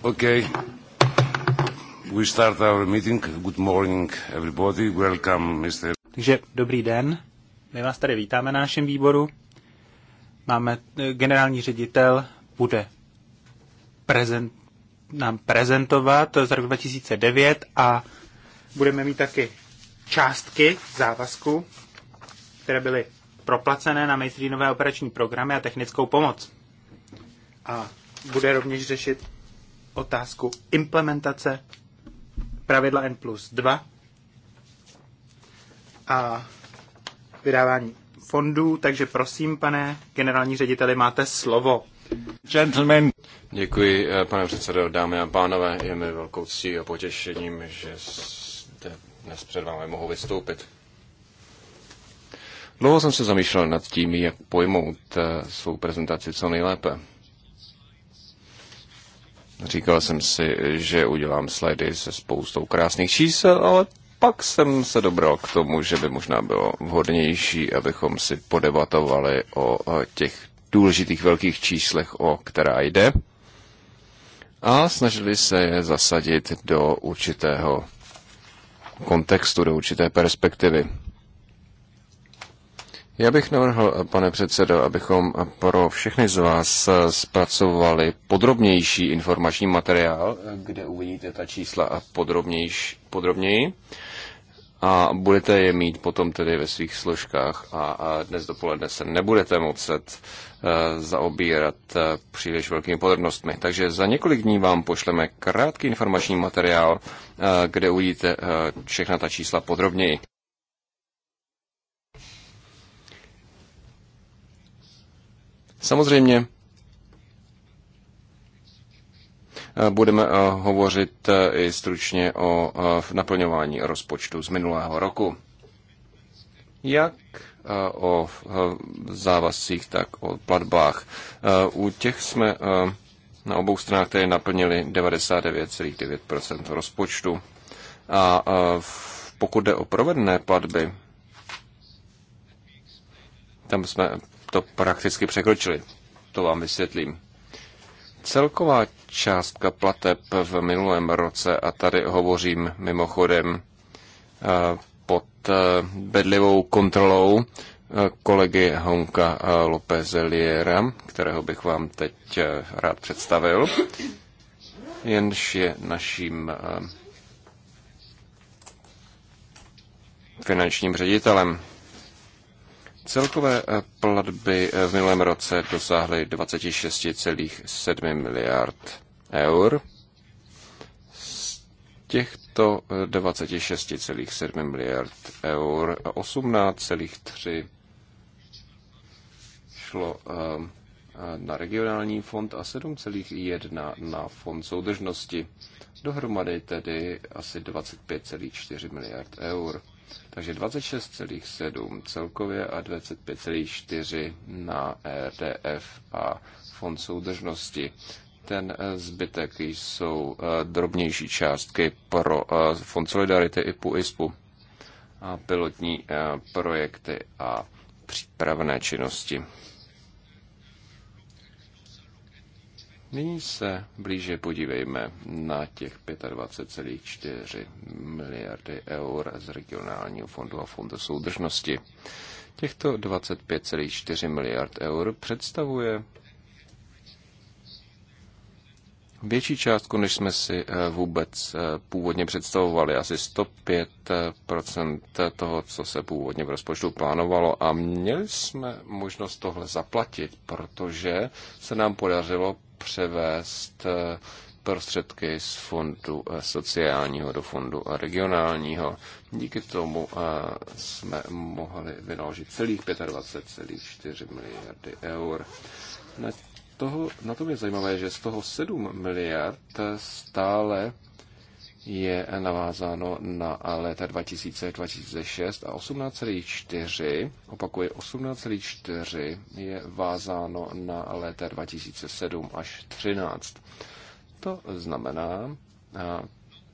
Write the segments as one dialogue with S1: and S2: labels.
S1: Okay. We start our meeting. Good morning, everybody. Welcome, Mr. Takže dobrý den. My vás tady vítáme na našem výboru. Máme eh, generální ředitel bude prezent, nám prezentovat z roku 2009 a budeme mít taky částky závazku, které byly proplacené na mainstreamové operační programy a technickou pomoc. A bude rovněž řešit otázku implementace pravidla N plus 2 a vydávání fondů, takže prosím, pane generální řediteli, máte slovo.
S2: Gentlemen. Děkuji, eh, pane předsedo, dámy a pánové, je mi velkou ctí a potěšením, že zde dnes před vámi mohu vystoupit. Dlouho jsem se zamýšlel nad tím, jak pojmout eh, svou prezentaci co nejlépe. Říkal jsem si, že udělám slidy se spoustou krásných čísel, ale pak jsem se dobral k tomu, že by možná bylo vhodnější, abychom si podebatovali o těch důležitých velkých číslech, o která jde, a snažili se je zasadit do určitého kontextu, do určité perspektivy. Já bych navrhl, pane předsedo, abychom pro všechny z vás zpracovali podrobnější informační materiál, kde uvidíte ta čísla podrobněji a budete je mít potom tedy ve svých složkách a, a dnes dopoledne se nebudete muset eh, zaobírat eh, příliš velkými podrobnostmi. Takže za několik dní vám pošleme krátký informační materiál, eh, kde uvidíte všechna ta čísla podrobněji. Samozřejmě eh, budeme eh, hovořit eh, i stručně o naplňování rozpočtu z minulého roku. Jak o závazcích, tak o platbách. U těch jsme na obou stranách tedy naplnili 99,9 rozpočtu. A pokud jde o provedené platby, tam jsme to prakticky překročili. To vám vysvětlím. Celková částka plateb v minulém roce, a tady hovořím mimochodem eh, pod eh, bedlivou kontrolou eh, kolegy Honka Liera, kterého bych vám teď rád představil, jenž je naším finančním ředitelem. Celkové eh, platby eh, v minulém roce dosáhly 26,7 miliard eur. Z těchto 26,7 eh, miliard eur 18,3 šlo na regionální fond a 7,1 na fond soudržnosti. Dohromady tedy asi 25,4 miliard eur. Takže 26,7 celkově a 25,4 na RDF e a Fond soudržnosti. Ten eh, zbytek jsou eh, drobnější částky pro eh, Fond Solidarity IPU PUISPu a pilotní projekty a přípravné činnosti. Nyní se blíže podívejme na těch 25,4 miliardy eur z regionálního fondu a fondu soudržnosti. Těchto 25,4 miliard eur představuje větší částku, než jsme si eh, vůbec eh, původně představovali. Asi 105% toho, co se původně v rozpočtu plánovalo. A měli jsme možnost tohle zaplatit, protože se nám podařilo převést eh, prostředky z fondu eh, sociálního do fondu regionálního. Díky tomu eh, jsme mohli vynaložit celých 25,4 miliardy eur. Na, toho, na tom je zajímavé, že z toho 7 miliard stále je navázáno na léta 2000-2006 a 18,4, opakuje 18,4 je vázáno na léta 2007 až 13. To znamená na,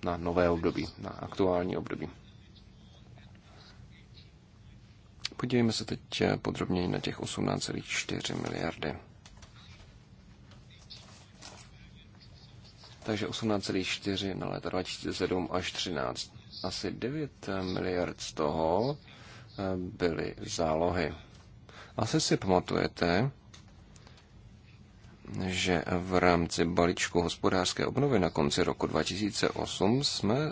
S2: na nové období, na aktuální období. Podívejme se teď podrobněji na těch 18,4 miliardy. takže 18,4 na léta 2007 až 13. Asi 9 miliard z toho eh, byly zálohy. Asi si pamatujete, že v rámci balíčku hospodářské obnovy na konci roku 2008 jsme eh,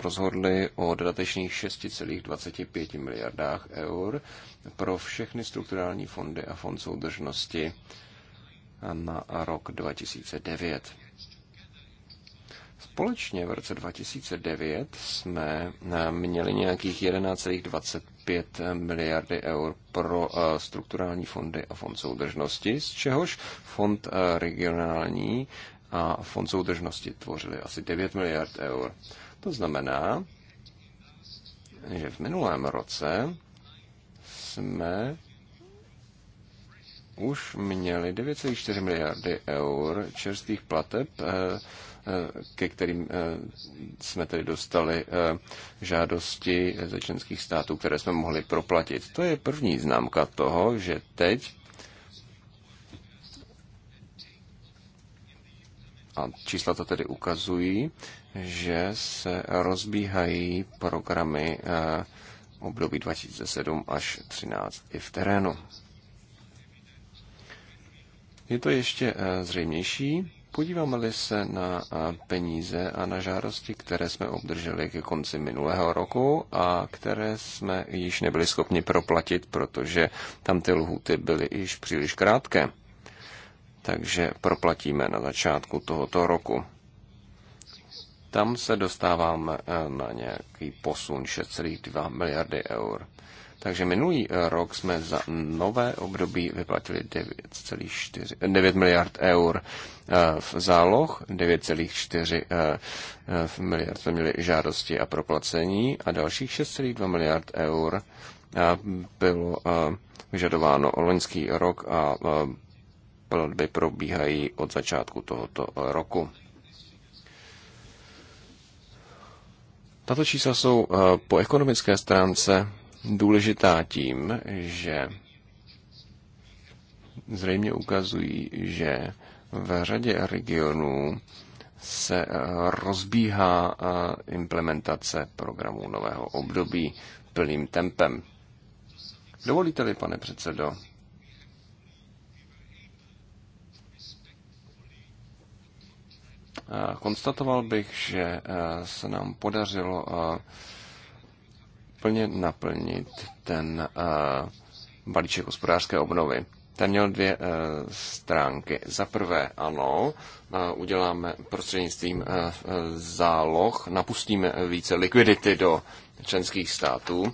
S2: rozhodli o dodatečných 6,25 miliardách eur pro všechny strukturální fondy a fond soudržnosti na rok 2009. Společně v roce 2009 jsme eh, měli nějakých 11,25 miliardy eur pro eh, strukturální fondy a fond soudržnosti, z čehož fond eh, regionální a fond soudržnosti tvořili asi 9 miliard eur. To znamená, že v minulém roce jsme už měli 9,4 miliardy eur čerstvých plateb Eh, ke kterým eh, jsme tedy dostali eh, žádosti ze členských států, které jsme mohli proplatit. To je první známka toho, že teď a čísla to tedy ukazují, že se rozbíhají programy období 2007 až 2013 i v terénu. Je to ještě zřejmější, Podíváme-li se na peníze a na žádosti, které jsme obdrželi ke konci minulého roku a které jsme již nebyli schopni proplatit, protože tam ty lhuty byly již příliš krátké. Takže proplatíme na začátku tohoto roku. Tam se dostáváme na nějaký posun 6,2 miliardy eur. Takže minulý eh, rok jsme za nové období vyplatili 9,4, 9 eh, miliard eur eh, v záloh, 9,4 miliard jsme měli žádosti a proplacení a dalších 6,2 miliard eur bylo vyžadováno loňský rok a platby probíhají od začátku tohoto roku. Tato čísla jsou po ekonomické stránce důležitá tím, že zřejmě ukazují, že v řadě regionů se eh, rozbíhá eh, implementace programů nového období plným tempem. Dovolíte-li, pane předsedo, eh, konstatoval bych, že se nám podařilo plně naplnit ten eh, balíček hospodářské obnovy. Ten měl dvě uh, stránky. Za prvé, ano, uh, uděláme prostřednictvím uh, záloh, napustíme více likvidity do členských států.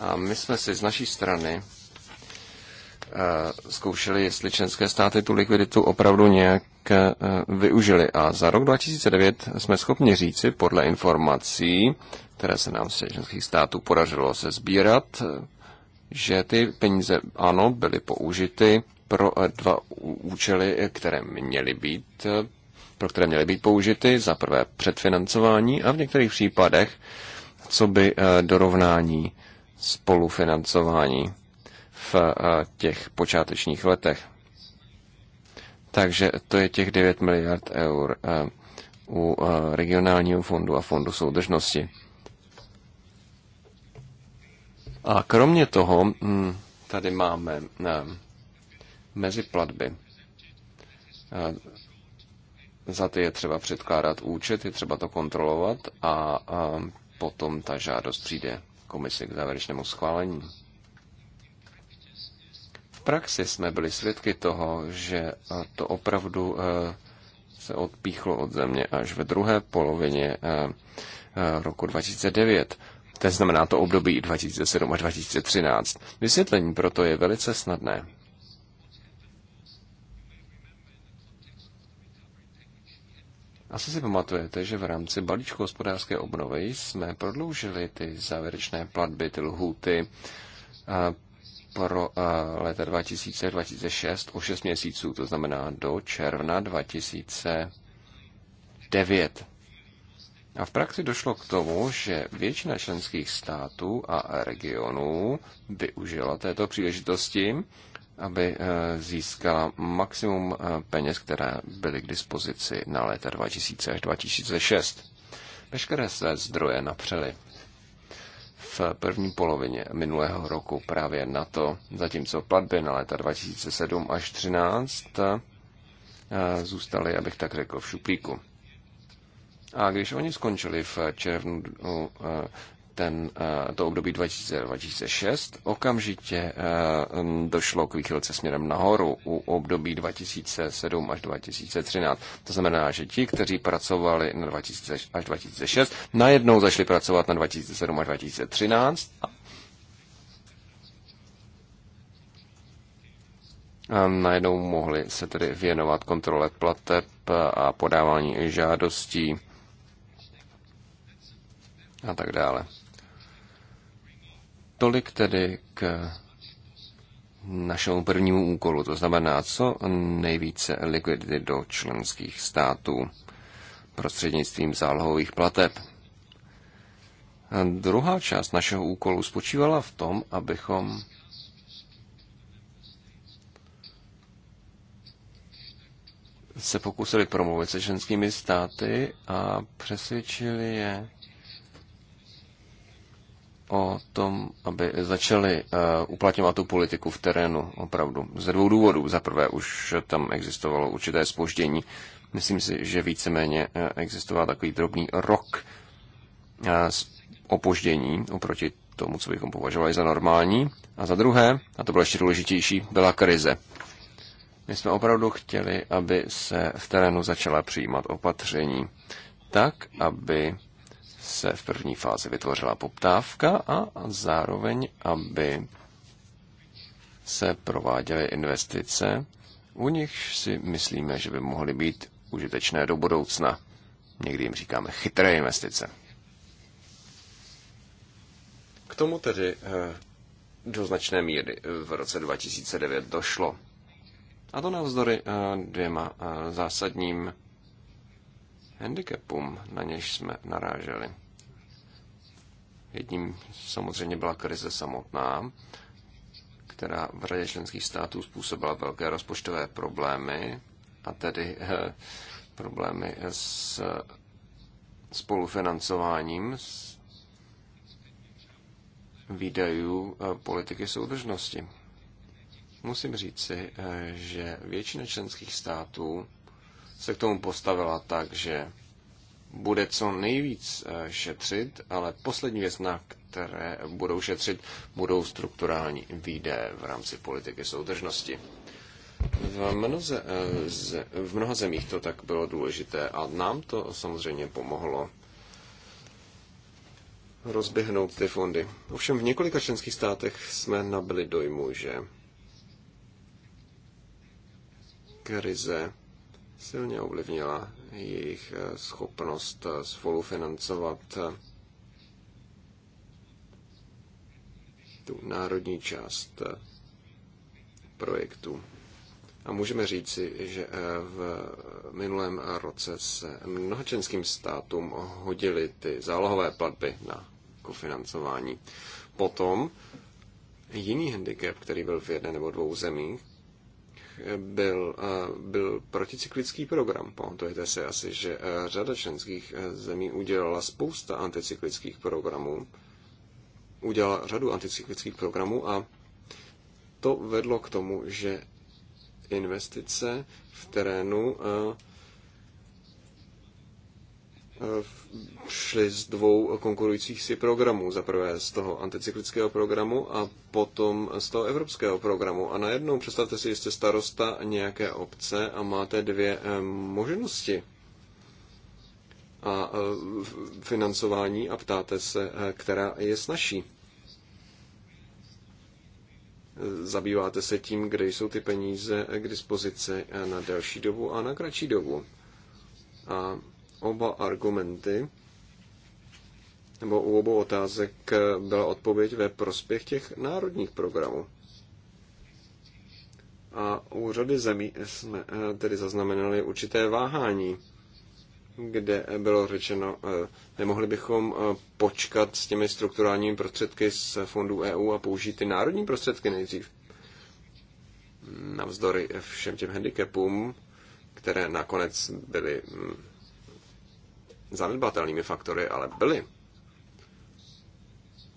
S2: A my jsme si z naší strany zkoušeli, jestli členské státy tu likviditu opravdu nějak využili. A za rok 2009 jsme schopni říci, podle informací které se nám z členských států podařilo se sbírat, že ty peníze, ano, byly použity pro dva účely, které měly být, pro které měly být použity. Za prvé předfinancování a v některých případech, co by eh, dorovnání spolufinancování v eh, těch počátečních letech. Takže to je těch 9 miliard eur eh, u regionálního fondu a fondu soudržnosti. A kromě toho mm, tady máme eh, meziplatby. Eh, za ty je třeba předkládat účet, je třeba to kontrolovat a eh, potom ta žádost přijde komisi k závěrečnému schválení. V praxi jsme byli svědky toho, že to opravdu se odpíchlo od země až ve druhé polovině roku 2009 to znamená to období 2007 až 2013. Vysvětlení proto je velice snadné. Asi si pamatujete, že v rámci balíčku hospodářské obnovy jsme prodloužili ty závěrečné platby, ty lhuty eh, pro eh, leta 2000-2006 o 6 měsíců, to znamená do června 2009. A v praxi došlo k tomu, že většina členských států a regionů využila této příležitosti, aby eh, získala maximum eh, peněz, které byly k dispozici na léta 2000 až 2006. Veškeré své zdroje napřeli v první polovině minulého roku právě na to, zatímco platby na léta 2007 až 2013 eh, zůstaly, abych tak řekl, v šuplíku. A když oni skončili v červnu eh, ten, eh, to období 2006, okamžitě eh, došlo k výchylce směrem nahoru u období 2007 až 2013. To znamená, že ti, kteří pracovali na 2000 až 2006, najednou zašli pracovat na 2007 až 2013 A najednou mohli se tedy věnovat kontrole plateb a podávání žádostí a tak dále. Tolik tedy k našemu prvnímu úkolu, to znamená co nejvíce likvidity do členských států prostřednictvím zálohových plateb. A druhá část našeho úkolu spočívala v tom, abychom se pokusili promluvit se členskými státy a přesvědčili je o tom, aby začali eh, uplatňovat tu politiku v terénu opravdu. Ze dvou důvodů. Za prvé už tam existovalo určité spoždění. Myslím si, že víceméně eh, existoval takový drobný rok eh, opoždění oproti tomu, co bychom považovali za normální. A za druhé, a to bylo ještě důležitější, byla krize. My jsme opravdu chtěli, aby se v terénu začala přijímat opatření tak, aby se v první fázi vytvořila poptávka a zároveň, aby se prováděly investice, u nich si myslíme, že by mohly být užitečné do budoucna. Někdy jim říkáme chytré investice. K tomu tedy eh, do značné míry v roce 2009 došlo. A to navzdory eh, dvěma eh, zásadním handicapům, na něž jsme naráželi. Jedním samozřejmě byla krize samotná, která v řadě členských států způsobila velké rozpočtové problémy, a tedy eh, problémy s spolufinancováním s výdajů eh, politiky soudržnosti. Musím říci, eh, že většina členských států se k tomu postavila tak, že bude co nejvíc eh, šetřit, ale poslední věc, na které budou šetřit, budou strukturální výdaje v rámci politiky soudržnosti. V, mnoze, eh, v mnoha zemích to tak bylo důležité a nám to samozřejmě pomohlo rozběhnout ty fondy. Ovšem v několika členských státech jsme nabili dojmu, že krize silně ovlivnila jejich eh, schopnost eh, spolufinancovat eh, tu národní část projektu. A můžeme říci, že v minulém roce se mnoha státům hodily ty zálohové platby na kofinancování. Potom jiný handicap, který byl v jedné nebo dvou zemích, byl, byl proticyklický program. Pamatujete si asi, že e, řada členských e, zemí udělala spousta anticyklických programů, udělala řadu anticyklických programů a to vedlo k tomu, že investice v terénu e, šli z dvou konkurujících si programů. Za prvé z toho anticyklického programu a potom z toho evropského programu. A najednou představte si, že jste starosta nějaké obce a máte dvě eh, možnosti a eh, financování a ptáte se, eh, která je snažší. Zabýváte se tím, kde jsou ty peníze k dispozici na delší dobu a na kratší dobu. A oba argumenty, nebo u obou otázek byla odpověď ve prospěch těch národních programů. A u řady zemí jsme eh, tedy zaznamenali určité váhání, kde bylo řečeno, eh, nemohli bychom eh, počkat s těmi strukturálními prostředky z fondů EU a použít ty národní prostředky nejdřív. Navzdory všem těm handicapům, které nakonec byly hm, zanedbatelnými faktory, ale byly,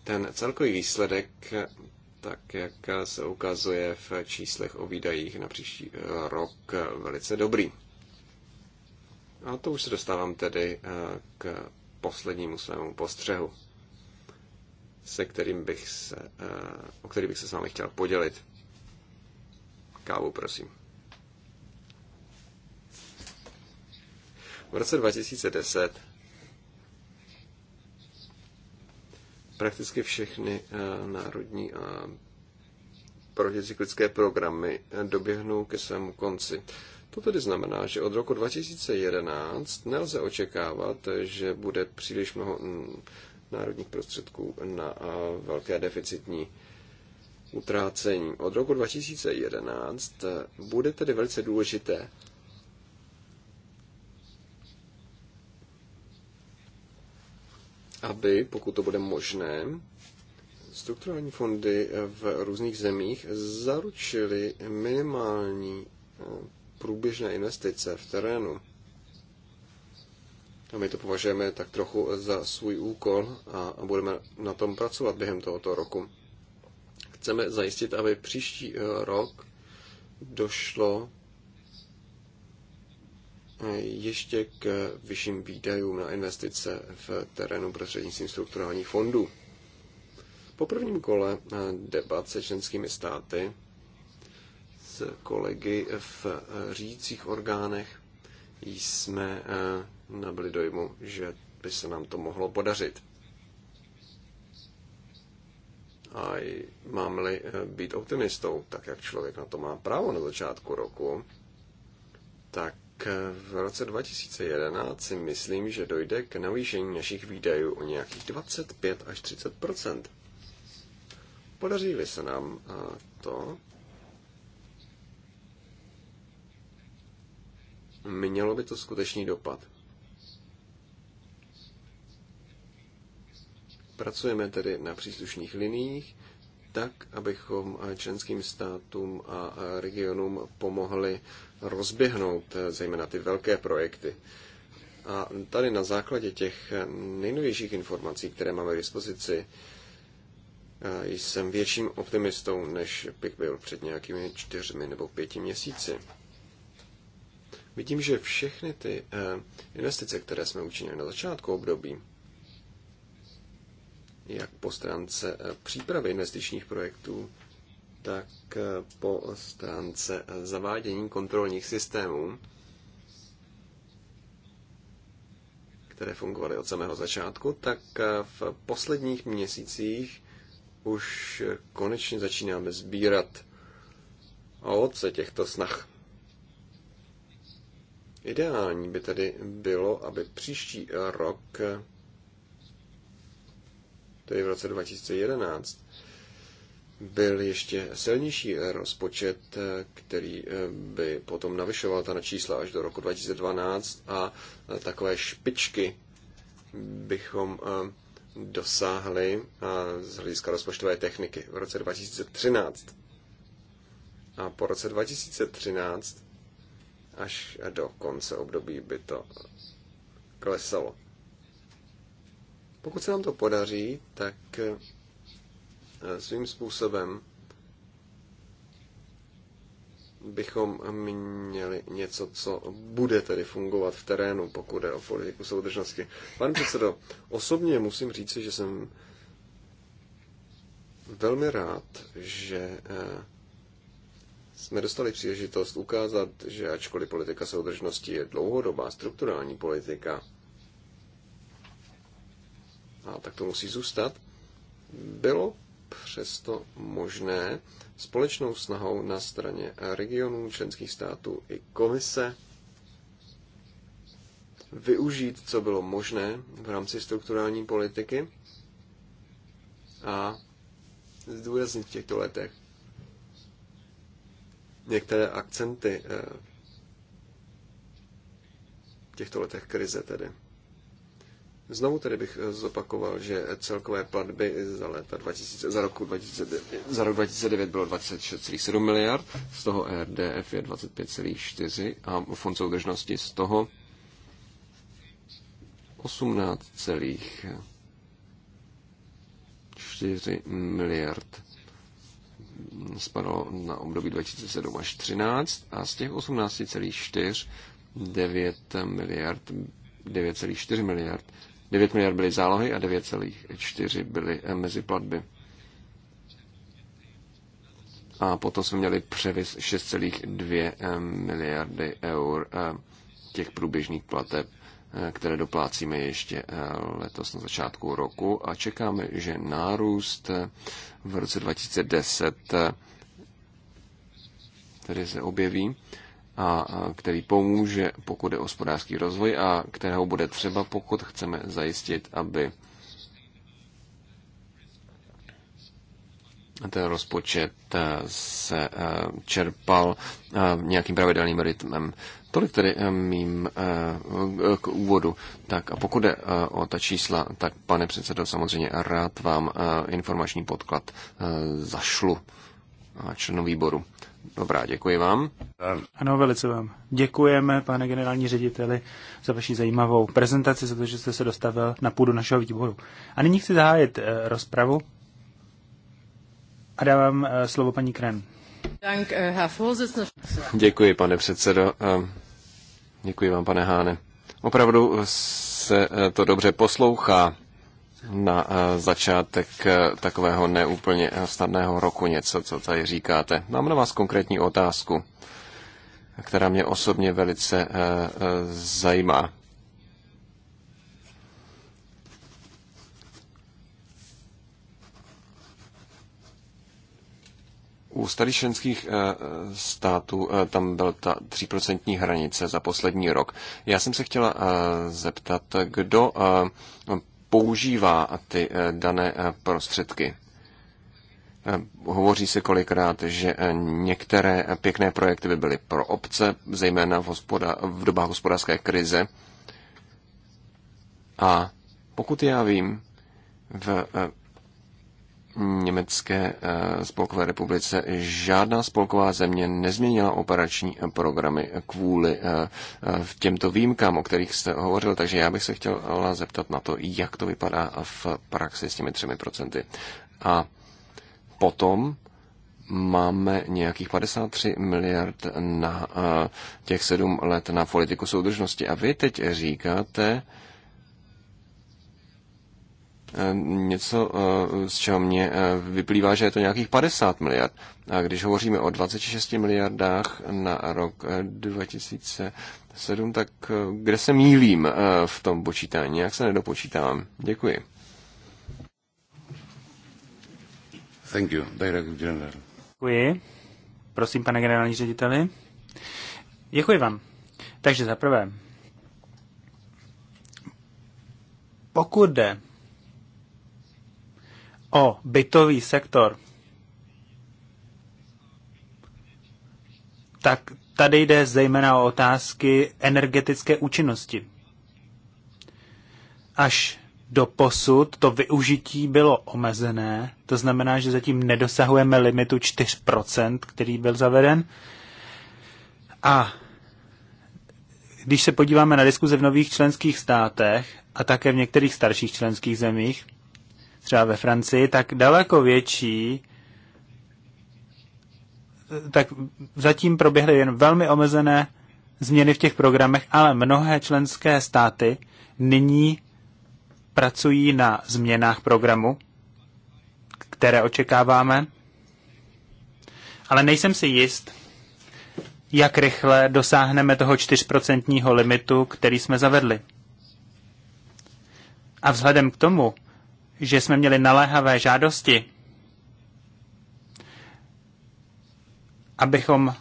S2: ten celkový výsledek, tak jak se ukazuje v číslech o výdajích na příští rok, velice dobrý. A to už se dostávám tedy eh, k poslednímu svému postřehu, se kterým bych se, eh, o který bych se s vámi chtěl podělit. Kávu, prosím. V roce 2010 prakticky všechny eh, národní a protizyklické programy eh, doběhnou ke svému konci. To tedy znamená, že od roku 2011 nelze očekávat, že bude příliš mnoho mm, národních prostředků na eh, velké deficitní utrácení. Od roku 2011 bude tedy velice důležité aby, pokud to bude možné, strukturální fondy v různých zemích zaručily minimální eh, průběžné investice v terénu. A my to považujeme tak trochu za svůj úkol a, budeme na tom pracovat během tohoto roku. Chceme zajistit, aby příští eh, rok došlo ještě k vyšším výdajům na investice v terénu prostřednictvím strukturálních fondů. Po prvním kole debat se členskými státy s kolegy v řídících orgánech jsme eh, nabili dojmu, že by se nám to mohlo podařit. A mám-li eh, být optimistou, tak jak člověk na to má právo na začátku roku, tak Eh, v roce 2011 si myslím, že dojde k navýšení našich výdajů o nějakých 25 až 30 Podaří-li se nám eh, to, mělo by to skutečný dopad. Pracujeme tedy na příslušných liních, tak, abychom členským státům a regionům pomohli rozběhnout eh, zejména ty velké projekty. A tady na základě těch nejnovějších informací, které máme k dispozici, eh, jsem větším optimistou, než bych byl před nějakými čtyřmi nebo pěti měsíci. Vidím, že všechny ty eh, investice, které jsme učinili na začátku období, jak po stránce eh, přípravy investičních projektů, tak eh, po stránce eh, zavádění kontrolních systémů, které fungovaly od samého začátku, tak v posledních měsících už konečně začínáme sbírat ovoce těchto snah. Ideální by tedy bylo, aby příští rok tedy v roce 2011, byl ještě silnější rozpočet, který eh, by potom navyšoval ta čísla až do roku 2012 a eh, takové špičky bychom eh, dosáhli z hlediska rozpočtové techniky v roce 2013. A po roce 2013 až do konce období by to klesalo. Pokud se nám to podaří, tak eh, svým způsobem bychom měli něco, co bude tedy fungovat v terénu, pokud je o politiku soudržnosti. Pane předsedo, osobně musím říci, že jsem velmi rád, že eh, jsme dostali příležitost ukázat, že ačkoliv politika soudržnosti je dlouhodobá strukturální politika, a tak to musí zůstat, bylo přesto možné společnou snahou na straně regionů, členských států i komise využít, co bylo možné v rámci strukturální politiky a zdůraznit v těchto letech některé akcenty eh, v těchto letech krize tedy. Znovu tedy bych eh, zopakoval, že celkové platby za, léta 2000, za, roku 2009, za rok 2009 bylo 26,7 miliard, z toho RDF je 25,4 a fond soudržnosti z toho 18,4 miliard spadlo na období 2007 až 2013 a z těch 18,4 9 miliard 9,4 miliard 9 miliard byly zálohy a 9,4 byly eh, mezi platby. A potom jsme měli převis 6,2 eh, miliardy eur eh, těch průběžných plateb, které doplácíme ještě letos na začátku roku a čekáme, že nárůst v roce 2010 tedy se objeví a který pomůže, pokud je hospodářský rozvoj a kterého bude třeba, pokud chceme zajistit, aby ten rozpočet eh, se eh, čerpal eh, nějakým pravidelným rytmem. Tolik tedy mým k úvodu. Tak a pokud jde o ta čísla, tak pane předsedo, samozřejmě rád vám informační podklad zašlu členu výboru. Dobrá, děkuji vám.
S1: Ano, velice vám.
S2: Děkujeme,
S1: pane generální řediteli, za vaši zajímavou prezentaci, za to, že jste se dostavil na půdu našeho výboru. A nyní chci zahájit e, rozpravu a dávám e, slovo paní Kren.
S3: Eh,
S2: děkuji, pane předsedo. Děkuji vám, pane Háne. Opravdu se to dobře poslouchá na eh, začátek eh, takového neúplně snadného roku něco, co tady říkáte. Mám na vás konkrétní otázku, která mě osobně velice eh, zajímá. U starých států tam byla ta 3% hranice za poslední rok. Já jsem se chtěla zeptat, kdo používá ty eh, dané eh, prostředky. Eh, hovoří se kolikrát, že některé pěkné projekty by byly pro obce, zejména v, hospoda- v dobách hospodářské krize. A pokud já vím, v Německé eh, spolkové republice žádná spolková země nezměnila operační programy kvůli eh, eh, těmto výjimkám, o kterých jste hovořil, takže já bych se chtěl zeptat na to, jak to vypadá v praxi s těmi třemi procenty. A potom máme nějakých 53 miliard na těch sedm let na politiku soudržnosti. A vy teď říkáte, Eh, něco, eh, z čeho mě eh, vyplývá, že je to nějakých 50 miliard. A když hovoříme o 26 miliardách na rok 2007, tak kde se mílím v tom počítání? Jak se nedopočítám? Děkuji. Thank you, Director General.
S1: Děkuji. Prosím, pane generální řediteli. Děkuji vám. Takže za prvé, pokud jde o bytový sektor, tak tady jde zejména o otázky energetické účinnosti. Až do posud to využití bylo omezené, to znamená, že zatím nedosahujeme limitu 4%, který byl zaveden. A když se podíváme na diskuze v nových členských státech a také v některých starších členských zemích, třeba ve Francii, tak daleko větší, tak zatím proběhly jen velmi omezené změny v těch programech, ale mnohé členské státy nyní pracují na změnách programu, které očekáváme, ale nejsem si jist, jak rychle dosáhneme toho 4% limitu, který jsme zavedli. A vzhledem k tomu, že jsme měli naléhavé žádosti, abychom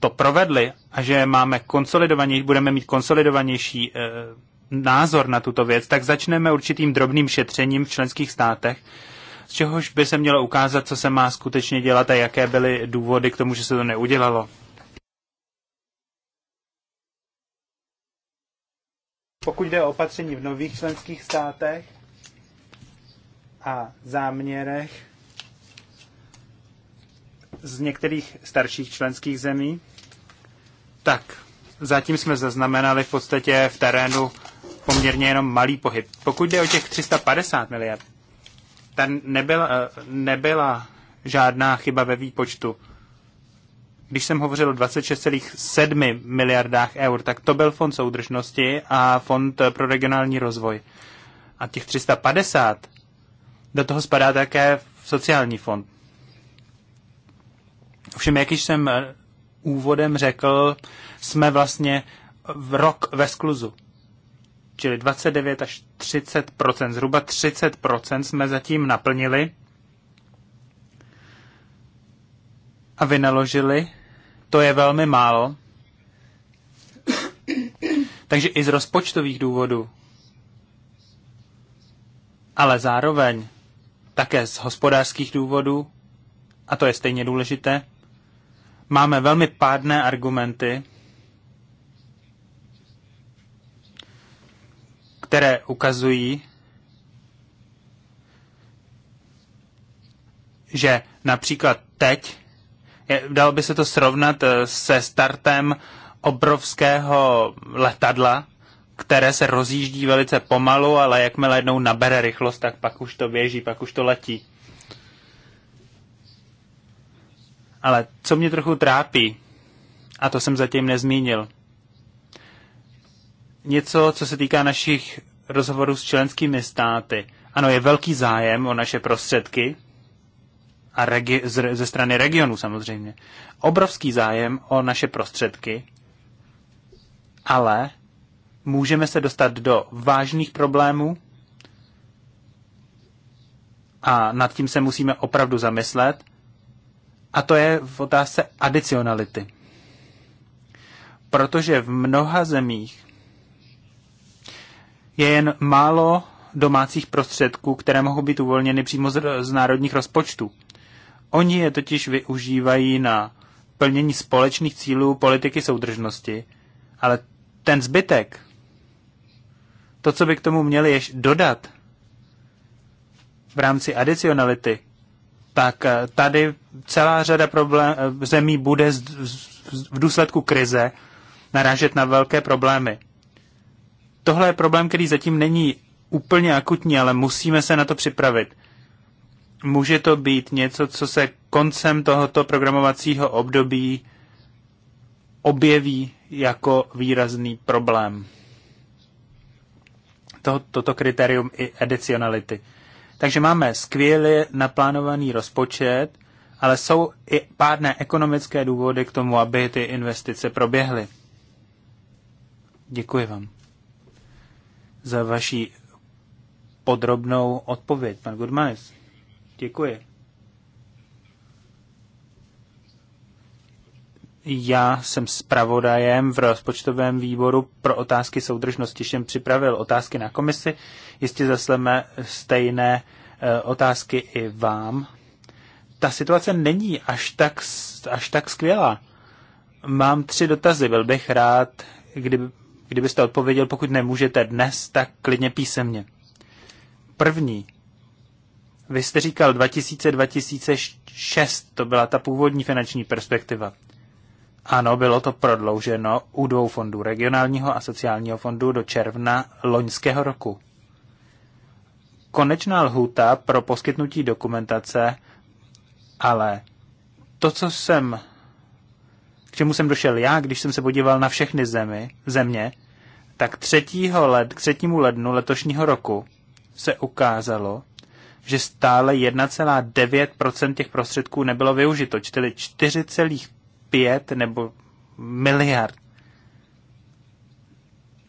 S1: to provedli a že máme konsolidovanější, budeme mít konsolidovanější e, názor na tuto věc, tak začneme určitým drobným šetřením v členských státech, z čehož by se mělo ukázat, co se má skutečně dělat a jaké byly důvody k tomu, že se to neudělalo. Pokud jde o opatření v nových členských státech, a záměrech z některých starších členských zemí, tak zatím jsme zaznamenali v podstatě v terénu poměrně jenom malý pohyb. Pokud jde o těch 350 miliard, tam nebyla, eh, nebyla žádná chyba ve výpočtu. Když jsem hovořil o 26,7 miliardách eur, tak to byl fond soudržnosti a fond pro regionální rozvoj. A těch 350 do toho spadá také sociální fond. Ovšem, jak již jsem eh, úvodem řekl, jsme vlastně v rok ve skluzu. Čili 29 až 30 zhruba 30 jsme zatím naplnili a vynaložili. To je velmi málo. Takže i z rozpočtových důvodů. Ale zároveň také z hospodářských důvodů, a to je stejně důležité. Máme velmi pádné argumenty, které ukazují, že například teď, je, dalo by se to srovnat eh, se startem obrovského letadla, které se rozjíždí velice pomalu, ale jakmile jednou nabere rychlost, tak pak už to běží, pak už to letí. Ale co mě trochu trápí, a to jsem zatím nezmínil, něco, co se týká našich rozhovorů s členskými státy. Ano, je velký zájem o naše prostředky, a regi- ze strany regionu samozřejmě. Obrovský zájem o naše prostředky, ale můžeme se dostat do vážných problémů a nad tím se musíme opravdu zamyslet. A to je v otázce adicionality. Protože v mnoha zemích je jen málo domácích prostředků, které mohou být uvolněny přímo z, z národních rozpočtů. Oni je totiž využívají na plnění společných cílů politiky soudržnosti, ale ten zbytek to, co by k tomu měli ještě dodat v rámci adicionality, tak eh, tady celá řada problém, eh, zemí bude v důsledku krize narážet na velké problémy. Tohle je problém, který zatím není úplně akutní, ale musíme se na to připravit. Může to být něco, co se koncem tohoto programovacího období objeví jako výrazný problém to, toto kritérium i adicionality. Takže máme skvěle naplánovaný rozpočet, ale jsou i pádné ekonomické důvody k tomu, aby ty investice proběhly. Děkuji vám za vaši podrobnou odpověď, pan Gudmanis. Děkuji. já jsem zpravodajem v rozpočtovém výboru pro otázky soudržnosti. Jsem připravil otázky na komisi. Jistě zasleme stejné eh, otázky i vám. Ta situace není až tak, až tak skvělá. Mám tři dotazy. Byl bych rád, kdyby, kdybyste odpověděl, pokud nemůžete dnes, tak klidně písemně. První. Vy jste říkal 2000-2006, to byla ta původní finanční perspektiva. Ano, bylo to prodlouženo u dvou fondů, regionálního a sociálního fondu do června loňského roku. Konečná lhůta pro poskytnutí dokumentace, ale to, co jsem, k čemu jsem došel já, když jsem se podíval na všechny zemi, země, tak 3. Led, k 3. lednu letošního roku se ukázalo, že stále 1,9% těch prostředků nebylo využito, čili pět nebo miliard.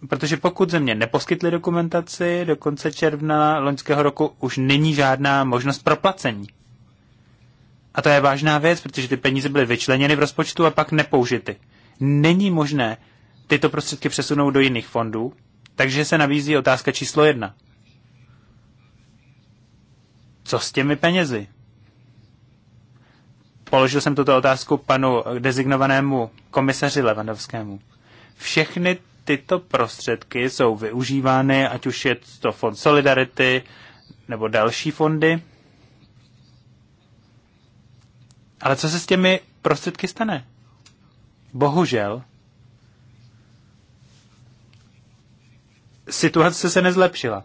S1: Protože pokud země neposkytly dokumentaci, do konce června loňského roku už není žádná možnost proplacení. A to je vážná věc, protože ty peníze byly vyčleněny v rozpočtu a pak nepoužity. Není možné tyto prostředky přesunout do jiných fondů, takže se nabízí otázka číslo jedna. Co s těmi penězi? položil jsem tuto otázku panu dezignovanému komisaři Levandovskému. Všechny tyto prostředky jsou využívány, ať už je to fond Solidarity nebo další fondy. Ale co se s těmi prostředky stane? Bohužel, situace se nezlepšila.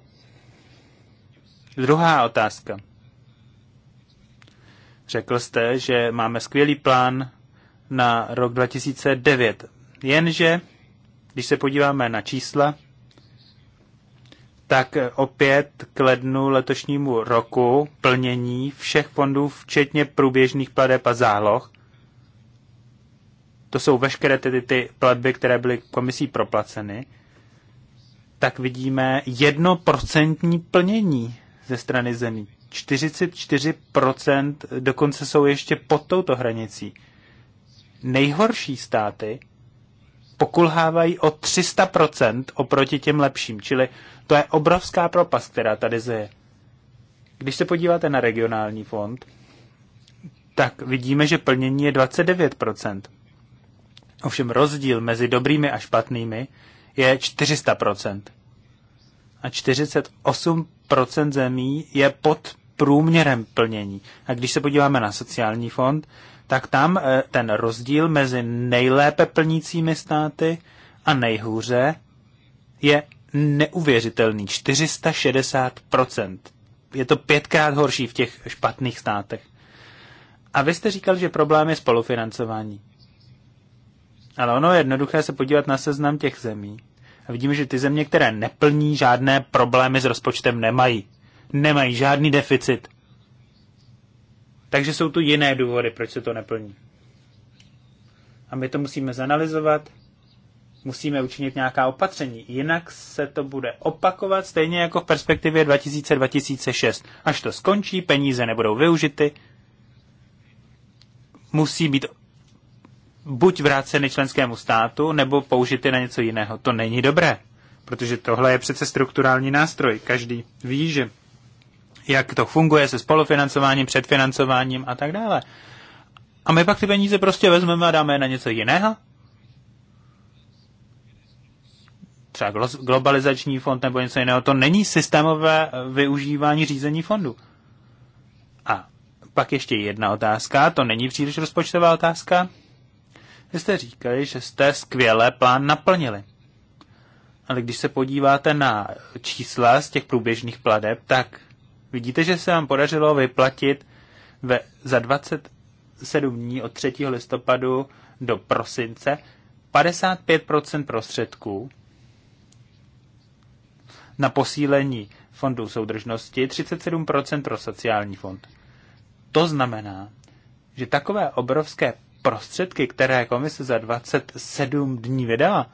S1: Druhá otázka. Řekl jste, že máme skvělý plán na rok 2009. Jenže, když se podíváme na čísla, tak opět k lednu letošnímu roku plnění všech fondů, včetně průběžných pladeb a záloh, to jsou veškeré ty, ty platby, které byly komisí proplaceny, tak vidíme jednoprocentní plnění ze strany zemí. 44% dokonce jsou ještě pod touto hranicí. Nejhorší státy pokulhávají o 300% oproti těm lepším, čili to je obrovská propast, která tady je. Když se podíváte na regionální fond, tak vidíme, že plnění je 29%. Ovšem rozdíl mezi dobrými a špatnými je 400%. A 48% zemí je pod průměrem plnění. A když se podíváme na sociální fond, tak tam eh, ten rozdíl mezi nejlépe plnícími státy a nejhůře je neuvěřitelný. 460%. Je to pětkrát horší v těch špatných státech. A vy jste říkal, že problém je spolufinancování. Ale ono je jednoduché se podívat na seznam těch zemí. A vidíme, že ty země, které neplní, žádné problémy s rozpočtem nemají nemají žádný deficit. Takže jsou tu jiné důvody, proč se to neplní. A my to musíme zanalizovat, musíme učinit nějaká opatření, jinak se to bude opakovat stejně jako v perspektivě 2000-2006. Až to skončí, peníze nebudou využity, musí být buď vráceny členskému státu, nebo použity na něco jiného. To není dobré, protože tohle je přece strukturální nástroj. Každý ví, že jak to funguje se spolufinancováním, předfinancováním a tak dále. A my pak ty peníze prostě vezmeme a dáme je na něco jiného. Třeba globalizační fond nebo něco jiného. To není systémové eh, využívání řízení fondu. A pak ještě jedna otázka, to není příliš rozpočtová otázka. Vy jste říkali, že jste skvěle plán naplnili. Ale když se podíváte na čísla z těch průběžných pladeb, tak Vidíte, že se vám podařilo vyplatit ve, za 27 dní od 3. listopadu do prosince 55% prostředků na posílení fondů soudržnosti, 37% pro sociální fond. To znamená, že takové obrovské prostředky, které komise za 27 dní vydala,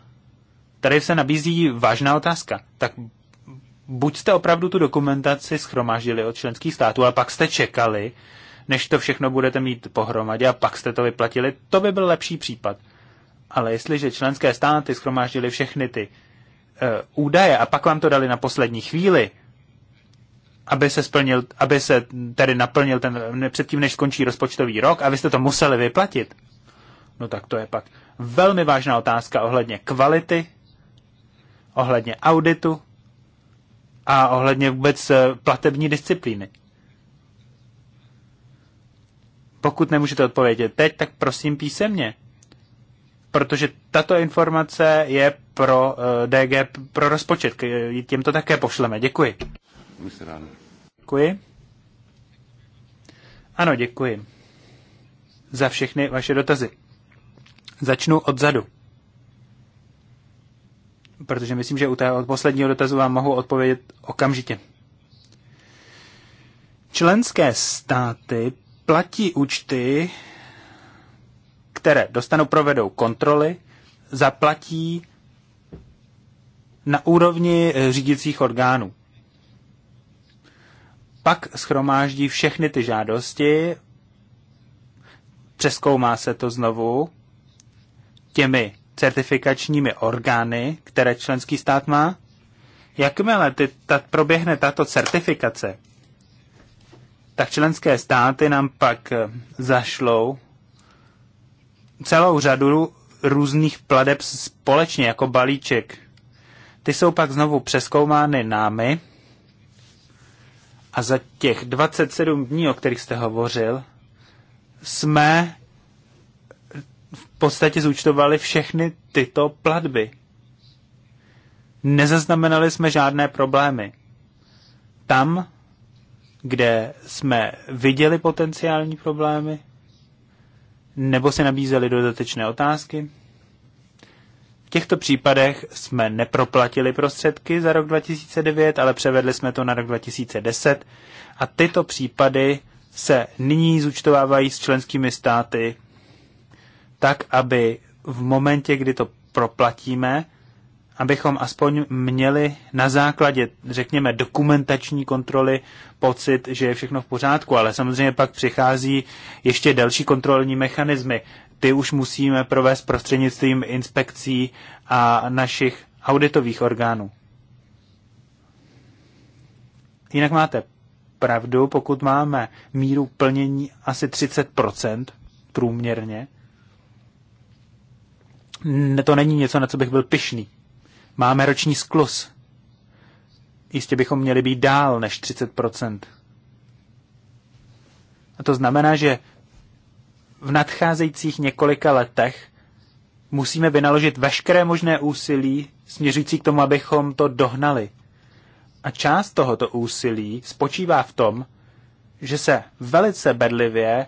S1: tady se nabízí vážná otázka. Tak buď jste opravdu tu dokumentaci schromáždili od členských států a pak jste čekali, než to všechno budete mít pohromadě a pak jste to vyplatili, to by byl lepší případ. Ale jestliže členské státy schromáždili všechny ty e, údaje a pak vám to dali na poslední chvíli, aby se, splnil, aby se tedy naplnil ten, předtím, než skončí rozpočtový rok a vy jste to museli vyplatit, no tak to je pak velmi vážná otázka ohledně kvality, ohledně auditu a ohledně vůbec eh, platební disciplíny. Pokud nemůžete odpovědět teď, tak prosím písemně, protože tato informace je pro eh, DG, pro rozpočet. Eh, tím to také pošleme. Děkuji. Děkuji. Ano, děkuji za všechny vaše dotazy. Začnu odzadu protože myslím, že u té posledního dotazu vám mohu odpovědět okamžitě. Členské státy platí účty, které dostanou, provedou kontroly, zaplatí na úrovni eh, řídicích orgánů. Pak schromáždí všechny ty žádosti, přeskoumá se to znovu těmi certifikačními orgány, které členský stát má. Jakmile ty, ta, proběhne tato certifikace, tak členské státy nám pak eh, zašlou celou řadu různých pladeb společně jako balíček. Ty jsou pak znovu přeskoumány námi a za těch 27 dní, o kterých jste hovořil, jsme podstatě zúčtovali všechny tyto platby. Nezaznamenali jsme žádné problémy. Tam, kde jsme viděli potenciální problémy, nebo se nabízely dodatečné otázky. V těchto případech jsme neproplatili prostředky za rok 2009, ale převedli jsme to na rok 2010 a tyto případy se nyní zúčtovávají s členskými státy tak aby v momentě, kdy to proplatíme, abychom aspoň měli na základě, řekněme, dokumentační kontroly pocit, že je všechno v pořádku, ale samozřejmě pak přichází ještě další kontrolní mechanismy. Ty už musíme provést prostřednictvím inspekcí a našich auditových orgánů. Jinak máte pravdu, pokud máme míru plnění asi 30% průměrně, ne to není něco, na co bych byl pyšný. Máme roční sklus. Jistě bychom měli být dál než 30%. A to znamená, že v nadcházejících několika letech musíme vynaložit veškeré možné úsilí směřující k tomu, abychom to dohnali. A část tohoto úsilí spočívá v tom, že se velice bedlivě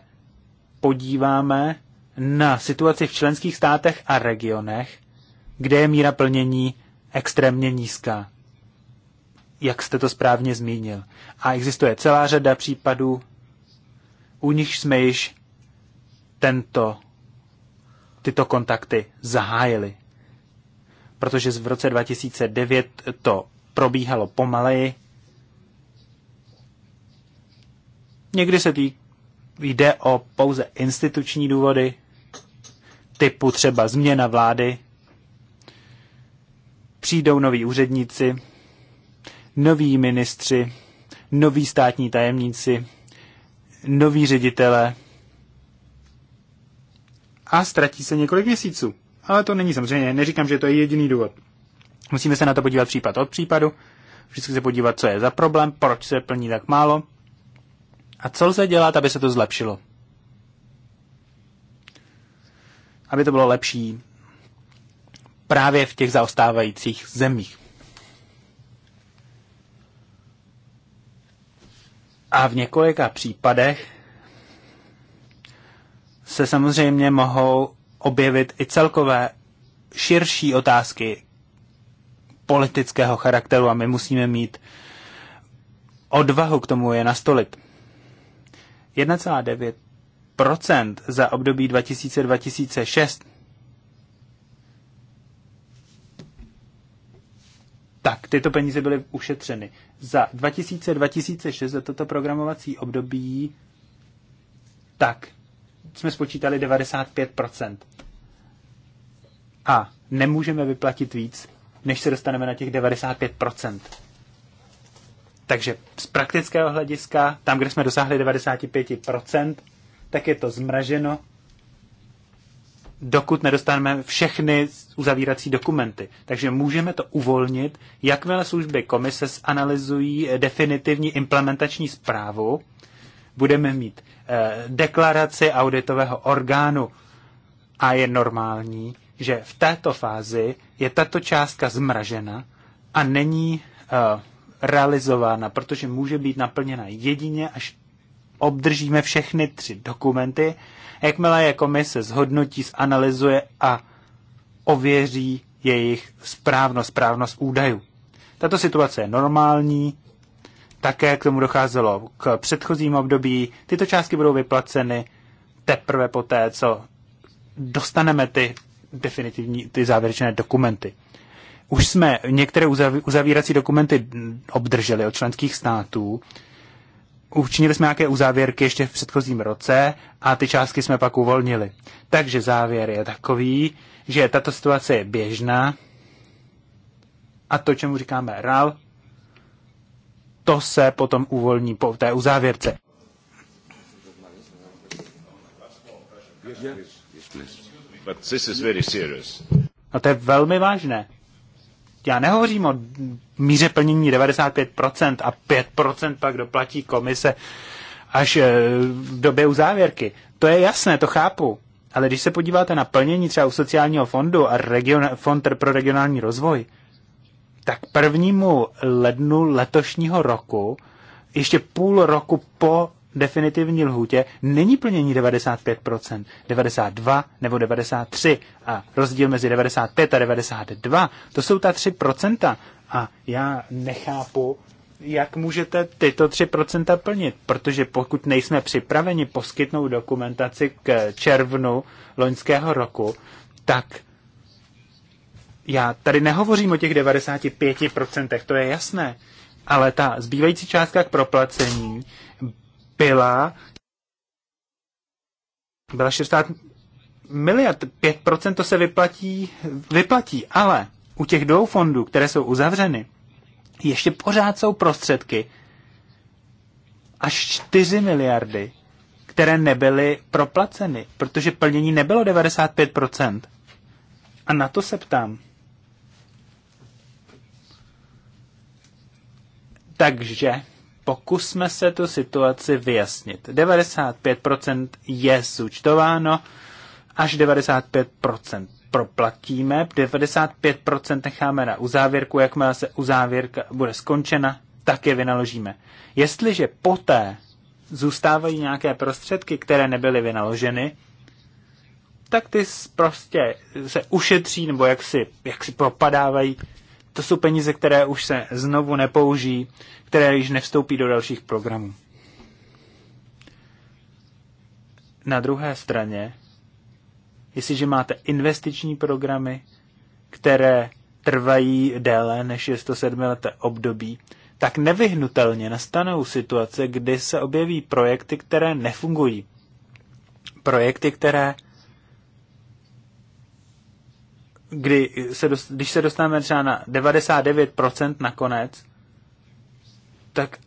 S1: podíváme na situaci v členských státech a regionech, kde je míra plnění extrémně nízká, jak jste to správně zmínil. A existuje celá řada případů, u nich jsme již tento, tyto kontakty zahájili. Protože v roce 2009 to probíhalo pomaleji. Někdy se tý, jde o pouze instituční důvody, typu třeba změna vlády, přijdou noví úředníci, noví ministři, noví státní tajemníci, noví ředitele a ztratí se několik měsíců. Ale to není samozřejmě, neříkám, že to je jediný důvod. Musíme se na to podívat případ od případu, vždycky se podívat, co je za problém, proč se plní tak málo a co lze dělat, aby se to zlepšilo. aby to bylo lepší právě v těch zaostávajících zemích. A v několika případech se samozřejmě mohou objevit i celkové širší otázky politického charakteru a my musíme mít odvahu k tomu je nastolit za období 2000-2006, tak tyto peníze byly ušetřeny. Za 2000-2006, za toto programovací období, tak jsme spočítali 95%. A nemůžeme vyplatit víc, než se dostaneme na těch 95%. Takže z praktického hlediska, tam, kde jsme dosáhli 95%, tak je to zmraženo, dokud nedostaneme všechny uzavírací dokumenty. Takže můžeme to uvolnit, jakmile služby komise zanalizují definitivní implementační zprávu, budeme mít eh, deklaraci auditového orgánu a je normální, že v této fázi je tato částka zmražena a není eh, realizována, protože může být naplněna jedině až obdržíme všechny tři dokumenty. Jakmile je komise zhodnotí, zanalizuje a ověří jejich správnost, správnost údajů. Tato situace je normální, také k tomu docházelo k předchozím období. Tyto částky budou vyplaceny teprve poté, co dostaneme ty definitivní, ty závěrečné dokumenty. Už jsme některé uzavírací dokumenty obdrželi od členských států Učinili jsme nějaké uzávěrky ještě v předchozím roce a ty částky jsme pak uvolnili. Takže závěr je takový, že tato situace je běžná a to, čemu říkáme RAL, to se potom uvolní po té uzávěrce. A to je velmi vážné já nehovořím o míře plnění 95% a 5% pak doplatí komise až eh, v době závěrky. To je jasné, to chápu. Ale když se podíváte na plnění třeba u sociálního fondu a region, fond pro regionální rozvoj, tak prvnímu lednu letošního roku, ještě půl roku po definitivní lhůtě není plnění 95%, 92 nebo 93 a rozdíl mezi 95 a 92, to jsou ta 3% a já nechápu, jak můžete tyto 3% plnit, protože pokud nejsme připraveni poskytnout dokumentaci k červnu loňského roku, tak já tady nehovořím o těch 95%, to je jasné, ale ta zbývající částka k proplacení byla, byla 60 miliard, 5% to se vyplatí, vyplatí, ale u těch dvou fondů, které jsou uzavřeny, ještě pořád jsou prostředky až 4 miliardy, které nebyly proplaceny, protože plnění nebylo 95%. A na to se ptám. Takže pokusme se tu situaci vyjasnit. 95% je zúčtováno, až 95% proplatíme, 95% necháme na uzávěrku, jakmile se uzávěrka bude skončena, tak je vynaložíme. Jestliže poté zůstávají nějaké prostředky, které nebyly vynaloženy, tak ty prostě se ušetří nebo jak si, jak si propadávají. To jsou peníze, které už se znovu nepoužijí které již nevstoupí do dalších programů. Na druhé straně, jestliže máte investiční programy, které trvají déle než je 107 leté období, tak nevyhnutelně nastanou situace, kdy se objeví projekty, které nefungují. Projekty, které kdy se, když se dostaneme třeba na 99% nakonec, tak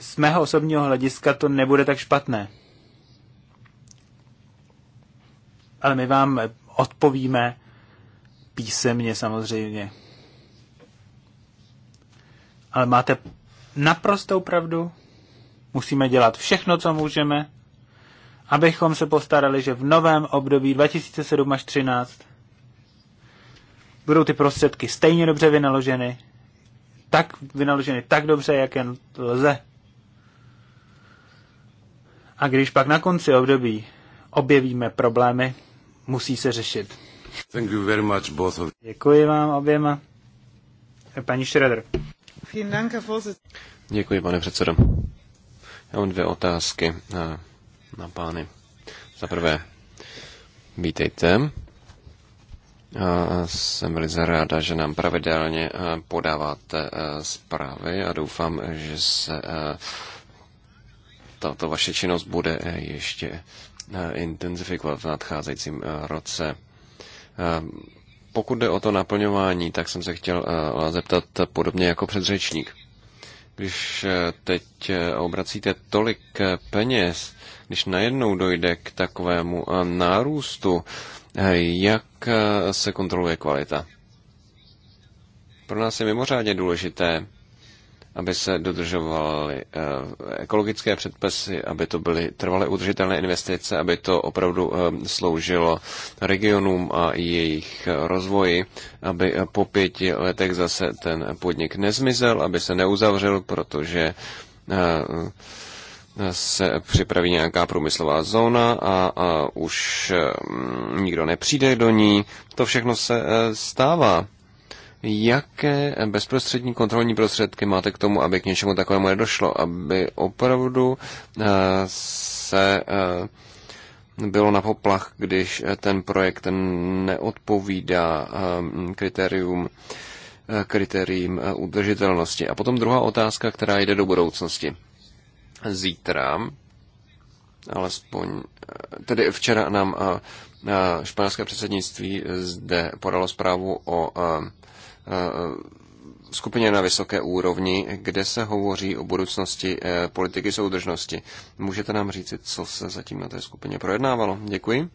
S1: z mého osobního hlediska to nebude tak špatné. Ale my vám odpovíme písemně samozřejmě. Ale máte naprostou pravdu. Musíme dělat všechno, co můžeme, abychom se postarali, že v novém období 2007 až 2013 budou ty prostředky stejně dobře vynaloženy, tak vynaloženy tak dobře, jak jen lze. A když pak na konci období objevíme problémy, musí se řešit. Thank you very much, both of... Děkuji vám oběma. Paní Schroeder.
S2: Děkuji, pane předsedo. Já mám dvě otázky na, eh, na pány. Za prvé, vítejte. Jsem velice ráda, že nám pravidelně podáváte zprávy a doufám, že se tato vaše činnost bude e, ještě e, intenzifikovat v nadcházejícím e, roce. Pokud jde o to naplňování, tak jsem se chtěl zeptat podobně jako předřečník. Když teď obracíte tolik peněz, když najednou dojde k takovému nárůstu jak eh, se kontroluje kvalita? Pro nás je mimořádně důležité, aby se dodržovaly eh, ekologické předpisy, aby to byly trvalé udržitelné investice, aby to opravdu eh, sloužilo regionům a jejich rozvoji, aby po pěti letech zase ten podnik nezmizel, aby se neuzavřel, protože se připraví nějaká průmyslová zóna a, a už mm, nikdo nepřijde do ní. To všechno se e, stává. Jaké bezprostřední kontrolní prostředky máte k tomu, aby k něčemu takovému nedošlo, aby opravdu e, se e, bylo na poplach, když ten projekt neodpovídá kritérium, kritériím udržitelnosti? A potom druhá otázka, která jde do budoucnosti zítra, alespoň, tedy včera nám eh, eh, španělské předsednictví zde podalo zprávu o eh, skupině na vysoké úrovni, kde se hovoří o budoucnosti politiky soudržnosti. Můžete nám říci, co se zatím na té skupině projednávalo? Děkuji.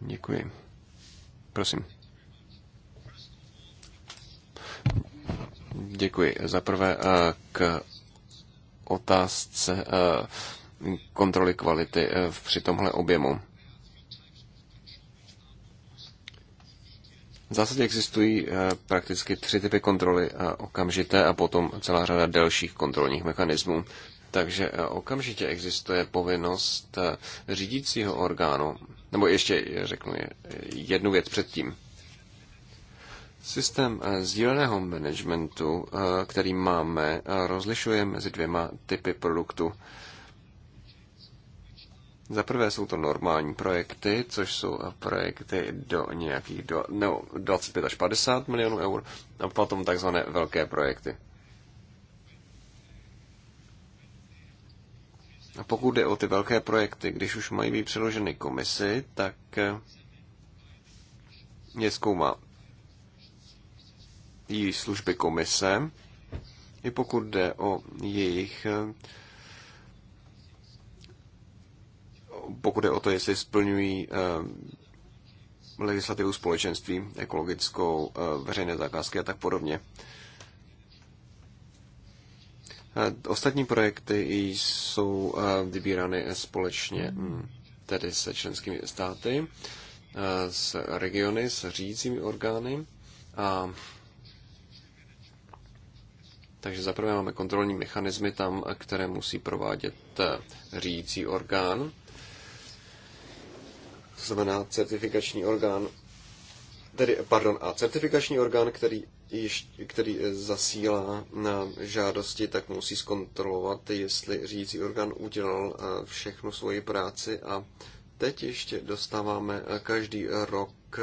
S2: Děkuji. Prosím. Děkuji. Za prvé k otázce eh, kontroly kvality eh, při tomhle objemu. V zásadě existují eh, prakticky tři typy kontroly okamžité a potom celá řada dalších kontrolních mechanismů. Takže okamžitě existuje povinnost řídícího orgánu, nebo ještě řeknu jednu věc předtím. Systém eh, sdíleného managementu, eh, který máme, eh, rozlišuje mezi dvěma typy produktů. Za prvé jsou to normální projekty, což jsou projekty do nějakých do, no, 25 až 50 milionů eur a potom takzvané velké projekty. A pokud jde o ty velké projekty, když už mají být přeloženy komisi, tak je zkoumá její služby komise, i pokud jde o jejich pokud jde o to, jestli splňují eh, legislativu společenství, ekologickou, eh, veřejné zakázky a tak podobně. Eh, ostatní projekty jsou vybírány společně hm, tedy se členskými státy, s regiony, s řídícími orgány a takže zaprvé máme kontrolní mechanismy tam, které musí provádět eh, řídící orgán, to znamená certifikační orgán, tedy, pardon, a certifikační orgán, který, již, který eh, zasílá na eh, žádosti, tak musí zkontrolovat, jestli řídící orgán udělal všechnu svoji práci a teď ještě dostáváme každý rok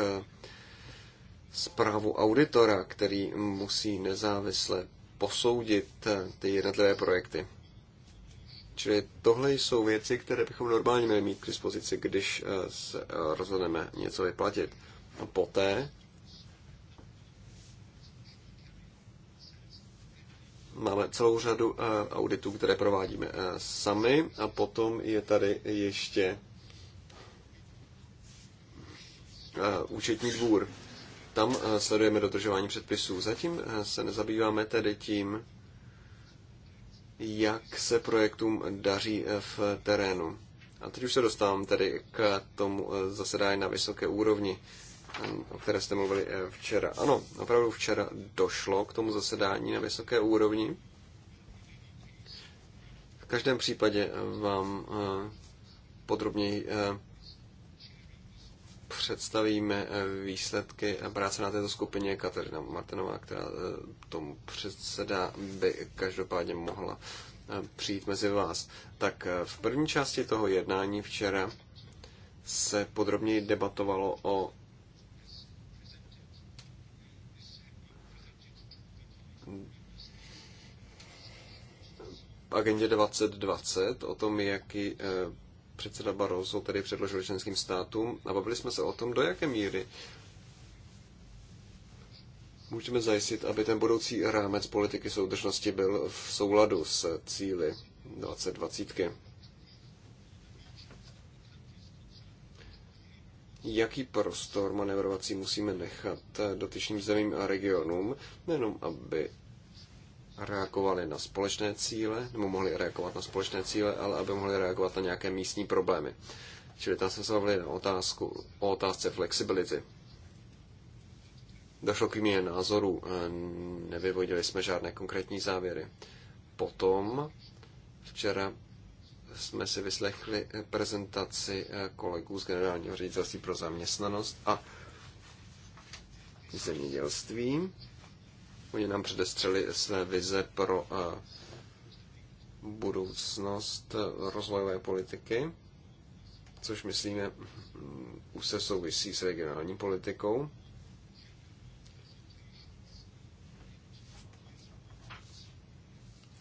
S2: zprávu auditora, který musí nezávisle posoudit eh, ty jednotlivé projekty. Čili tohle jsou věci, které bychom normálně měli mít k dispozici, když eh, se eh, rozhodneme něco vyplatit. A poté máme celou řadu auditů, které provádíme sami a potom je tady ještě účetní dvůr tam eh, sledujeme dodržování předpisů. Zatím eh, se nezabýváme tedy tím, jak se projektům daří eh, v terénu. A teď už se dostávám tedy k tomu zasedání na vysoké úrovni, o které jste mluvili včera. Ano, opravdu včera došlo k tomu zasedání na vysoké úrovni. V každém případě vám podrobněji představíme eh, výsledky práce na této skupině. Katerina Martinová, která eh, tomu předsedá, by každopádně mohla eh, přijít mezi vás. Tak v první části toho jednání včera se podrobněji debatovalo o agendě 2020, o tom, jaký předseda Barroso tedy předložil členským státům a bavili jsme se o tom, do jaké míry můžeme zajistit, aby ten budoucí rámec politiky soudržnosti byl v souladu s cíly 2020. Jaký prostor manevrovací musíme nechat dotyčným zemím a regionům, nejenom aby reagovali na společné cíle, nebo mohli reagovat na společné cíle, ale aby mohli reagovat na nějaké místní problémy. Čili tam jsme se bavili na otázku, o otázce flexibility. Došlo k výměně názorů, eh, nevyvodili jsme žádné konkrétní závěry. Potom včera jsme si vyslechli eh, prezentaci eh, kolegů z Generálního ředitelství pro zaměstnanost a zemědělství. Oni nám předestřeli své vize pro eh, budoucnost eh, rozvojové politiky, což myslíme mm, už se souvisí s regionální politikou.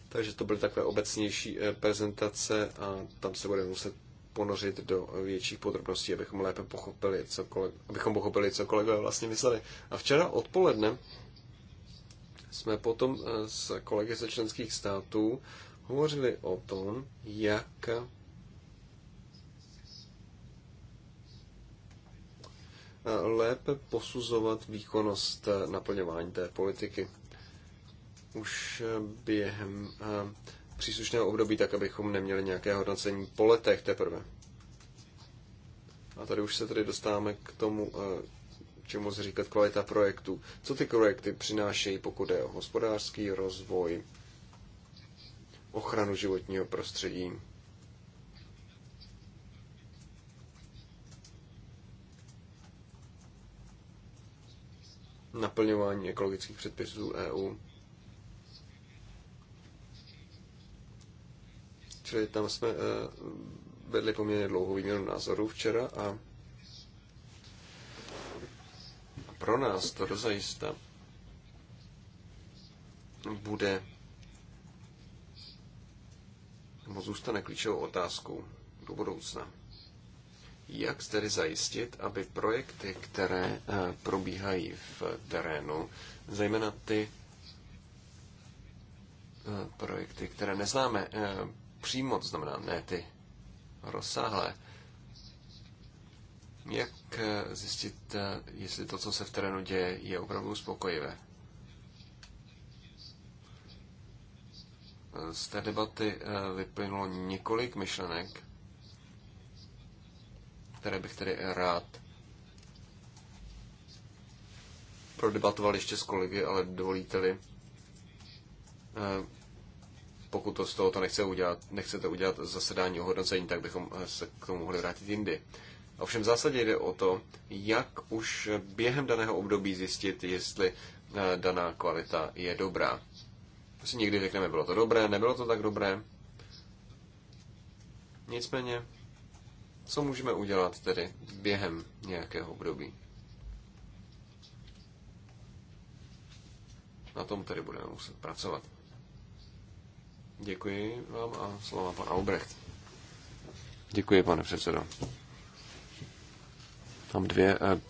S2: Takže to byly takové obecnější eh, prezentace a tam se budeme muset ponořit do větších podrobností, abychom lépe pochopili, co koleg- abychom pochopili, co kolegové vlastně mysleli. A včera odpoledne jsme potom eh, s kolegy ze členských států hovořili o tom, jak lépe posuzovat výkonnost eh, naplňování té politiky už eh, během příslušného období, tak abychom neměli nějaké hodnocení po letech teprve. A tady už se tedy dostáváme k tomu, čemu se říkat kvalita projektů. Co ty projekty přinášejí, pokud je o hospodářský rozvoj, ochranu životního prostředí? naplňování ekologických předpisů EU. Čili tam jsme eh, vedli poměrně dlouhou výměnu názorů včera a pro nás to dozajista bude nebo zůstane klíčovou otázkou do budoucna. Jak tedy zajistit, aby projekty, které eh, probíhají v terénu, zejména ty eh, projekty, které neznáme eh, přímo, to znamená ne ty rozsáhlé, jak Eh, zjistit, eh, jestli to, co se v terénu děje, je opravdu uspokojivé. Eh, z té debaty vyplynulo několik myšlenek, které bych tedy rád prodebatoval ještě s kolegy, ale dovolíte-li, pokud to z tohoto nechce udělat, nechcete udělat zasedání o hodnocení, tak bychom se k tomu mohli vrátit jindy. Ovšem v zásadě jde o to, jak už během daného období zjistit, jestli eh, daná kvalita je dobrá. Prostě někdy řekneme, bylo to dobré, nebylo to tak dobré. Nicméně, co můžeme udělat tedy během nějakého období? Na tom tedy budeme muset pracovat. Děkuji vám a slova pan Albrecht. Děkuji, pane předsedo. Mám dvě eh,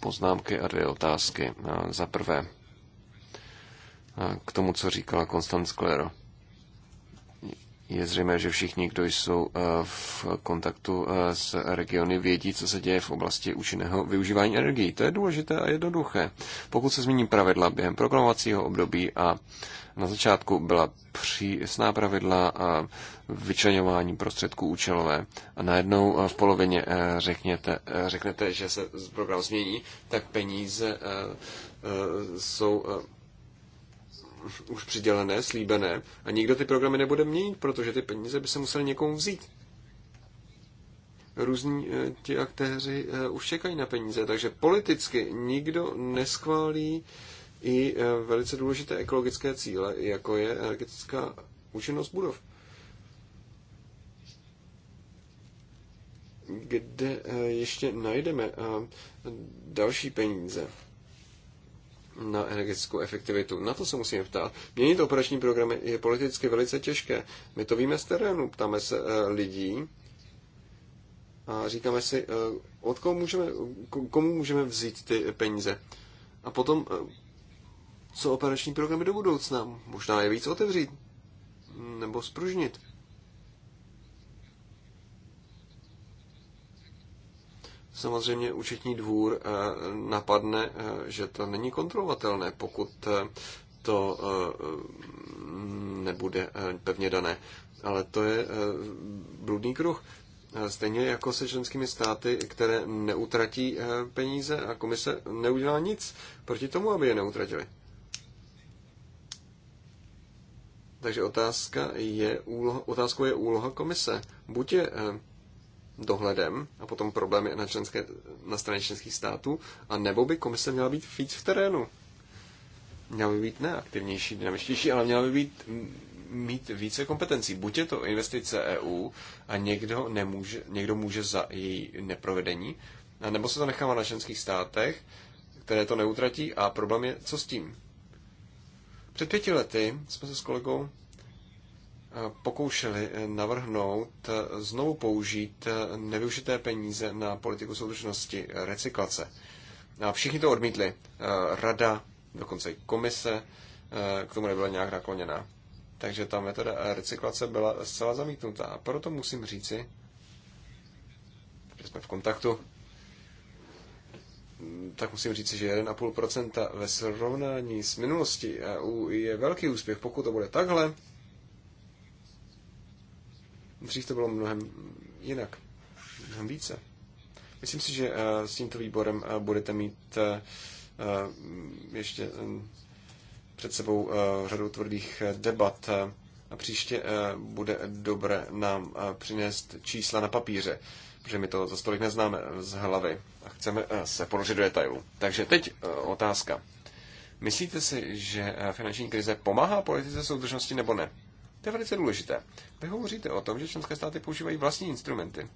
S2: poznámky a dvě otázky. Eh, za prvé, eh, k tomu, co říkala Konstanc Klero. Je zřejmé, že všichni, kdo jsou eh, v kontaktu eh, s regiony, vědí, co se děje v oblasti účinného využívání energií. To je důležité a jednoduché. Pokud se změní pravidla během programovacího období a na začátku byla přísná pravidla a vyčlenování prostředků účelové a najednou eh, v polovině řekněte, řeknete, že se program změní, tak peníze jsou už přidělené, slíbené a nikdo ty programy nebude měnit, protože ty peníze by se museli někomu vzít. Různí eh, ti aktéři eh, už čekají na peníze, takže politicky nikdo neschválí i eh, velice důležité ekologické cíle, jako je energetická účinnost budov. Kde ještě najdeme další peníze? na energetickou efektivitu. Na to se musíme ptát. Měnit operační programy je politicky velice těžké. My to víme z terénu, ptáme se eh, lidí a říkáme si, eh, od koho můžeme, komu můžeme vzít ty peníze. A potom, eh, co operační programy do budoucna? Možná je víc otevřít nebo spružnit. samozřejmě účetní dvůr eh, napadne, eh, že to není kontrolovatelné, pokud eh, to nebude pevně dané. Ale to je bludný kruh. Stejně jako se členskými státy, které neutratí peníze a komise neudělá nic proti tomu, aby je neutratili. Takže otázka je úloha, otázkou je úloha komise. Buď je dohledem a potom problémy na, členské, na straně členských států, a nebo by komise měla být víc v terénu. Měla by být neaktivnější, dynamičtější, ale měla by být mít více kompetencí. Buď je to investice EU a někdo, nemůže, někdo může za její neprovedení, a nebo se to nechává na členských státech, které to neutratí a problém je, co s tím. Před pěti lety jsme se s kolegou pokoušeli navrhnout znovu použít nevyužité peníze na politiku soudržnosti recyklace. A všichni to odmítli. Rada, dokonce i komise k tomu nebyla nějak nakloněná. Takže ta metoda recyklace byla zcela zamítnutá. A proto musím říci, že jsme v kontaktu, tak musím říci, že 1,5% ve srovnání s minulostí EU je velký úspěch. Pokud to bude takhle, Dřív to bylo mnohem jinak, mnohem více. Myslím si, že eh, s tímto výborem eh, budete mít eh, ještě před sebou řadu tvrdých debat a příště bude dobré nám přinést čísla na papíře, protože my to za stolik neznáme z hlavy a chceme se položit do detailů. Takže teď otázka. Myslíte si, že finanční krize pomáhá politice soudržnosti nebo ne? To je velice důležité. Vy hovoříte o tom, že členské státy používají vlastní instrumenty.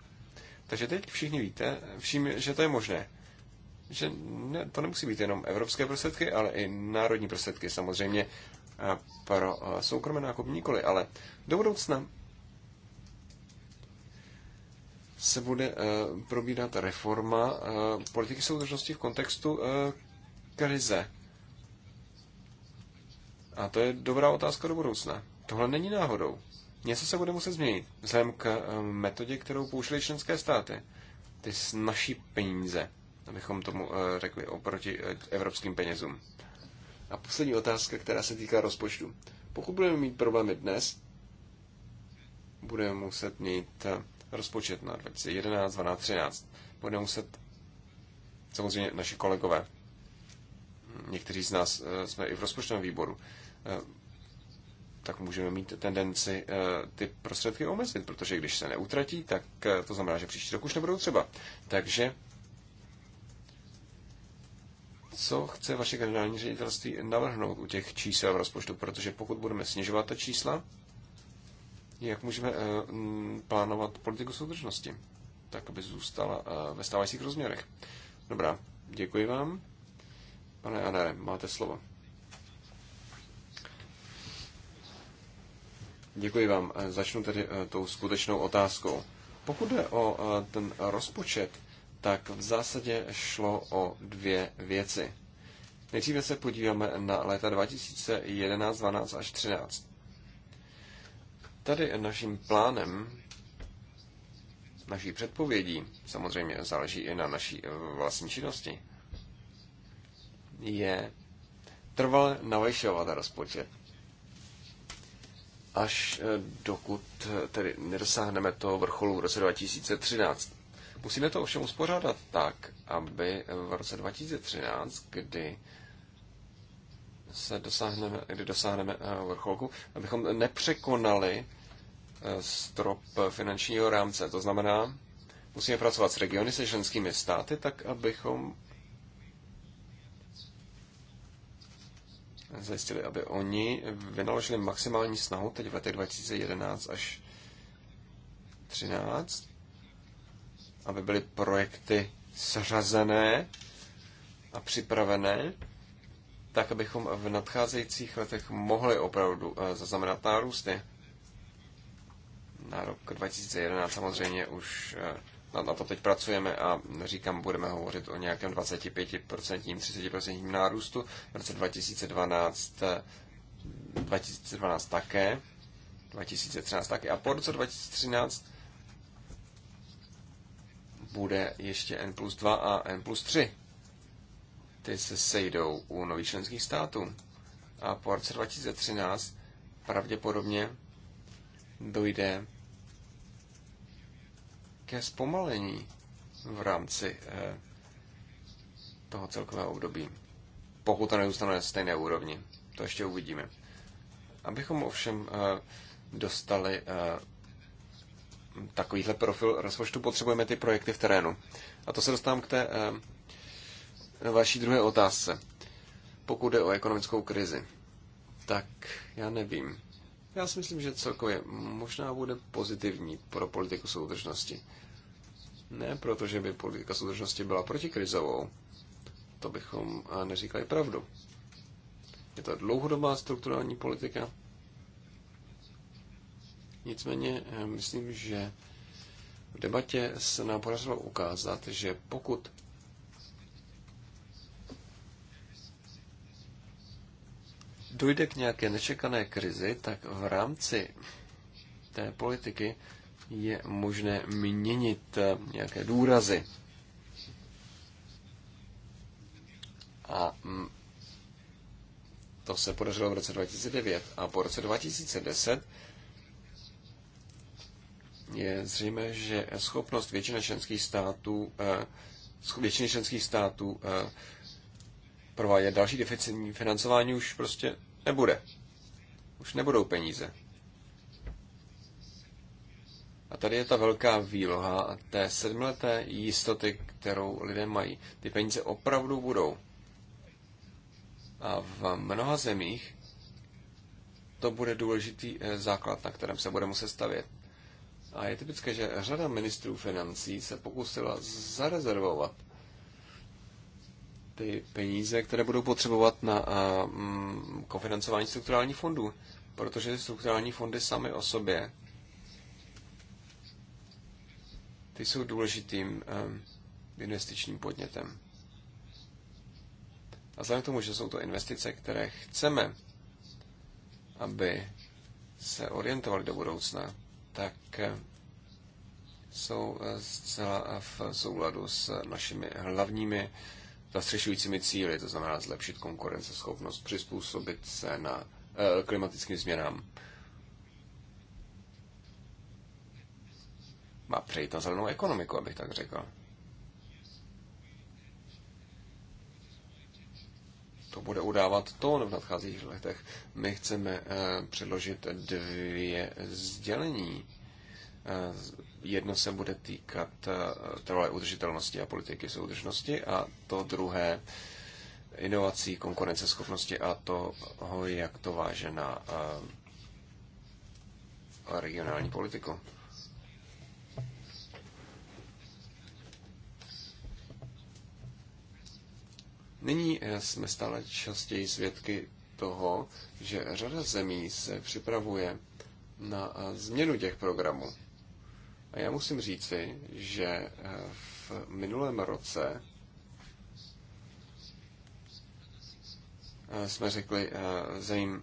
S2: Takže teď všichni víte, všim, že to je možné. Že ne, to nemusí být jenom evropské prostředky, ale i národní prostředky samozřejmě pro soukromé nákupy nikoli, ale do budoucna se bude e, probídat reforma e, politiky soudržnosti v kontextu e, krize. A to je dobrá otázka do budoucna. Tohle není náhodou. Něco se bude muset změnit, vzhledem k eh, metodě, kterou použili členské státy. Ty s naší peníze, abychom tomu eh, řekli, oproti eh, evropským penězům. A poslední otázka, která se týká rozpočtu. Pokud budeme mít problémy dnes, budeme muset mít rozpočet na 2011, 12, 13. Budeme muset, samozřejmě naši kolegové, někteří z nás jsme i v rozpočtovém výboru, tak můžeme mít tendenci eh, ty prostředky omezit, protože když se neutratí, tak eh, to znamená, že příští rok už nebudou třeba. Takže co chce vaše generální ředitelství navrhnout u těch čísel v rozpočtu, protože pokud budeme snižovat ta čísla, jak můžeme eh, plánovat politiku soudržnosti, tak aby zůstala ve stávajících rozměrech. Dobrá, děkuji vám. Pane Anare, máte slovo. Děkuji vám. Eh, Začnu tedy eh, tou skutečnou otázkou. Pokud jde o eh, ten rozpočet, tak v zásadě šlo o dvě věci. Nejdříve se podíváme na léta 2011, 12 až 13. Tady naším plánem, naší předpovědí, samozřejmě záleží i na naší vlastní činnosti, je trvale navyšovat rozpočet až eh, dokud eh, tedy nedosáhneme toho vrcholu v roce 2013. Musíme to ovšem uspořádat tak, aby v roce 2013, kdy se dosáhneme, kdy dosáhneme eh, vrcholku, abychom nepřekonali strop finančního rámce. To znamená, musíme pracovat s regiony, se členskými státy, tak abychom zajistili, aby oni vynaložili maximální snahu teď v letech 2011 až 2013, aby byly projekty sřazené a připravené, tak abychom v nadcházejících letech mohli opravdu eh, zaznamenat nárůsty. Na rok 2011 samozřejmě už eh, na, na to teď pracujeme a říkám, budeme hovořit o nějakém 25%, 30% nárůstu. V roce 2012, 2012 eh, také, 2013 také a po roce 2013 bude ještě N plus 2 a N plus 3. Ty se sejdou u nových členských států. A po roce 2013 pravděpodobně dojde nějaké zpomalení v rámci eh, toho celkového období. Pokud to nezůstane na stejné úrovni, to ještě uvidíme. Abychom ovšem eh, dostali eh, takovýhle profil rozpočtu, potřebujeme ty projekty v terénu. A to se dostávám k té vaší druhé otázce. Pokud jde o ekonomickou krizi, tak já nevím. Já si myslím, že celkově možná bude pozitivní pro politiku soudržnosti. Ne protože by politika soudržnosti byla protikrizovou. To bychom eh, neříkali pravdu. Je to dlouhodobá strukturální politika. Nicméně eh, myslím, že v debatě se nám podařilo ukázat, že pokud dojde k nějaké nečekané krizi, tak v rámci té politiky je možné měnit eh, nějaké důrazy. A mm, to se podařilo v roce 2009. A po roce 2010 je zřejmé, že schopnost většiny členských států, eh, většiny členských států eh, provádět další deficitní financování už prostě nebude. Už nebudou peníze. A tady je ta velká výloha té sedmleté jistoty, kterou lidé mají. Ty peníze opravdu budou. A v mnoha zemích to bude důležitý eh, základ, na kterém se bude muset stavět. A je typické, že řada ministrů financí se pokusila zarezervovat ty peníze, které budou potřebovat na eh, mm, kofinancování strukturálních fondů, protože strukturální fondy samy o sobě Ty jsou důležitým ehm, investičním podnětem. A vzhledem k tomu, že jsou to investice, které chceme, aby se orientovali do budoucna, tak eh, jsou eh, zcela v souladu s našimi hlavními zastřešujícími cíly, to znamená zlepšit konkurenceschopnost, přizpůsobit se na eh, klimatickým změnám má přejít na zelenou ekonomiku, abych tak řekl. To bude udávat tón v nadcházejících letech. My chceme eh, předložit dvě sdělení. Eh, jedno se bude týkat eh, trvalé udržitelnosti a politiky soudržnosti a to druhé inovací, konkurenceschopnosti a toho, jak to váže na regionální politiku. Nyní eh, jsme stále častěji svědky toho, že řada zemí se připravuje na eh, změnu těch programů. A já musím říci, že eh, v minulém roce jsme řekli zemím,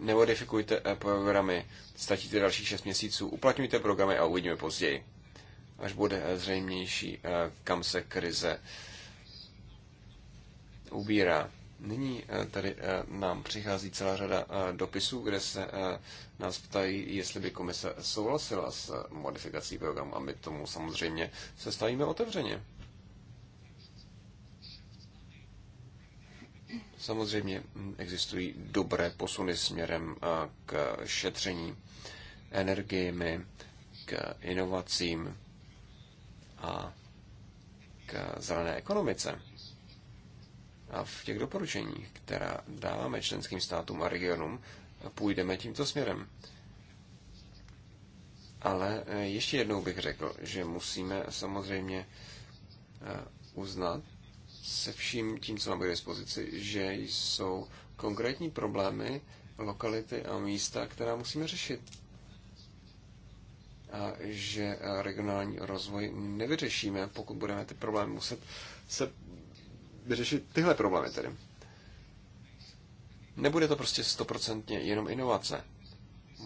S2: nemodifikujte programy, stačíte dalších 6 měsíců, uplatňujte programy a uvidíme později, až bude zřejmější, kam se krize ubírá. Nyní eh, tady eh, nám přichází celá řada eh, dopisů, kde se nás ptají, jestli by komise souhlasila s modifikací programu a my tomu samozřejmě se stavíme otevřeně. Samozřejmě hm, existují dobré posuny směrem k šetření energiemi, k inovacím a k zelené ekonomice. A v těch doporučeních, která dáváme členským státům a regionům, půjdeme tímto směrem. Ale eh, ještě jednou bych řekl, že musíme samozřejmě eh, uznat se vším tím, co máme k dispozici, že jsou konkrétní problémy, lokality a místa, která musíme řešit. A že regionální rozvoj nevyřešíme, pokud budeme ty problémy muset se vyřešit tyhle problémy tedy. Nebude to prostě stoprocentně jenom inovace.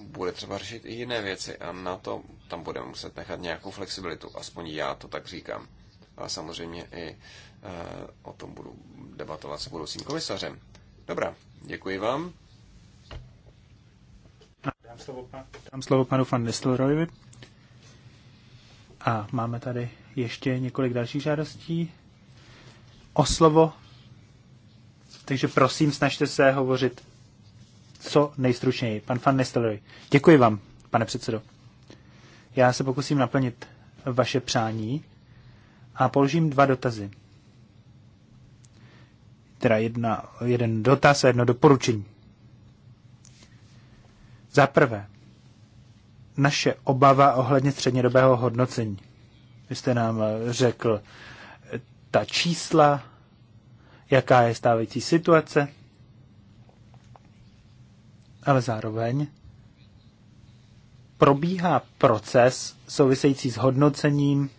S2: Bude třeba řešit i jiné věci a na to tam budeme muset nechat nějakou flexibilitu. Aspoň já to tak říkám. A samozřejmě i e, o tom budu debatovat s budoucím komisařem. Dobrá, děkuji vám.
S1: Dám slovo, dám slovo panu van Nistelrojovi. A máme tady ještě několik dalších žádostí o slovo, takže prosím, snažte se hovořit co nejstručněji. Pan Fan Nestelroj, děkuji vám, pane předsedo. Já se pokusím naplnit vaše přání a položím dva dotazy. Teda jedna, jeden dotaz a jedno doporučení. Za prvé, naše obava ohledně střednědobého hodnocení. Vy jste nám řekl, ta čísla, jaká je stávající situace, ale zároveň probíhá proces související s hodnocením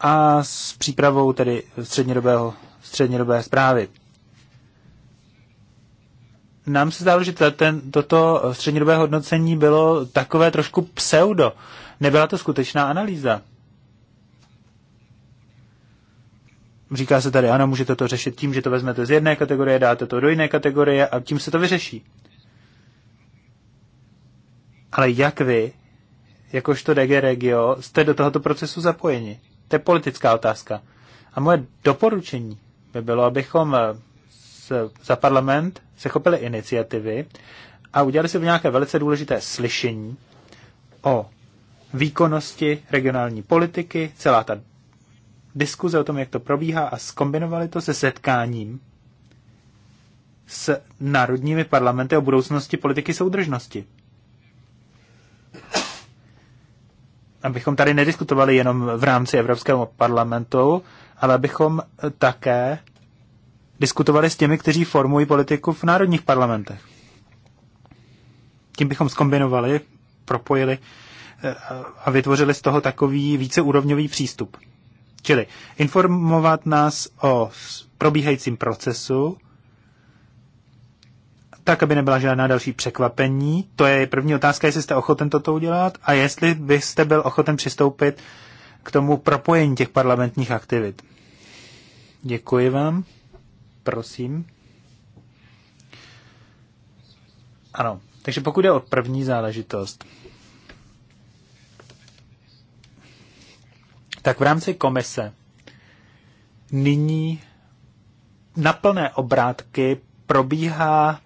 S1: a s přípravou tedy střednědobého, střednědobé zprávy. Nám se zdálo, že ten, toto střednědobé hodnocení bylo takové trošku pseudo. Nebyla to skutečná analýza. Říká se tady, ano, můžete to řešit tím, že to vezmete z jedné kategorie, dáte to do jiné kategorie a tím se to vyřeší. Ale jak vy, jakožto DG Regio, jste do tohoto procesu zapojeni? To je politická otázka. A moje doporučení by bylo, abychom eh, za parlament se chopili iniciativy a udělali si v nějaké velice důležité slyšení o výkonnosti regionální politiky, celá ta diskuze o tom, jak to probíhá a skombinovali to se setkáním s národními parlamenty o budoucnosti politiky soudržnosti. Abychom tady nediskutovali jenom v rámci Evropského parlamentu, ale abychom také diskutovali s těmi, kteří formují politiku v národních parlamentech. Tím bychom skombinovali, propojili eh, a vytvořili z toho takový víceúrovňový přístup. Čili informovat nás o probíhajícím procesu, tak, aby nebyla žádná další překvapení. To je první otázka, jestli jste ochoten toto udělat a jestli byste byl ochoten přistoupit k tomu propojení těch parlamentních aktivit. Děkuji vám. Prosím. Ano, takže pokud je o první záležitost, tak v rámci komise nyní na plné obrátky probíhá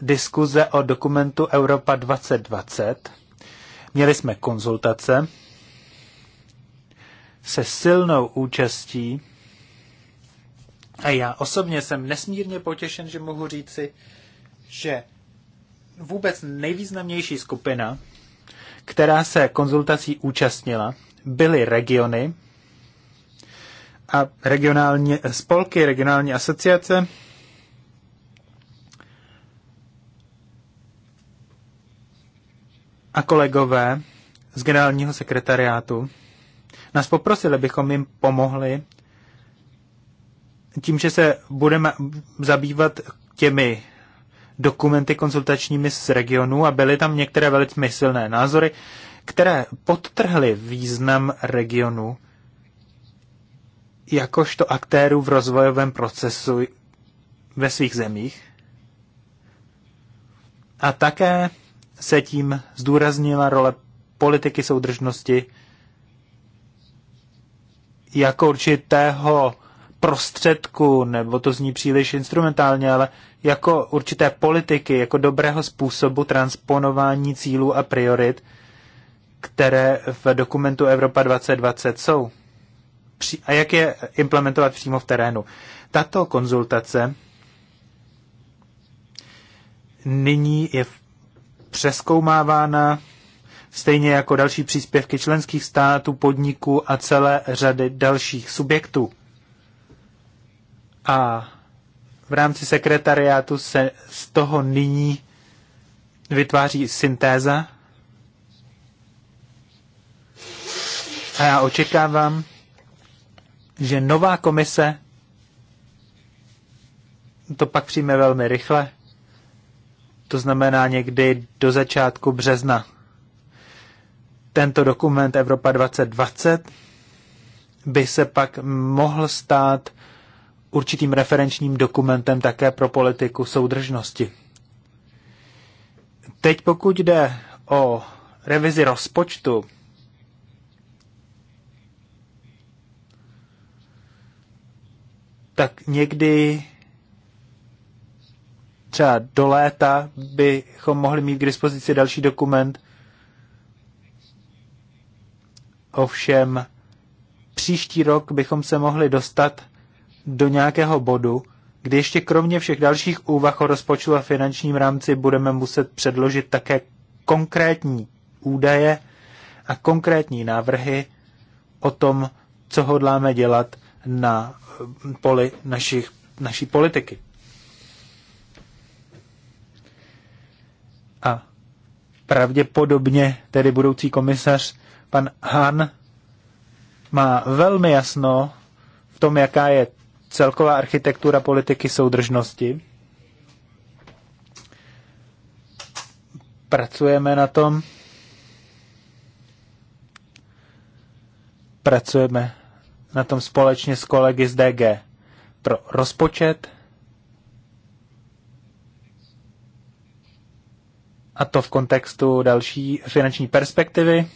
S1: diskuze o dokumentu Europa 2020. Měli jsme konzultace se silnou účastí a já osobně jsem nesmírně potěšen, že mohu říci, že vůbec nejvýznamnější skupina, která se konzultací účastnila, byly regiony a regionální spolky, regionální asociace, a kolegové z generálního sekretariátu nás poprosili, abychom jim pomohli tím, že se budeme zabývat těmi dokumenty konzultačními z regionu a byly tam některé velice silné názory, které podtrhly význam regionu jakožto aktérů v rozvojovém procesu ve svých zemích. A také se tím zdůraznila role politiky soudržnosti jako určitého prostředku, nebo to zní příliš instrumentálně, ale jako určité politiky, jako dobrého způsobu transponování cílů a priorit – které v dokumentu Evropa 2020 jsou a jak je implementovat přímo v terénu. Tato konzultace nyní je přeskoumávána stejně jako další příspěvky členských států, podniků a celé řady dalších subjektů. A v rámci sekretariátu se z toho nyní vytváří syntéza A já očekávám, že nová komise to pak přijme velmi rychle. To znamená někdy do začátku března. Tento dokument Evropa 2020 by se pak mohl stát určitým referenčním dokumentem také pro politiku soudržnosti. Teď pokud jde o revizi rozpočtu tak někdy třeba do léta bychom mohli mít k dispozici další dokument. Ovšem příští rok bychom se mohli dostat do nějakého bodu, kdy ještě kromě všech dalších úvah o rozpočtu a finančním rámci budeme muset předložit také konkrétní údaje a konkrétní návrhy o tom, co hodláme dělat na poli našich, naší politiky. A pravděpodobně tedy budoucí komisař pan Han má velmi jasno v tom, jaká je celková architektura politiky soudržnosti. Pracujeme na tom. Pracujeme na tom společně s kolegy z DG pro rozpočet. A to v kontextu další finanční perspektivy.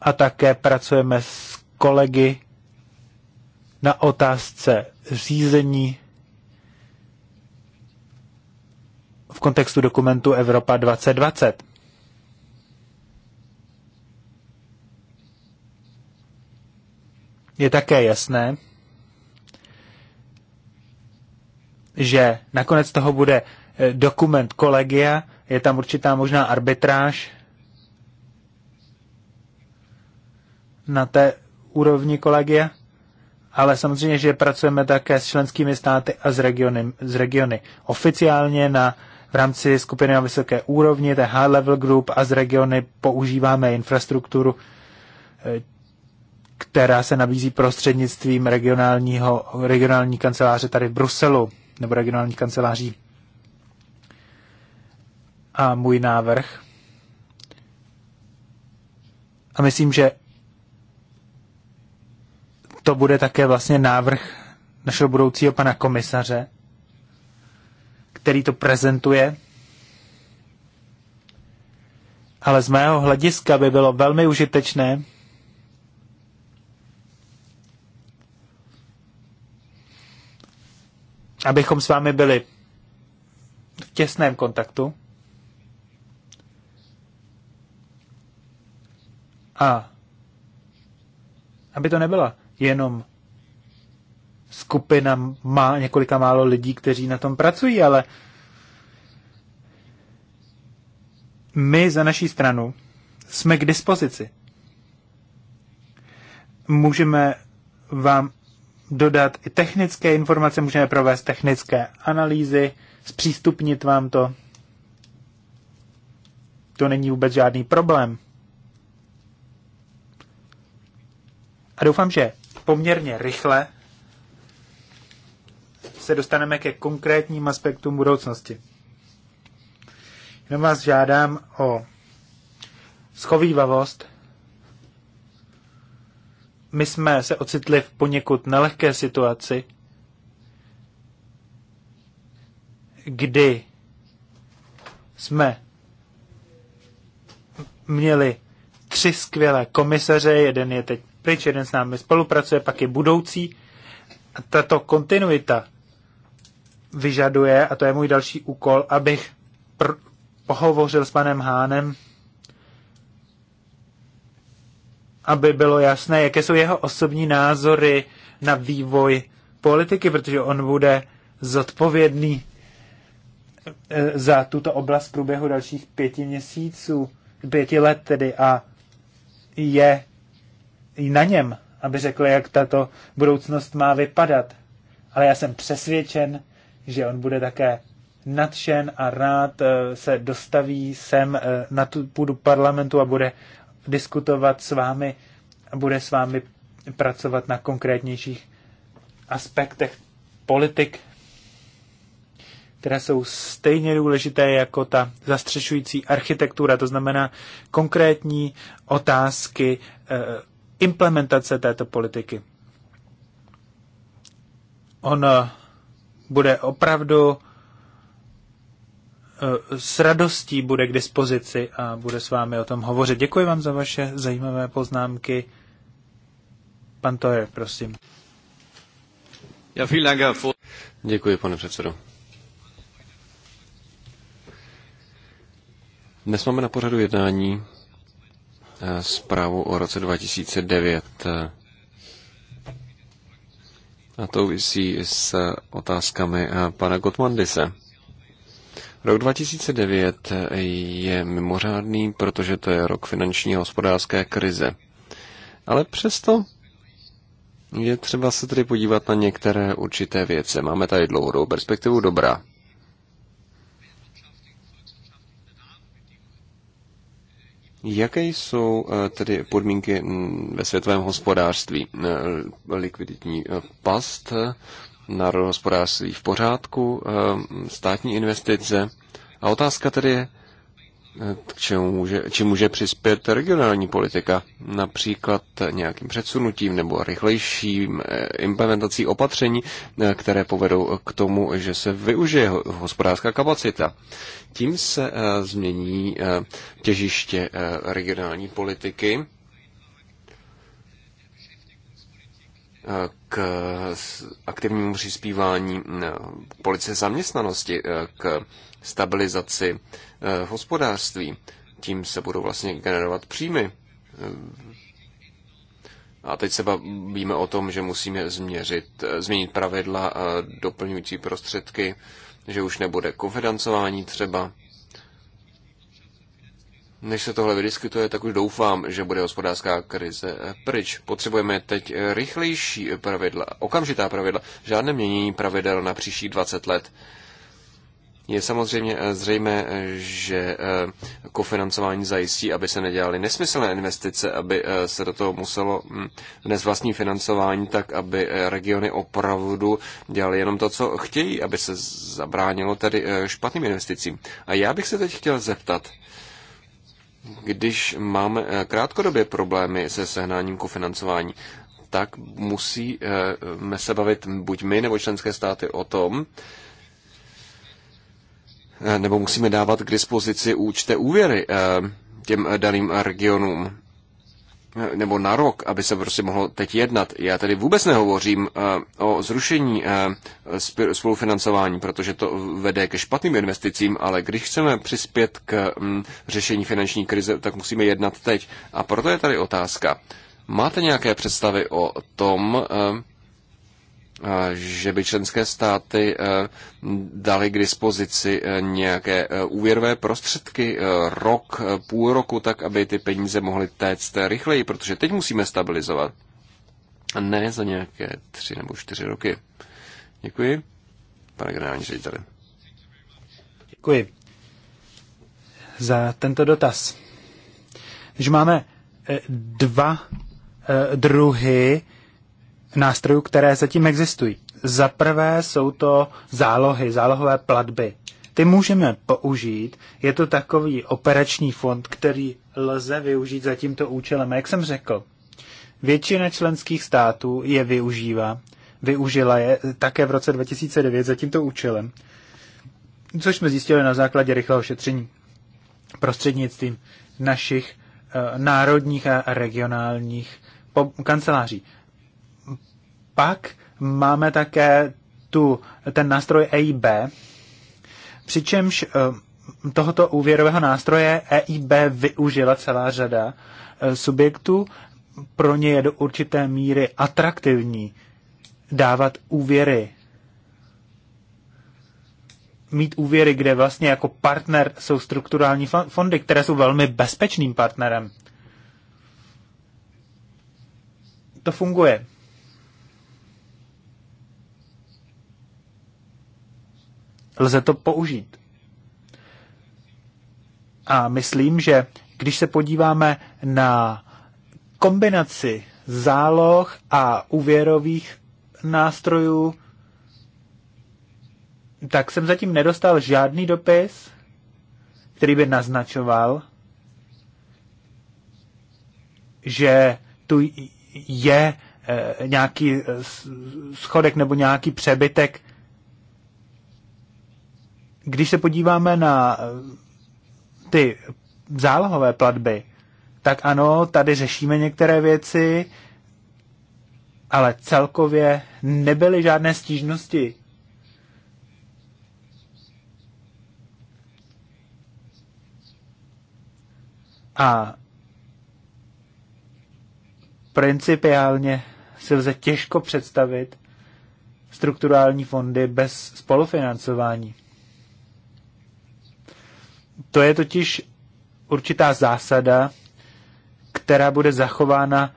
S1: A také pracujeme s kolegy na otázce řízení v kontextu dokumentu Evropa 2020. je také jasné, že nakonec toho bude eh, dokument kolegia, je tam určitá možná arbitráž na té úrovni kolegia, ale samozřejmě, že pracujeme také s členskými státy a s regiony. S regiony. Oficiálně na, v rámci skupiny na vysoké úrovni, té high level group a z regiony používáme infrastrukturu eh, která se nabízí prostřednictvím regionálního, regionální kanceláře tady v Bruselu nebo regionálních kanceláří. A můj návrh. A myslím, že to bude také vlastně návrh našeho budoucího pana komisaře, který to prezentuje. Ale z mého hlediska by bylo velmi užitečné, abychom s vámi byli v těsném kontaktu. A aby to nebyla jenom skupina má několika málo lidí, kteří na tom pracují, ale my za naší stranu jsme k dispozici. Můžeme vám dodat i technické informace, můžeme provést technické analýzy, zpřístupnit vám to. To není vůbec žádný problém. A doufám, že poměrně rychle se dostaneme ke konkrétním aspektům budoucnosti. Jenom vás žádám o schovývavost my jsme se ocitli v poněkud nelehké situaci, kdy jsme měli tři skvělé komisaře, jeden je teď pryč, jeden s námi spolupracuje, pak je budoucí. A tato kontinuita vyžaduje, a to je můj další úkol, abych pr- pohovořil s panem Hánem aby bylo jasné, jaké jsou jeho osobní názory na vývoj politiky, protože on bude zodpovědný e, za tuto oblast v průběhu dalších pěti měsíců, pěti let tedy a je i na něm, aby řekl, jak tato budoucnost má vypadat. Ale já jsem přesvědčen, že on bude také nadšen a rád e, se dostaví sem e, na tu půdu parlamentu a bude diskutovat s vámi a bude s vámi pracovat na konkrétnějších aspektech politik, které jsou stejně důležité jako ta zastřešující architektura, to znamená konkrétní otázky eh, implementace této politiky. On eh, bude opravdu Eh, s radostí bude k dispozici a bude s vámi o tom hovořit. Děkuji vám za vaše zajímavé poznámky. Pan Toje, prosím.
S2: Děkuji, pane předsedo. Dnes máme na pořadu jednání eh, zprávu o roce 2009. A to visí s otázkami eh, pana Gottmandise. Rok 2009 je mimořádný, protože to je rok finanční a hospodářské krize. Ale přesto je třeba se tedy podívat na některé určité věce. Máme tady dlouhodobou perspektivu dobrá. Jaké jsou eh, tedy podmínky mm, ve světovém hospodářství? Eh, likviditní eh, past, hospodářství v pořádku, eh, státní investice. A otázka tedy je, eh, k čemu může, či může přispět regionální politika, například nějakým předsunutím nebo rychlejším eh, implementací opatření, které povedou k tomu, že se využije hospodářská kapacita. Tím se změní těžiště regionální politiky k aktivnímu přispívání policie zaměstnanosti, e, k stabilizaci e, hospodářství. Tím se budou vlastně generovat příjmy. E, a teď se bavíme o tom, že musíme změřit, změnit pravidla a doplňující prostředky, že už nebude kofinancování třeba. Než se tohle vydiskutuje, tak už doufám, že bude hospodářská krize pryč. Potřebujeme teď rychlejší pravidla, okamžitá pravidla, žádné měnění pravidel na příští 20 let. Je samozřejmě zřejmé, že eh, kofinancování zajistí, aby se nedělaly nesmyslné investice, aby eh, se do toho muselo dnes hm, vlastní financování, tak aby eh, regiony opravdu dělaly jenom to, co chtějí, aby se zabránilo tedy špatným investicím. A já bych se teď chtěl zeptat, když máme eh, krátkodobě problémy se sehnáním kofinancování, tak musíme se bavit buď my nebo členské státy o tom, eh, nebo musíme dávat k dispozici účte úvěry eh, těm daným regionům nebo na rok, aby se prostě mohlo teď jednat. Já tady vůbec nehovořím eh, o zrušení eh, spolufinancování, protože to vede ke špatným investicím, ale když chceme přispět k mm, řešení finanční krize, tak musíme jednat teď. A proto je tady otázka. Máte nějaké představy o tom, eh, že by členské státy e, dali k dispozici e, nějaké e, úvěrové prostředky rok, půl roku, tak aby ty peníze mohly téct rychleji, protože teď musíme stabilizovat. Ne za nějaké tři nebo čtyři roky. Děkuji, pane generální řediteli. Děkuji za
S1: tento dotaz. Když máme dva druhy nástrojů, které zatím existují. Za prvé jsou to zálohy, zálohové platby. Ty můžeme použít. Je to takový operační fond, který lze využít za tímto účelem. Jak jsem řekl, většina členských států je využívá. Využila je také v roce 2009 za tímto účelem, což jsme zjistili na základě rychlého šetření prostřednictvím našich eh, národních a regionálních kanceláří pak máme také tu, ten nástroj EIB, přičemž eh, tohoto úvěrového nástroje EIB využila celá řada eh, subjektů. Pro ně je do určité míry atraktivní dávat úvěry. Mít úvěry, kde vlastně jako partner jsou strukturální fondy, které jsou velmi bezpečným partnerem. To funguje. lze to použít. A myslím, že když se podíváme na kombinaci záloh a úvěrových nástrojů, tak jsem zatím nedostal žádný dopis, který by naznačoval, že tu je eh, nějaký eh, schodek nebo nějaký přebytek když se podíváme na eh, ty zálohové platby, tak ano, tady řešíme některé věci, ale celkově nebyly žádné stížnosti. A principiálně si lze těžko představit strukturální fondy bez spolufinancování. To je totiž určitá zásada, která bude zachována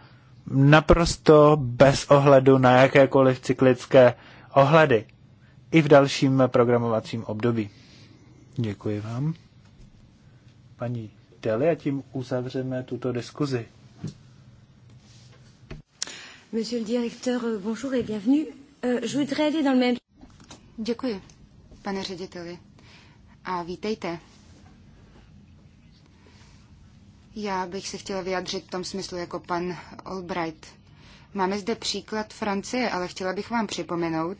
S1: naprosto bez ohledu na jakékoliv cyklické ohledy i v dalším programovacím období. Děkuji vám. Paní Deli, a tím uzavřeme tuto diskuzi.
S4: Monsieur le directeur, bonjour et bienvenue. Euh, je voudrais aller dans le même... Děkuji, pane řediteli. A vítejte. Já bych se chtěla vyjádřit v tom smyslu jako pan Albright. Máme zde příklad Francie, ale chtěla bych vám připomenout,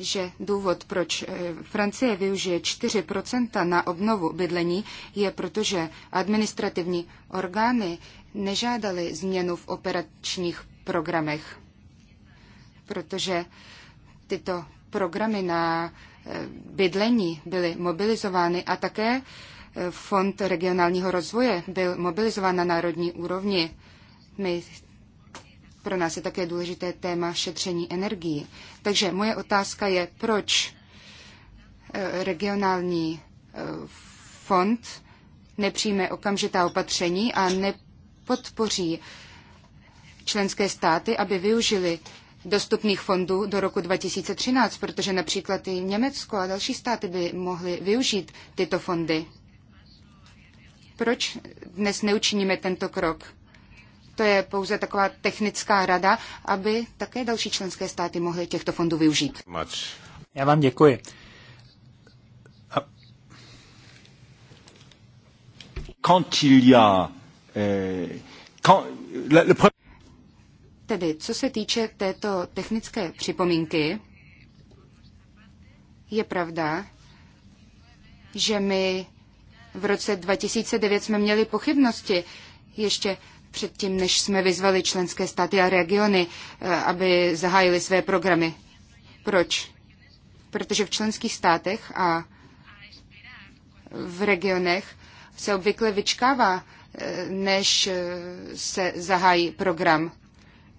S4: že důvod, proč eh, Francie využije 4% na obnovu bydlení, je protože administrativní orgány nežádaly změnu v operačních programech, protože tyto programy na eh, bydlení byly mobilizovány a také Fond regionálního rozvoje byl mobilizován na národní úrovni. My, pro nás je také důležité téma šetření energií. Takže moje otázka je, proč eh, regionální eh, fond nepřijme okamžitá opatření a nepodpoří členské státy, aby využili dostupných fondů do roku 2013, protože například i Německo a další státy by mohly využít tyto fondy. Proč dnes neučiníme tento krok? To je pouze taková technická rada, aby také další členské státy mohly těchto fondů využít.
S1: Já vám děkuji. A... Quand il y a, eh, quand, le, le...
S4: Tedy, co se týče této technické připomínky, je pravda, že my v roce 2009 jsme měli pochybnosti ještě předtím, než jsme vyzvali členské státy a regiony, eh, aby zahájili své programy. Proč? Protože v členských státech a v regionech se obvykle vyčkává, eh, než eh, se zahájí program.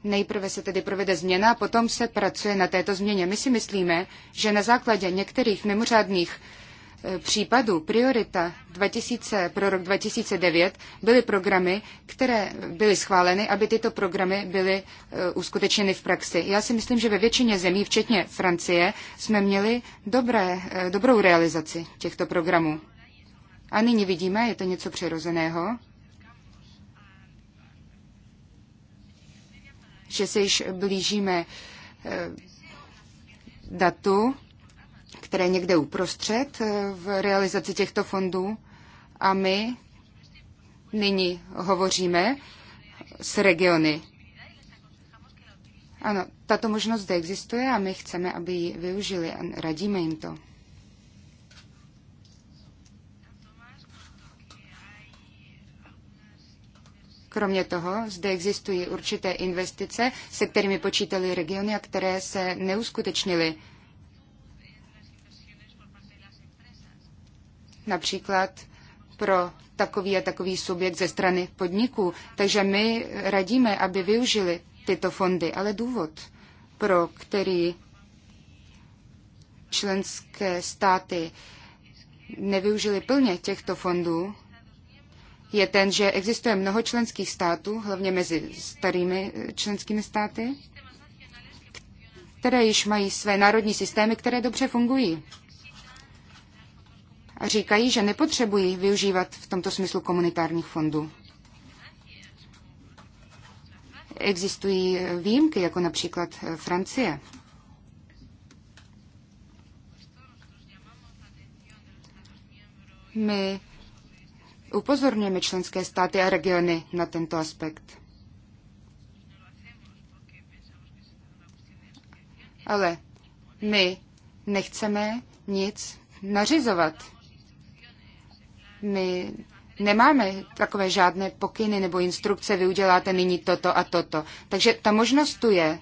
S4: Nejprve se tedy provede změna a potom se pracuje na této změně. My si myslíme, že na základě některých mimořádných případů priorita 2000, pro rok 2009 byly programy, které byly schváleny, aby tyto programy byly eh, uskutečněny v praxi. Já si myslím, že ve většině zemí, včetně Francie, jsme měli dobré, eh, dobrou realizaci těchto programů. A nyní vidíme, je to něco přirozeného, že se již blížíme eh, datu, které někde uprostřed eh, v realizaci těchto fondů a my nyní hovoříme s regiony. Ano, tato možnost zde existuje a my chceme, aby ji využili a radíme jim to. Kromě toho zde existují určité investice, se kterými počítali regiony a které se neuskutečnily. například pro takový a takový subjekt ze strany podniků. Takže my radíme, aby využili tyto fondy, ale důvod, pro který členské státy nevyužili plně těchto fondů, je ten, že existuje mnoho členských států, hlavně mezi starými eh, členskými státy, které již mají své národní systémy, které dobře fungují a říkají, že nepotřebují využívat v tomto smyslu komunitárních fondů. Existují výjimky, jako například eh, Francie. My upozorňujeme členské státy a regiony na tento aspekt. Ale my nechceme nic nařizovat. My nemáme takové žádné pokyny nebo instrukce, vy uděláte nyní toto a toto. Takže ta možnost tu je.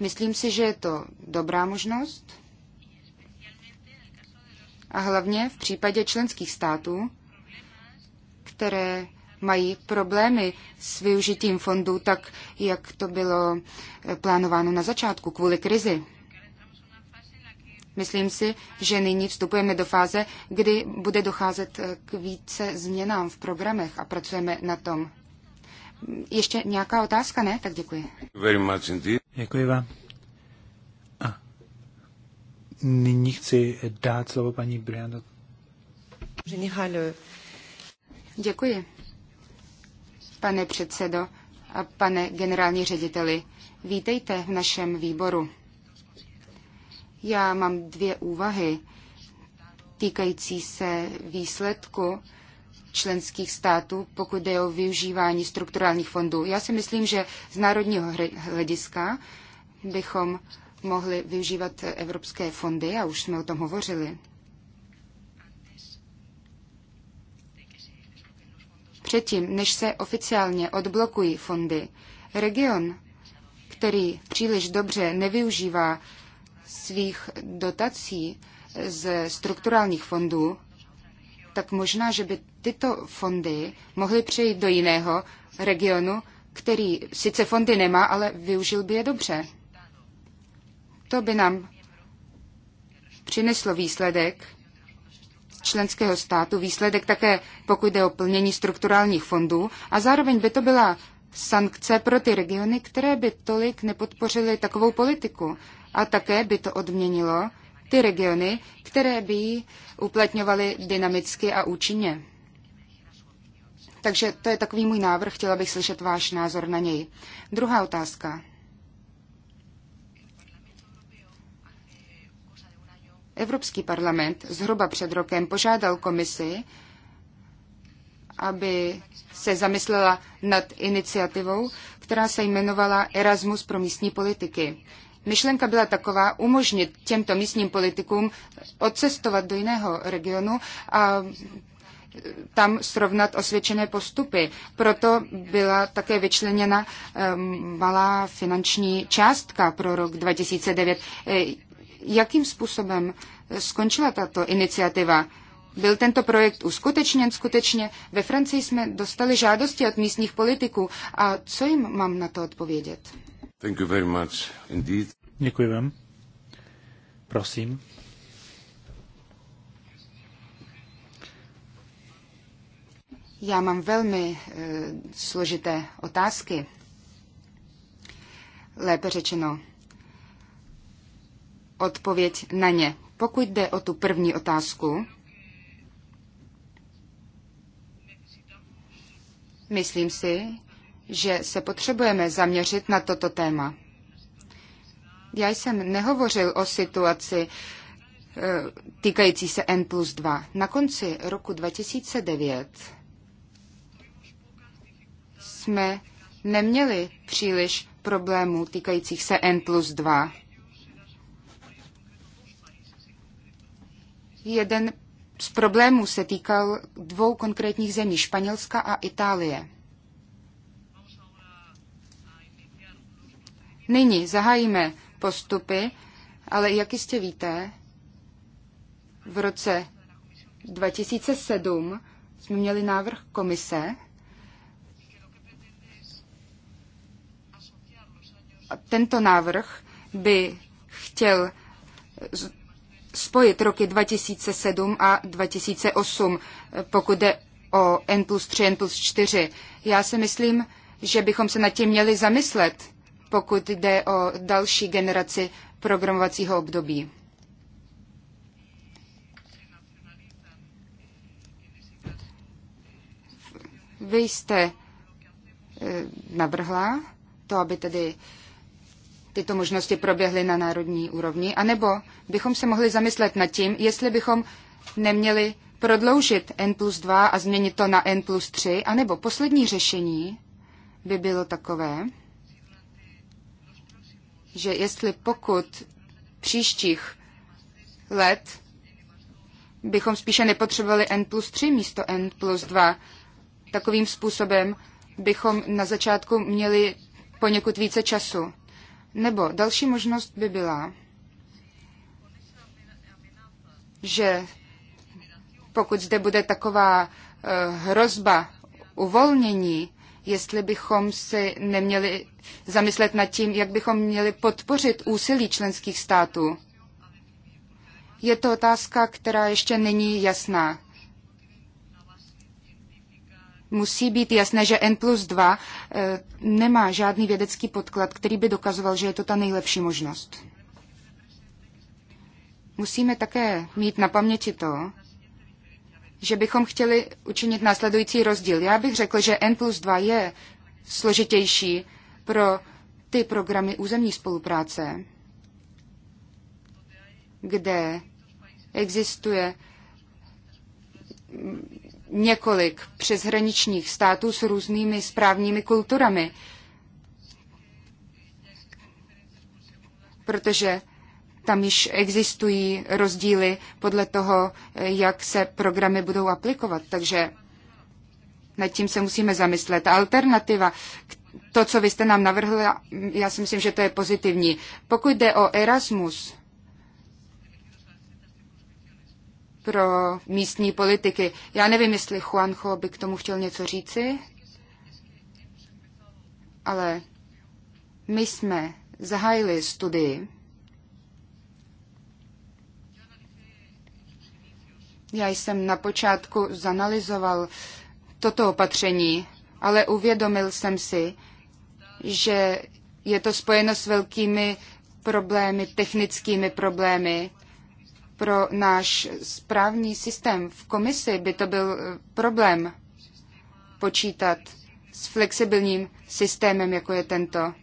S4: Myslím si, že je to dobrá možnost. A hlavně v případě členských států, které mají problémy s využitím fondů tak, jak to bylo plánováno na začátku kvůli krizi. Myslím si, že nyní vstupujeme do fáze, kdy bude docházet eh, k více změnám v programech a pracujeme na tom. Ještě nějaká otázka, ne? Tak děkuji.
S1: Děkuji vám. A nyní chci dát slovo paní Briando.
S4: Děkuji. Pane předsedo a pane generální řediteli, vítejte v našem výboru. Já mám dvě úvahy týkající se výsledku členských států, pokud jde o využívání strukturálních fondů. Já si myslím, že z národního hlediska bychom mohli využívat evropské fondy a už jsme o tom hovořili. Předtím, než se oficiálně odblokují fondy, region, který příliš dobře nevyužívá svých dotací ze strukturálních fondů, tak možná, že by tyto fondy mohly přejít do jiného regionu, který sice fondy nemá, ale využil by je dobře. To by nám přineslo výsledek členského státu, výsledek také pokud jde o plnění strukturálních fondů a zároveň by to byla sankce pro ty regiony, které by tolik nepodpořily takovou politiku a také by to odměnilo ty regiony, které by ji uplatňovaly dynamicky a účinně. Takže to je takový můj návrh, chtěla bych slyšet váš názor na něj. Druhá otázka. Evropský parlament zhruba před rokem požádal komisi, aby se zamyslela nad iniciativou, která se jmenovala Erasmus pro místní politiky. Myšlenka byla taková umožnit těmto místním politikům odcestovat do jiného regionu a tam srovnat osvědčené postupy. Proto byla také vyčleněna ehm, malá finanční částka pro rok 2009. E, jakým způsobem skončila tato iniciativa? Byl tento projekt uskutečněn skutečně? Ve Francii jsme dostali žádosti od místních politiků. A co jim mám na to odpovědět?
S1: Děkuji vám. Prosím.
S4: Já mám velmi e, složité otázky. Lépe řečeno, odpověď na ně. Pokud jde o tu první otázku, myslím si, že se potřebujeme zaměřit na toto téma. Já jsem nehovořil o situaci eh, týkající se N plus 2. Na konci roku 2009 jsme neměli příliš problémů týkajících se N plus 2. Jeden z problémů se týkal dvou konkrétních zemí, Španělska a Itálie. Nyní zahájíme postupy, ale jak jistě víte, v roce 2007 jsme měli návrh komise, a tento návrh by chtěl spojit roky 2007 a 2008, pokud jde o N plus 3, N plus 4. Já si myslím, že bychom se nad tím měli zamyslet pokud jde o další generaci programovacího období. Vy jste e, navrhla to, aby tedy tyto možnosti proběhly na národní úrovni, anebo bychom se mohli zamyslet nad tím, jestli bychom neměli prodloužit N plus 2 a změnit to na N plus 3, anebo poslední řešení by bylo takové, že jestli pokud příštích let bychom spíše nepotřebovali N plus 3 místo N plus 2, takovým způsobem bychom na začátku měli poněkud více času. Nebo další možnost by byla, že pokud zde bude taková eh, hrozba uvolnění, jestli bychom si neměli zamyslet nad tím, jak bychom měli podpořit úsilí členských států. Je to otázka, která ještě není jasná. Musí být jasné, že N plus 2 eh, nemá žádný vědecký podklad, který by dokazoval, že je to ta nejlepší možnost. Musíme také mít na paměti to, že bychom chtěli učinit následující rozdíl. Já bych řekl, že N plus 2 je složitější pro ty programy územní spolupráce, kde existuje několik přeshraničních států s různými správními kulturami, protože tam již existují rozdíly podle toho, jak se programy budou aplikovat. Takže nad tím se musíme zamyslet. Alternativa, to, co vy jste nám navrhli, já si myslím, že to je pozitivní. Pokud jde o Erasmus pro místní politiky, já nevím, jestli Juanjo by k tomu chtěl něco říci, ale my jsme zahájili studii Já jsem na počátku zanalizoval toto opatření, ale uvědomil jsem si, že je to spojeno s velkými problémy, technickými problémy. Pro náš správní systém v komisi by to byl eh, problém počítat s flexibilním systémem, jako je tento.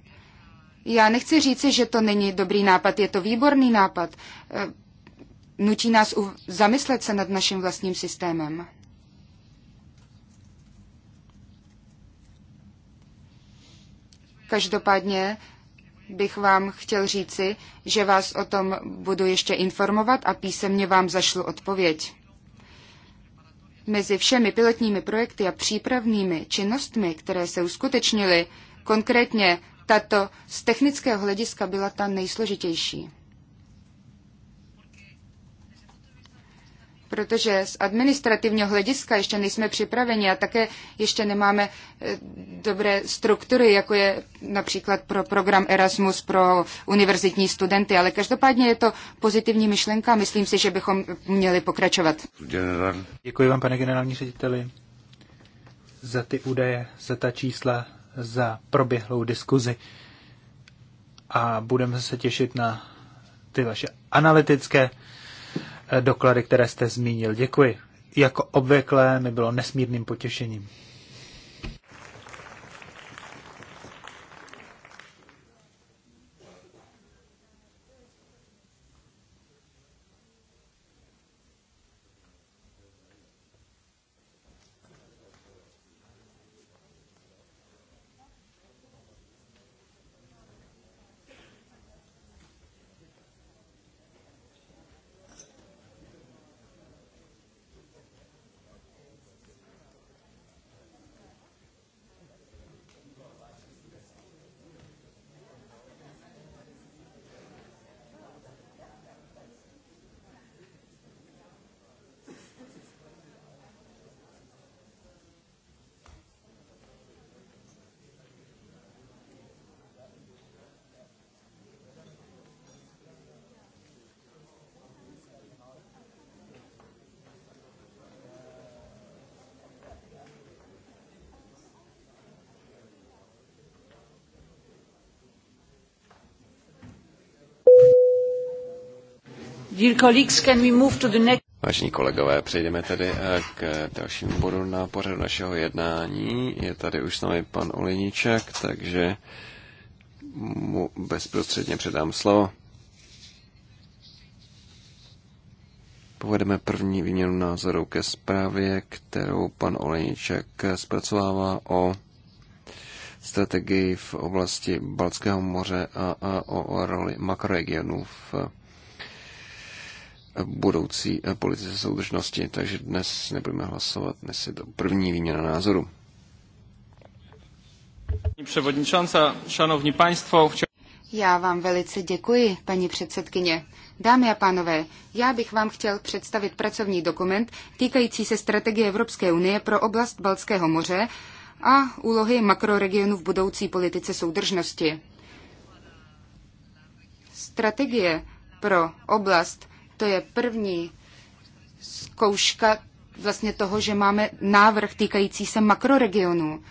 S4: Já nechci říci, že to není dobrý nápad, je to výborný nápad. Eh, nutí nás zamyslet se nad naším vlastním systémem. Každopádně bych vám chtěl říci, že vás o tom budu ještě informovat a písemně vám zašlu odpověď. Mezi všemi pilotními projekty a přípravnými činnostmi, které se uskutečnily, konkrétně tato z technického hlediska byla ta nejsložitější. protože z administrativního hlediska ještě nejsme připraveni a také ještě nemáme eh, dobré struktury, jako je například pro program Erasmus pro univerzitní studenty, ale každopádně je to pozitivní myšlenka a myslím si, že bychom měli pokračovat.
S1: Děkuji vám, pane generální řediteli, za ty údaje, za ta čísla, za proběhlou diskuzi a budeme se těšit na ty vaše analytické doklady, které jste zmínil. Děkuji. Jako obvykle mi bylo nesmírným potěšením.
S2: Vážení kolegové, přejdeme tedy eh, k dalšímu bodu na pořadu našeho jednání. Je tady už s námi pan Oliniček, takže mu bezprostředně předám slovo. Povedeme první výměnu názorů ke zprávě, kterou pan Oleniček zpracovává o strategii v oblasti Balckého moře a, a o roli makroregionů v budoucí eh, politice soudržnosti, takže dnes nebudeme hlasovat, dnes je to první výměna názoru. Paní państwo, chtěl...
S4: Já vám velice děkuji, paní předsedkyně. Dámy a pánové, já bych vám chtěl představit pracovní dokument týkající se strategie Evropské unie pro oblast Baltského moře a úlohy makroregionu v budoucí politice soudržnosti. Strategie pro oblast to je první zkouška vlastně toho, že máme návrh týkající se makroregionů.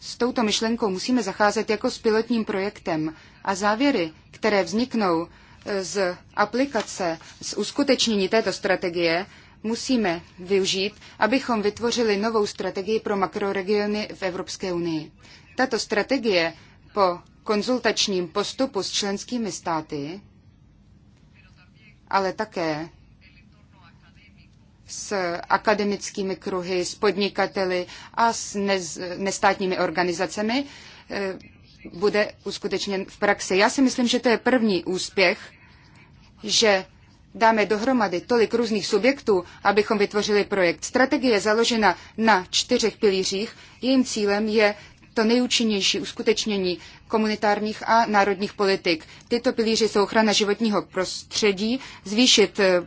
S4: S touto myšlenkou musíme zacházet jako s pilotním projektem a závěry, které vzniknou eh, z aplikace, z uskutečnění této strategie, musíme využít, abychom vytvořili novou strategii pro makroregiony v Evropské unii. Tato strategie po konzultačním postupu s členskými státy ale také s akademickými kruhy, s podnikateli a s nez, nestátními organizacemi eh, bude uskutečněn v praxi. Já si myslím, že to je první úspěch, že dáme dohromady tolik různých subjektů, abychom vytvořili projekt. Strategie je založena na čtyřech pilířích. Jejím cílem je to nejúčinnější uskutečnění komunitárních a národních politik. Tyto pilíři jsou ochrana životního prostředí, zvýšit eh,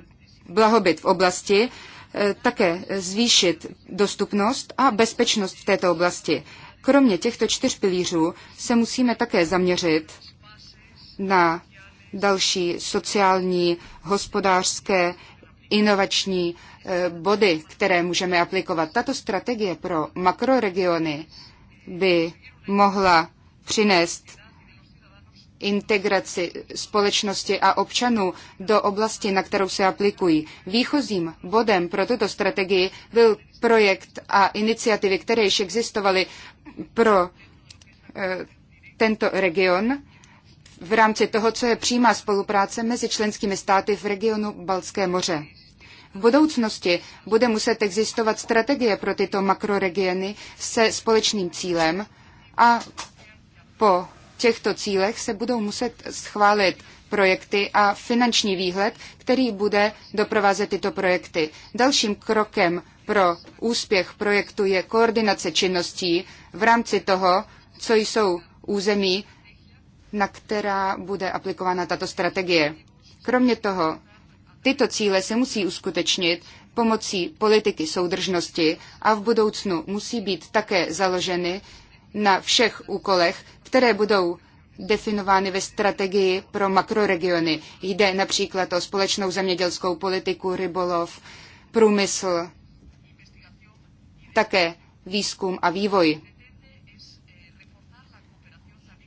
S4: blahobyt v oblasti, eh, také zvýšit dostupnost a bezpečnost v této oblasti. Kromě těchto čtyř pilířů se musíme také zaměřit na další sociální, hospodářské, inovační eh, body, které můžeme aplikovat. Tato strategie pro makroregiony by mohla přinést integraci společnosti a občanů do oblasti, na kterou se aplikují. Výchozím bodem pro tuto strategii byl projekt a iniciativy, které již existovaly pro e, tento region v rámci toho, co je přímá spolupráce mezi členskými státy v regionu Balské moře v budoucnosti bude muset existovat strategie pro tyto makroregiony se společným cílem a po těchto cílech se budou muset schválit projekty a finanční výhled, který bude doprovázet tyto projekty. Dalším krokem pro úspěch projektu je koordinace činností v rámci toho, co jsou území, na která bude aplikována tato strategie. Kromě toho Tyto cíle se musí uskutečnit pomocí politiky soudržnosti a v budoucnu musí být také založeny na všech úkolech, které budou definovány ve strategii pro makroregiony. Jde například o společnou zemědělskou politiku, rybolov, průmysl, také výzkum a vývoj.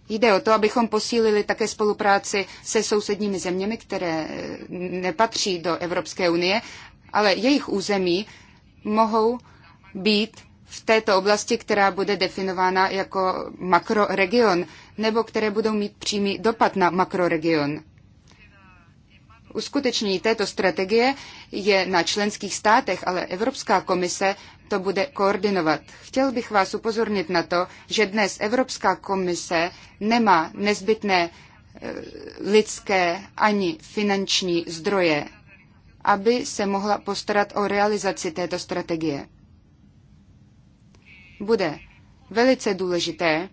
S4: Jde o to, abychom posílili také spolupráci se sousedními zeměmi, které nepatří do Evropské unie, ale jejich území mohou být v této oblasti, která bude definována jako makroregion, nebo které budou mít přímý dopad na makroregion uskutečnění této strategie je na členských státech, ale Evropská komise to bude koordinovat. Chtěl bych vás upozornit na to, že dnes Evropská komise nemá nezbytné eh, lidské ani finanční zdroje, aby se mohla postarat o realizaci této strategie. Bude velice důležité,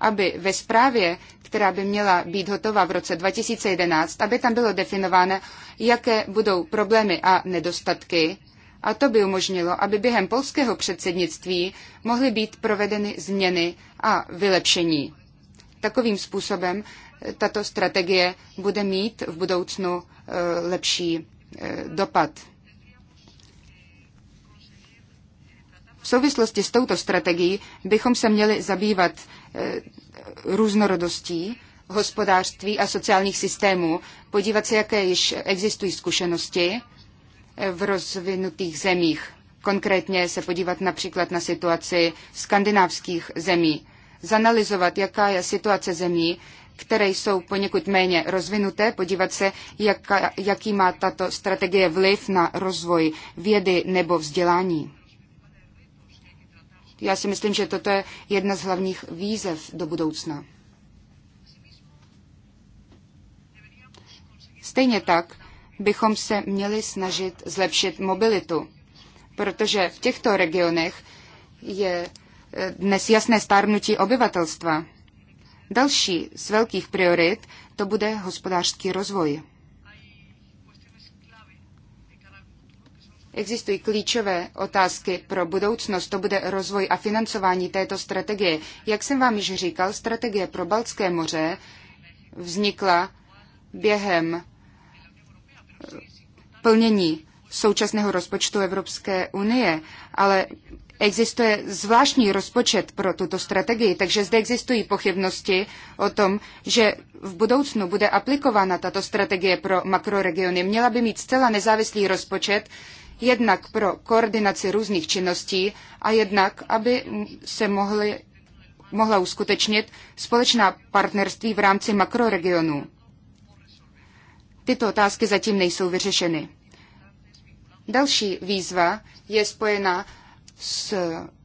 S4: aby ve zprávě, která by měla být hotová v roce 2011, aby tam bylo definováno, jaké budou problémy a nedostatky. A to by umožnilo, aby během polského předsednictví mohly být provedeny změny a vylepšení. Takovým způsobem tato strategie bude mít v budoucnu eh, lepší eh, dopad. V souvislosti s touto strategií bychom se měli zabývat eh, různorodostí hospodářství a sociálních systémů, podívat se, jaké již existují zkušenosti eh, v rozvinutých zemích. Konkrétně se podívat například na situaci skandinávských zemí, zanalizovat, jaká je situace zemí, které jsou poněkud méně rozvinuté, podívat se, jaká, jaký má tato strategie vliv na rozvoj vědy nebo vzdělání. Já si myslím, že toto je jedna z hlavních výzev do budoucna. Stejně tak bychom se měli snažit zlepšit mobilitu, protože v těchto regionech je eh, dnes jasné stárnutí obyvatelstva. Další z velkých priorit to bude hospodářský rozvoj. existují klíčové otázky pro budoucnost, to bude rozvoj a financování této strategie. Jak jsem vám již říkal, strategie pro Baltské moře vznikla během eh, plnění současného rozpočtu Evropské unie, ale existuje zvláštní rozpočet pro tuto strategii, takže zde existují pochybnosti o tom, že v budoucnu bude aplikována tato strategie pro makroregiony. Měla by mít zcela nezávislý rozpočet, jednak pro koordinaci různých činností a jednak, aby se mohly, mohla uskutečnit společná partnerství v rámci makroregionů. Tyto otázky zatím nejsou vyřešeny. Další výzva je spojena s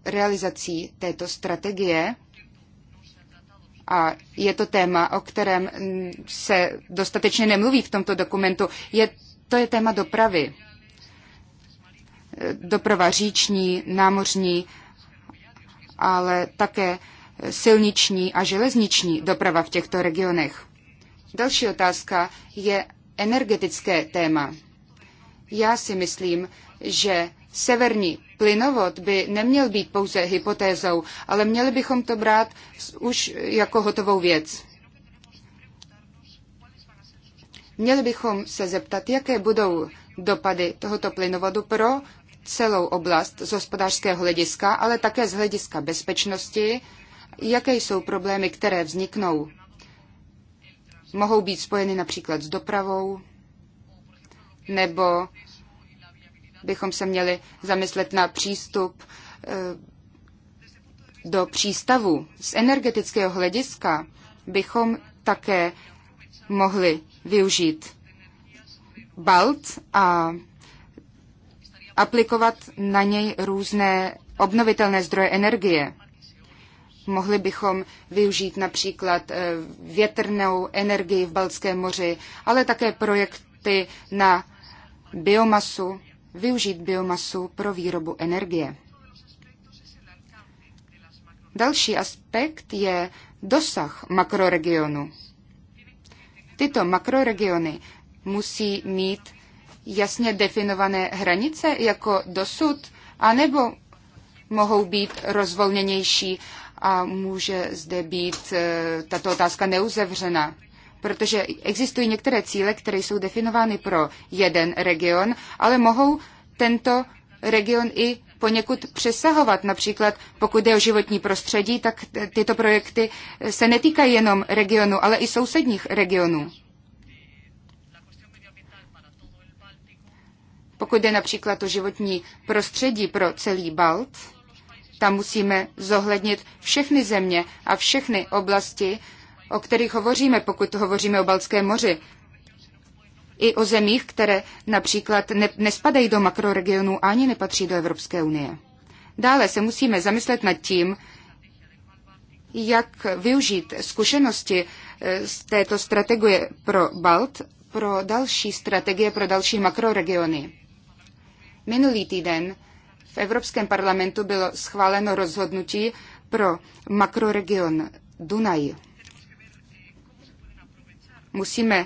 S4: realizací této strategie a je to téma, o kterém se dostatečně nemluví v tomto dokumentu. Je, to je téma dopravy doprava říční, námořní, ale také silniční a železniční doprava v těchto regionech. Další otázka je energetické téma. Já si myslím, že severní plynovod by neměl být pouze hypotézou, ale měli bychom to brát už jako hotovou věc. Měli bychom se zeptat, jaké budou dopady tohoto plynovodu pro celou oblast z hospodářského hlediska, ale také z hlediska bezpečnosti, jaké jsou problémy, které vzniknou. Mohou být spojeny například s dopravou, nebo bychom se měli zamyslet na přístup eh, do přístavu. Z energetického hlediska bychom také mohli využít Balt a aplikovat na něj různé obnovitelné zdroje energie. Mohli bychom využít například eh, větrnou energii v Balckém moři, ale také projekty na biomasu, využít biomasu pro výrobu energie. Další aspekt je dosah makroregionu. Tyto makroregiony musí mít jasně definované hranice jako dosud, anebo mohou být rozvolněnější a může zde být e, tato otázka neuzevřena. Protože existují některé cíle, které jsou definovány pro jeden region, ale mohou tento region i poněkud přesahovat. Například pokud jde o životní prostředí, tak tyto projekty se netýkají jenom regionu, ale i sousedních regionů. Pokud jde například o životní prostředí pro celý Balt, tam musíme zohlednit všechny země a všechny oblasti, o kterých hovoříme, pokud hovoříme o Baltském moři. I o zemích, které například ne, nespadají do makroregionu ani nepatří do Evropské unie. Dále se musíme zamyslet nad tím, jak využít zkušenosti eh, z této strategie pro Balt pro další strategie pro další makroregiony. Minulý týden v Evropském parlamentu bylo schváleno rozhodnutí pro makroregion Dunaj. Musíme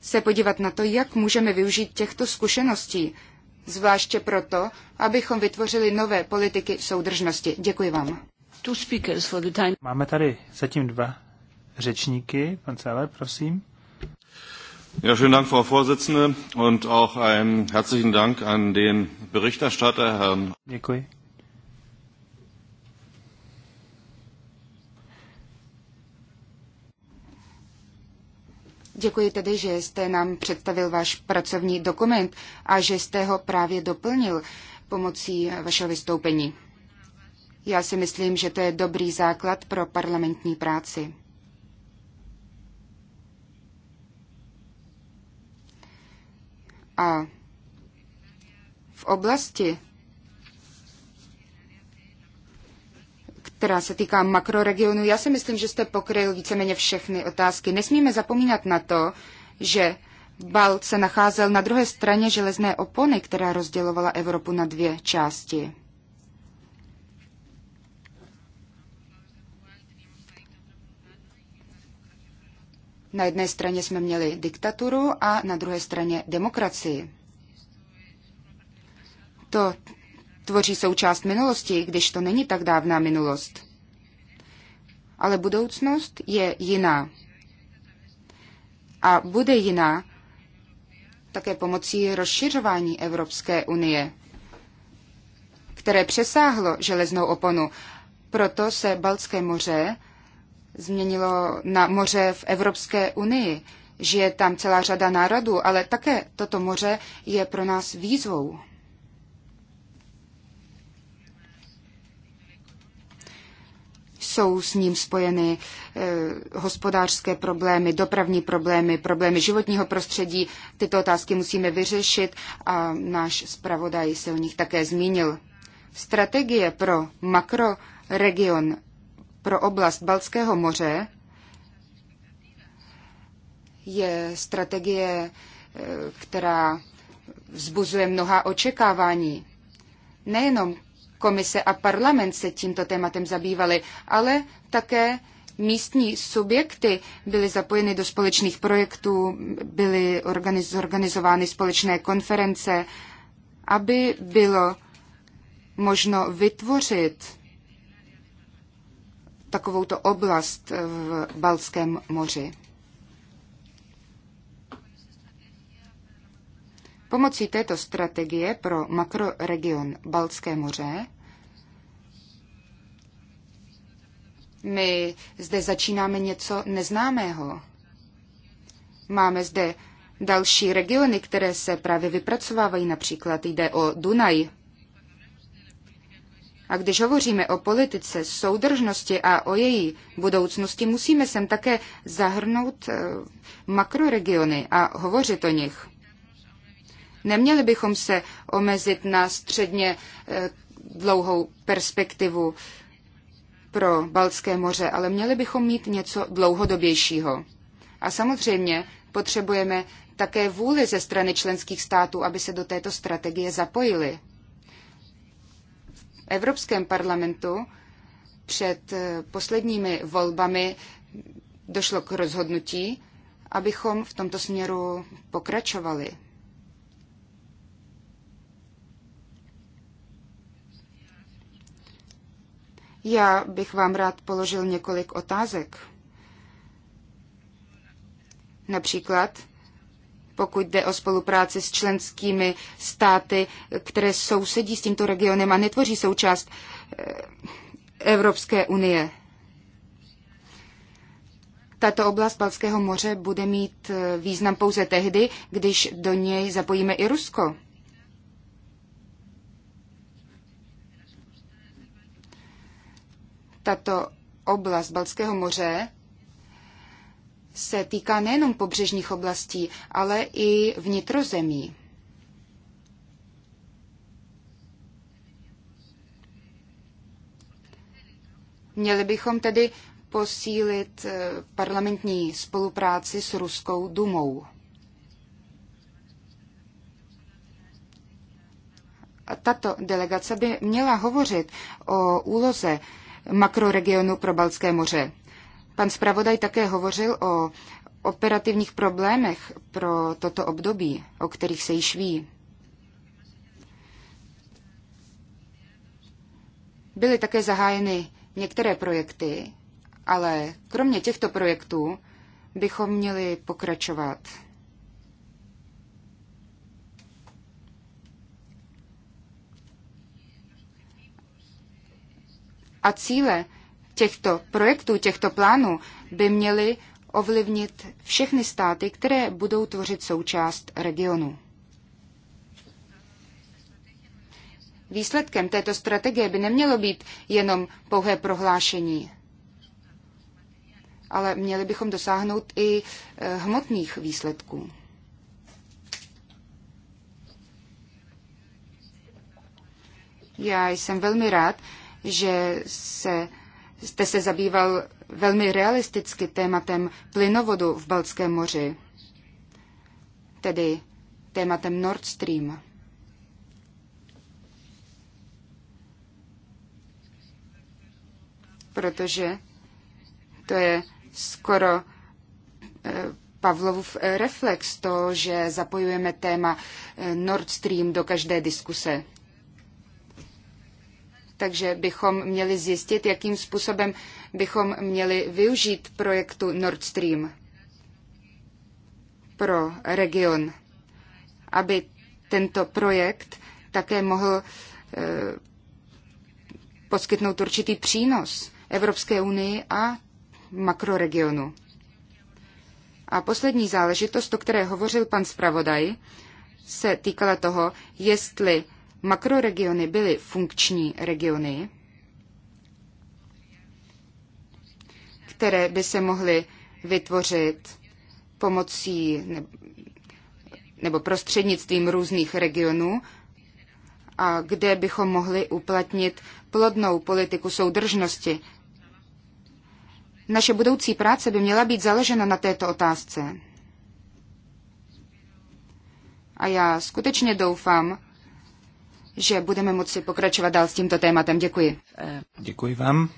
S4: se podívat na to, jak můžeme využít těchto zkušeností, zvláště proto, abychom vytvořili nové politiky soudržnosti. Děkuji vám.
S1: Máme tady zatím dva řečníky. Pan Celer, prosím.
S3: Ja, Dank, Frau Vorsitzende, und auch einen herzlichen Dank an den Berichterstatter, Herrn.
S1: Děkuji.
S4: Děkuji tedy, že jste nám představil váš pracovní dokument a že jste ho právě doplnil pomocí vašeho vystoupení. Já si myslím, že to je dobrý základ pro parlamentní práci. A v oblasti, která se týká makroregionu, já si myslím, že jste pokryl víceméně všechny otázky. Nesmíme zapomínat na to, že Balt se nacházel na druhé straně železné opony, která rozdělovala Evropu na dvě části. Na jedné straně jsme měli diktaturu a na druhé straně demokracii. To tvoří součást minulosti, když to není tak dávná minulost. Ale budoucnost je jiná. A bude jiná také pomocí rozšiřování Evropské unie, které přesáhlo železnou oponu. Proto se Balské moře změnilo na moře v Evropské unii. Žije tam celá řada národů, ale také toto moře je pro nás výzvou. Jsou s ním spojeny e, hospodářské problémy, dopravní problémy, problémy životního prostředí. Tyto otázky musíme vyřešit a náš zpravodaj se o nich také zmínil. Strategie pro makroregion pro oblast Balckého moře je strategie, e, která vzbuzuje mnoha očekávání. Nejenom komise a parlament se tímto tématem zabývaly, ale také místní subjekty byly zapojeny do společných projektů, byly organizovány společné konference, aby bylo možno vytvořit takovouto oblast v Balském moři. Pomocí této strategie pro makroregion Balské moře my zde začínáme něco neznámého. Máme zde další regiony, které se právě vypracovávají, například jde o Dunaj. A když hovoříme o politice soudržnosti a o její budoucnosti, musíme sem také zahrnout eh, makroregiony a hovořit o nich. Neměli bychom se omezit na středně eh, dlouhou perspektivu pro Baltské moře, ale měli bychom mít něco dlouhodobějšího. A samozřejmě potřebujeme také vůli ze strany členských států, aby se do této strategie zapojili. Evropském parlamentu před eh, posledními volbami došlo k rozhodnutí, abychom v tomto směru pokračovali. Já bych vám rád položil několik otázek. Například, pokud jde o spolupráci s členskými státy, které sousedí s tímto regionem a netvoří součást eh, Evropské unie. Tato oblast Balského moře bude mít eh, význam pouze tehdy, když do něj zapojíme i Rusko. Tato oblast Balského moře se týká nejenom pobřežních oblastí, ale i vnitrozemí. Měli bychom tedy posílit eh, parlamentní spolupráci s Ruskou dumou. Tato delegace by měla hovořit o úloze makroregionu pro Balské moře. Pan zpravodaj také hovořil o operativních problémech pro toto období, o kterých se již ví. Byly také zahájeny některé projekty, ale kromě těchto projektů bychom měli pokračovat. A cíle těchto projektů, těchto plánů by měly ovlivnit všechny státy, které budou tvořit součást regionu. Výsledkem této strategie by nemělo být jenom pouhé prohlášení, ale měli bychom dosáhnout i eh, hmotných výsledků. Já jsem velmi rád, že se jste se zabýval velmi realisticky tématem plynovodu v Baltském moři, tedy tématem Nord Stream. Protože to je skoro eh, Pavlovův reflex, to, že zapojujeme téma eh, Nord Stream do každé diskuse takže bychom měli zjistit, jakým způsobem bychom měli využít projektu Nord Stream pro region, aby tento projekt také mohl eh, poskytnout určitý přínos Evropské unii a makroregionu. A poslední záležitost, o které hovořil pan zpravodaj, se týkala toho, jestli makroregiony byly funkční regiony, které by se mohly vytvořit pomocí nebo prostřednictvím různých regionů, a kde bychom mohli uplatnit plodnou politiku soudržnosti. Naše budoucí práce by měla být založena na této otázce. A já skutečně doufám, že budeme moci pokračovat dál s tímto tématem. Děkuji.
S1: Děkuji vám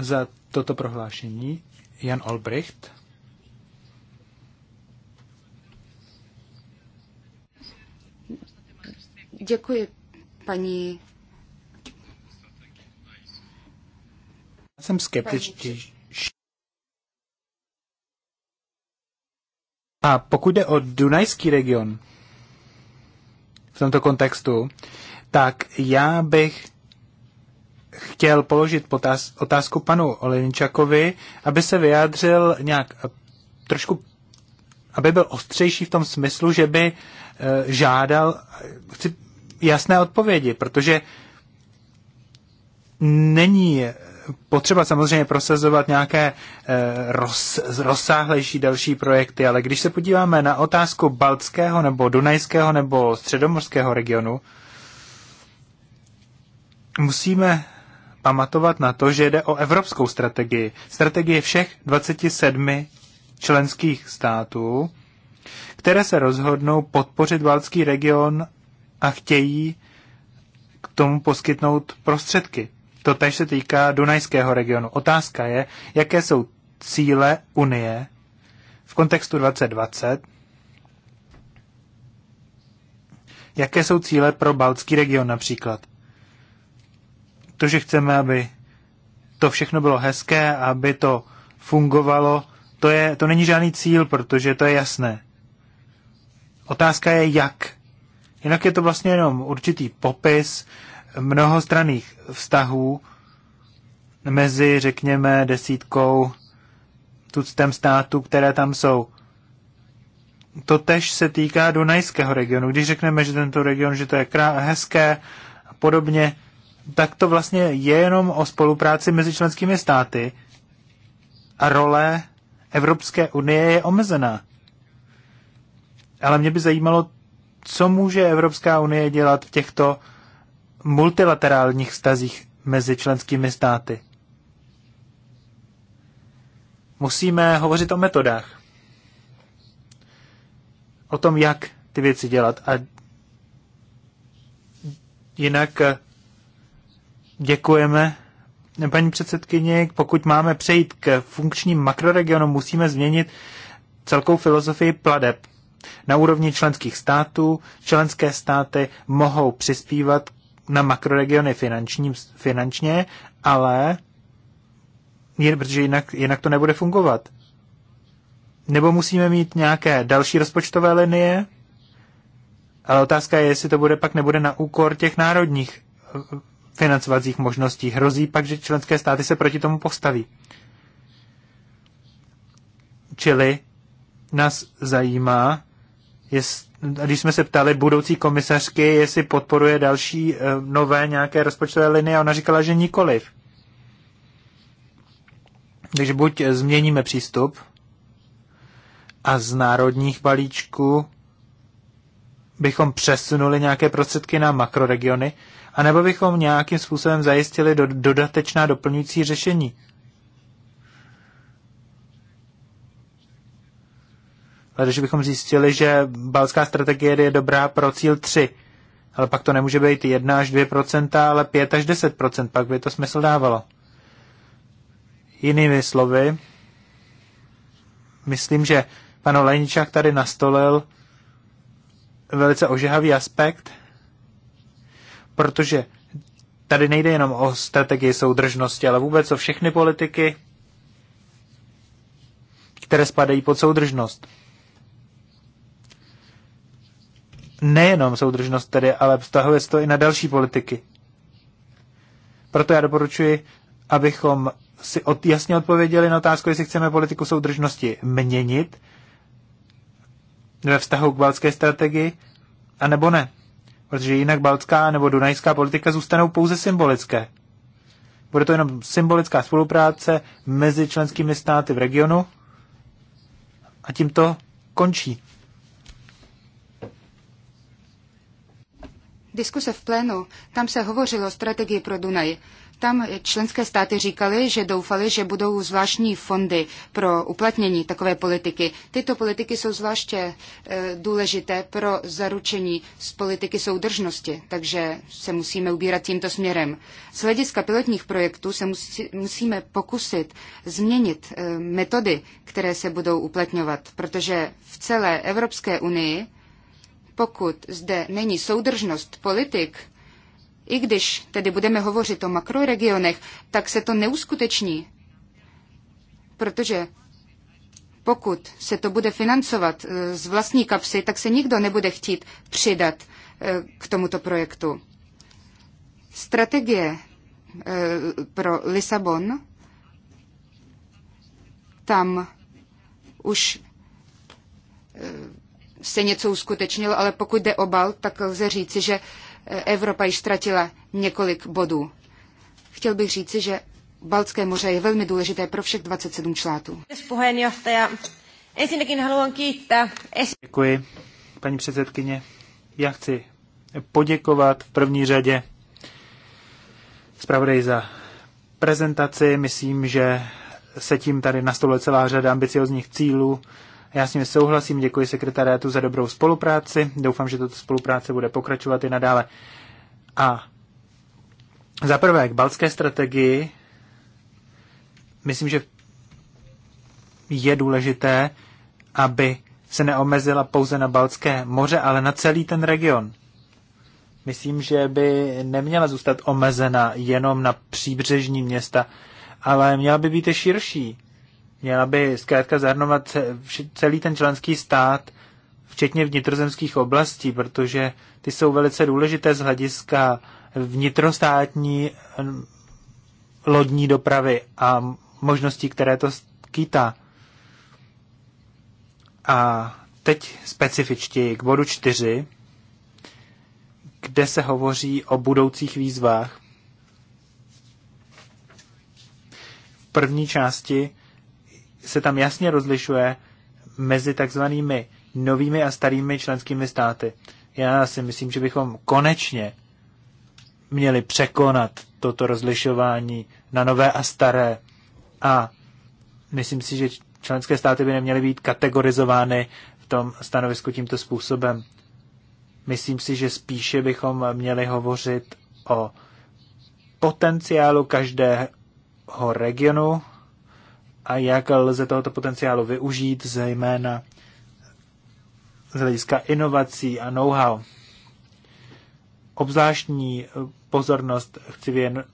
S1: za toto prohlášení. Jan Olbricht.
S4: Děkuji, paní.
S1: Já jsem skeptický. A pokud jde o Dunajský region v tomto kontextu, tak já bych chtěl položit potaz, otázku panu Olinčakovi, aby se vyjádřil nějak trošku, aby byl ostřejší v tom smyslu, že by eh, žádal chci jasné odpovědi, protože není potřeba samozřejmě prosazovat nějaké eh, roz, rozsáhlejší další projekty, ale když se podíváme na otázku Baltského nebo Dunajského nebo Středomorského regionu, musíme pamatovat na to, že jde o evropskou strategii. Strategii všech 27 členských států, které se rozhodnou podpořit Balcký region a chtějí k tomu poskytnout prostředky. To tež se týká Dunajského regionu. Otázka je, jaké jsou cíle Unie v kontextu 2020, jaké jsou cíle pro Balcký region například to, že chceme, aby to všechno bylo hezké, aby to fungovalo, to, je, to není žádný cíl, protože to je jasné. Otázka je jak. Jinak je to vlastně jenom určitý popis mnohostranných vztahů mezi, řekněme, desítkou tuctem států, které tam jsou. To tež se týká Dunajského regionu. Když řekneme, že tento region, že to je krá- hezké a podobně, tak to vlastně je jenom o spolupráci mezi členskými státy a role Evropské unie je omezená. Ale mě by zajímalo, co může Evropská unie dělat v těchto multilaterálních stazích mezi členskými státy. Musíme hovořit o metodách. O tom, jak ty věci dělat. A jinak Děkujeme. Paní předsedkyně, pokud máme přejít k funkčním makroregionům, musíme změnit celkou filozofii pladeb. Na úrovni členských států členské státy mohou přispívat na makroregiony finanční, finančně, ale protože jinak, jinak to nebude fungovat. Nebo musíme mít nějaké další rozpočtové linie, ale otázka je, jestli to bude pak nebude na úkor těch národních financovacích možností. Hrozí pak, že členské státy se proti tomu postaví. Čili nás zajímá, jest, když jsme se ptali budoucí komisařky, jestli podporuje další eh, nové nějaké rozpočtové linie, ona říkala, že nikoliv. Takže buď změníme přístup a z národních balíčků bychom přesunuli nějaké prostředky na makroregiony, anebo bychom nějakým způsobem zajistili do, dodatečná doplňující řešení. Ale když bychom zjistili, že balská strategie je dobrá pro cíl 3, ale pak to nemůže být 1 až 2%, ale 5 až 10%, pak by to smysl dávalo. Jinými slovy, myslím, že pan Olejničák tady nastolil velice ožehavý aspekt, protože tady nejde jenom o strategii soudržnosti, ale vůbec o všechny politiky, které spadají pod soudržnost. Nejenom soudržnost tedy, ale vztahuje se to i na další politiky. Proto já doporučuji, abychom si od, jasně odpověděli na otázku, jestli chceme politiku soudržnosti měnit, ve vztahu k baltské strategii, a nebo ne. Protože jinak baltská nebo dunajská politika zůstanou pouze symbolické. Bude to jenom symbolická spolupráce mezi členskými státy v regionu a tím to končí.
S4: Diskuse v plénu, tam se hovořilo o strategii pro Dunaj. Tam členské státy říkaly, že doufali, že budou zvláštní fondy pro uplatnění takové politiky. Tyto politiky jsou zvláště eh, důležité pro zaručení z politiky soudržnosti, takže se musíme ubírat tímto směrem. Z hlediska pilotních projektů se musí, musíme pokusit změnit eh, metody, které se budou uplatňovat, protože v celé Evropské unii, pokud zde není soudržnost politik, i když tedy budeme hovořit o makroregionech, tak se to neuskuteční, protože pokud se to bude financovat e, z vlastní kapsy, tak se nikdo nebude chtít přidat e, k tomuto projektu. Strategie e, pro Lisabon, tam už se něco uskutečnilo, ale pokud jde o bal, tak lze říci, že Evropa již ztratila několik bodů. Chtěl bych říci, že Baltské moře je velmi důležité pro všech 27 člátů.
S1: Děkuji, paní předsedkyně. Já chci poděkovat v první řadě zpravodaj za prezentaci. Myslím, že se tím tady nastoluje celá řada ambiciozních cílů, já s nimi souhlasím, děkuji sekretariátu za dobrou spolupráci, doufám, že tato spolupráce bude pokračovat i nadále. A za prvé k balské strategii, myslím, že je důležité, aby se neomezila pouze na Balské moře, ale na celý ten region. Myslím, že by neměla zůstat omezena jenom na příbřežní města, ale měla by být i širší. Měla by zkrátka zahrnovat celý ten členský stát, včetně vnitrozemských oblastí, protože ty jsou velice důležité z hlediska vnitrostátní lodní dopravy a možností, které to skýtá. A teď specifičtěji k bodu čtyři, kde se hovoří o budoucích výzvách. V první části se tam jasně rozlišuje mezi takzvanými novými a starými členskými státy. Já si myslím, že bychom konečně měli překonat toto rozlišování na nové a staré. A myslím si, že členské státy by neměly být kategorizovány v tom stanovisku tímto způsobem. Myslím si, že spíše bychom měli hovořit o potenciálu každého regionu a jak lze tohoto potenciálu využít, zejména z hlediska inovací a know-how. Obzvláštní pozornost chci věn,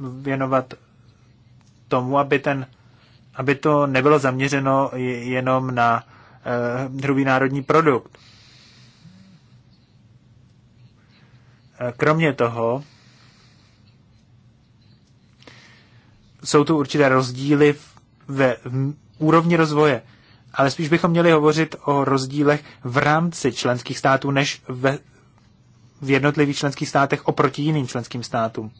S1: věnovat tomu, aby, ten, aby to nebylo zaměřeno jenom na eh, hrubý národní produkt. Eh, kromě toho jsou tu určité rozdíly v ve úrovni rozvoje, ale spíš bychom měli hovořit o rozdílech v rámci členských států, než ve, v jednotlivých členských státech oproti jiným členským státům.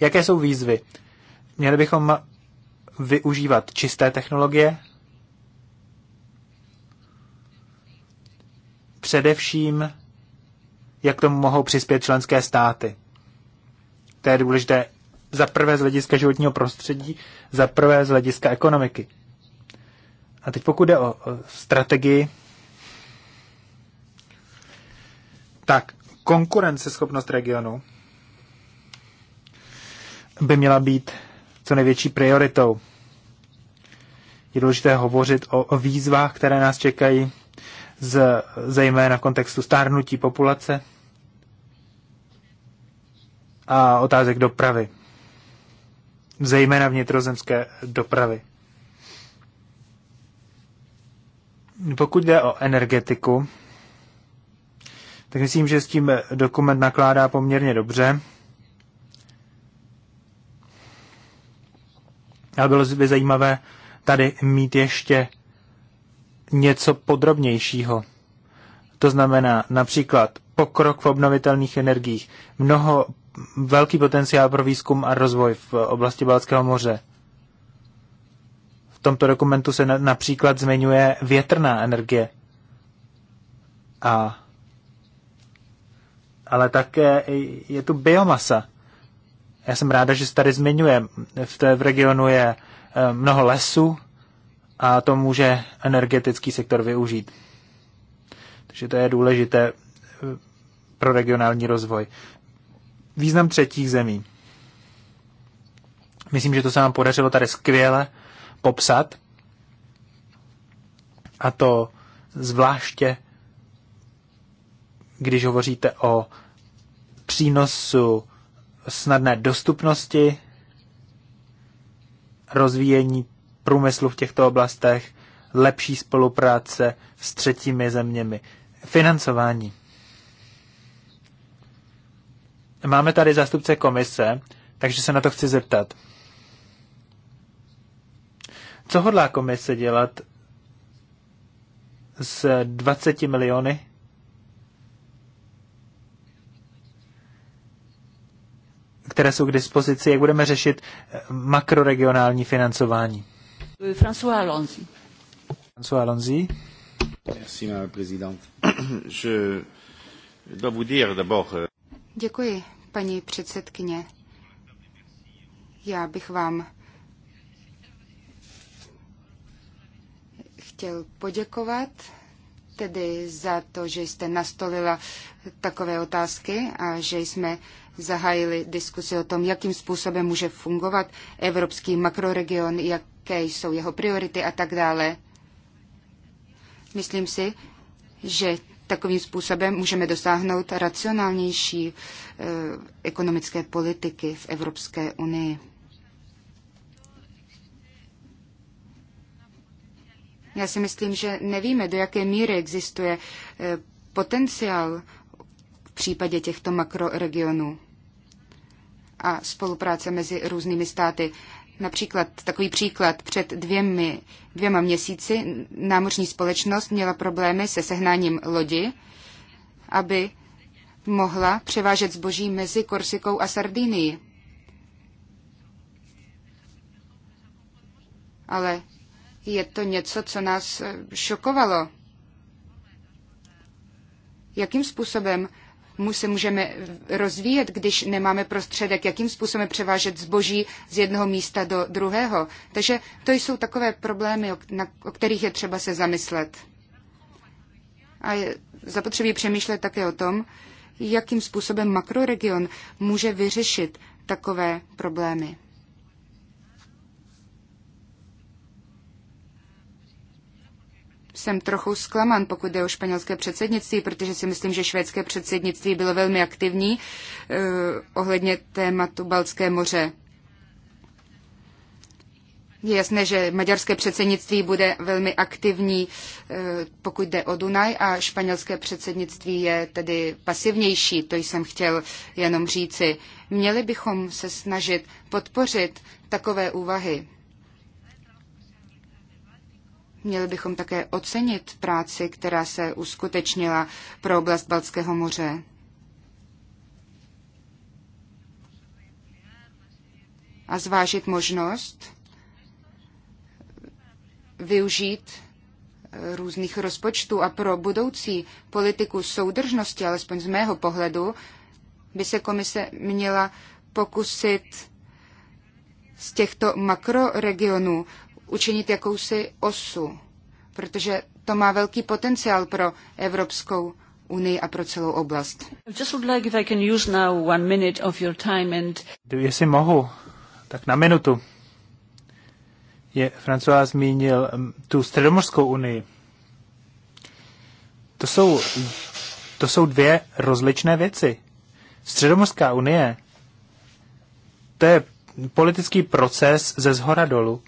S1: Jaké jsou výzvy? Měli bychom využívat čisté technologie, především, jak tomu mohou přispět členské státy. To je důležité za prvé z hlediska životního prostředí, za prvé z hlediska ekonomiky. A teď pokud jde o strategii, tak konkurenceschopnost regionu by měla být co největší prioritou. Je důležité hovořit o, o výzvách, které nás čekají, z, zejména v kontextu stárnutí populace a otázek dopravy zejména vnitrozemské dopravy. Pokud jde o energetiku, tak myslím, že s tím dokument nakládá poměrně dobře. Ale bylo by zajímavé tady mít ještě něco podrobnějšího. To znamená například pokrok v obnovitelných energiích. Mnoho velký potenciál pro výzkum a rozvoj v oblasti Balckého moře. V tomto dokumentu se například zmiňuje větrná energie. A, ale také je tu biomasa. Já jsem ráda, že se tady zmiňuje. V, té, v regionu je eh, mnoho lesů a to může energetický sektor využít. Takže to je důležité eh, pro regionální rozvoj význam třetích zemí. Myslím, že to se nám podařilo tady skvěle popsat. A to zvláště, když hovoříte o přínosu snadné dostupnosti, rozvíjení průmyslu v těchto oblastech, lepší spolupráce s třetími zeměmi, financování. Máme tady zástupce komise, takže se na to chci zeptat. Co hodlá komise dělat s 20 miliony? které jsou k dispozici, jak budeme řešit eh, makroregionální financování.
S4: François Alonzi.
S1: François Alonzi. Merci, madame la présidente. Je dois vous dire d'abord...
S4: Euh, Děkuji, paní předsedkyně. Já bych vám chtěl poděkovat tedy za to, že jste nastolila takové otázky a že jsme zahájili diskusi o tom, jakým způsobem může fungovat evropský makroregion, jaké jsou jeho priority a tak dále. Myslím si, že Takovým způsobem můžeme dosáhnout racionálnější eh, ekonomické politiky v Evropské unii. Já si myslím, že nevíme, do jaké míry existuje eh, potenciál v případě těchto makroregionů a spolupráce mezi různými státy. Například takový příklad před dvěmi, dvěma měsíci námořní společnost měla problémy se sehnáním lodi, aby mohla převážet zboží mezi Korsikou a Sardinií. Ale je to něco, co nás šokovalo. Jakým způsobem my se můžeme rozvíjet, když nemáme prostředek, jakým způsobem převážet zboží z jednoho místa do druhého. Takže to jsou takové problémy, o, na, o kterých je třeba se zamyslet. A je zapotřebí přemýšlet také o tom, jakým způsobem makroregion může vyřešit takové problémy. jsem trochu zklamán, pokud jde o španělské předsednictví, protože si myslím, že švédské předsednictví bylo velmi aktivní eh, ohledně tématu Balcké moře. Je jasné, že maďarské předsednictví bude velmi aktivní, eh, pokud jde o Dunaj, a španělské předsednictví je tedy pasivnější, to jsem chtěl jenom říci. Měli bychom se snažit podpořit takové úvahy. Měli bychom také ocenit práci, která se uskutečnila pro oblast Balckého moře. A zvážit možnost využít eh, různých rozpočtů a pro budoucí politiku soudržnosti, alespoň z mého pohledu, by se komise měla pokusit z těchto makroregionů učinit jakousi osu, protože to má velký potenciál pro Evropskou unii a pro celou oblast.
S1: Jestli mohu, tak na minutu. Je, François zmínil tu středomorskou unii. To jsou, to jsou dvě rozličné věci. Středomorská unie, to je politický proces ze zhora dolu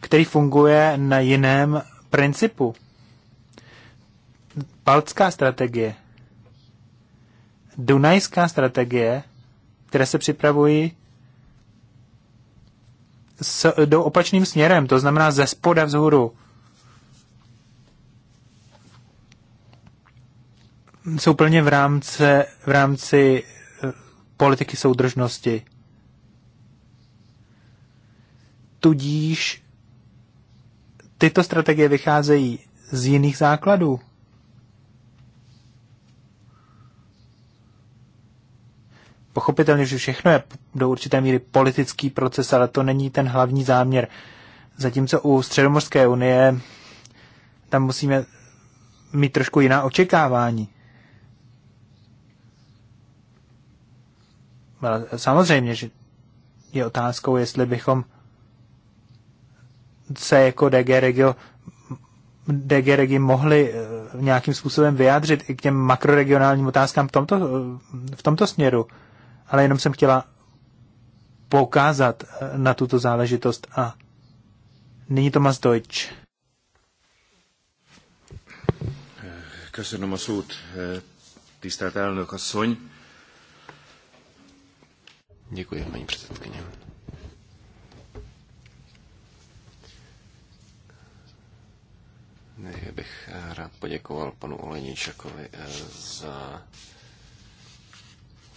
S1: který funguje na jiném principu. Baltská strategie, Dunajská strategie, které se připravují, s, jdou opačným směrem, to znamená ze spoda vzhůru. Jsou plně v rámci, v rámci eh, politiky soudržnosti. Tudíž tyto strategie vycházejí z jiných základů. Pochopitelně, že všechno je do určité míry politický proces, ale to není ten hlavní záměr. Zatímco u Středomorské unie tam musíme mít trošku jiná očekávání. Ale samozřejmě, že je otázkou, jestli bychom se jako DG Regio DG Regi mohli eh, nějakým způsobem vyjádřit i k těm makroregionálním otázkám v tomto, eh, v tomto směru. Ale jenom jsem chtěla poukázat eh, na tuto záležitost a nyní Tomas Deutsch.
S2: Köszönöm a szót, tisztelt elnök asszony. Děkuji, paní předsedkyně. Já bych eh, rád poděkoval panu Oleničakovi eh, za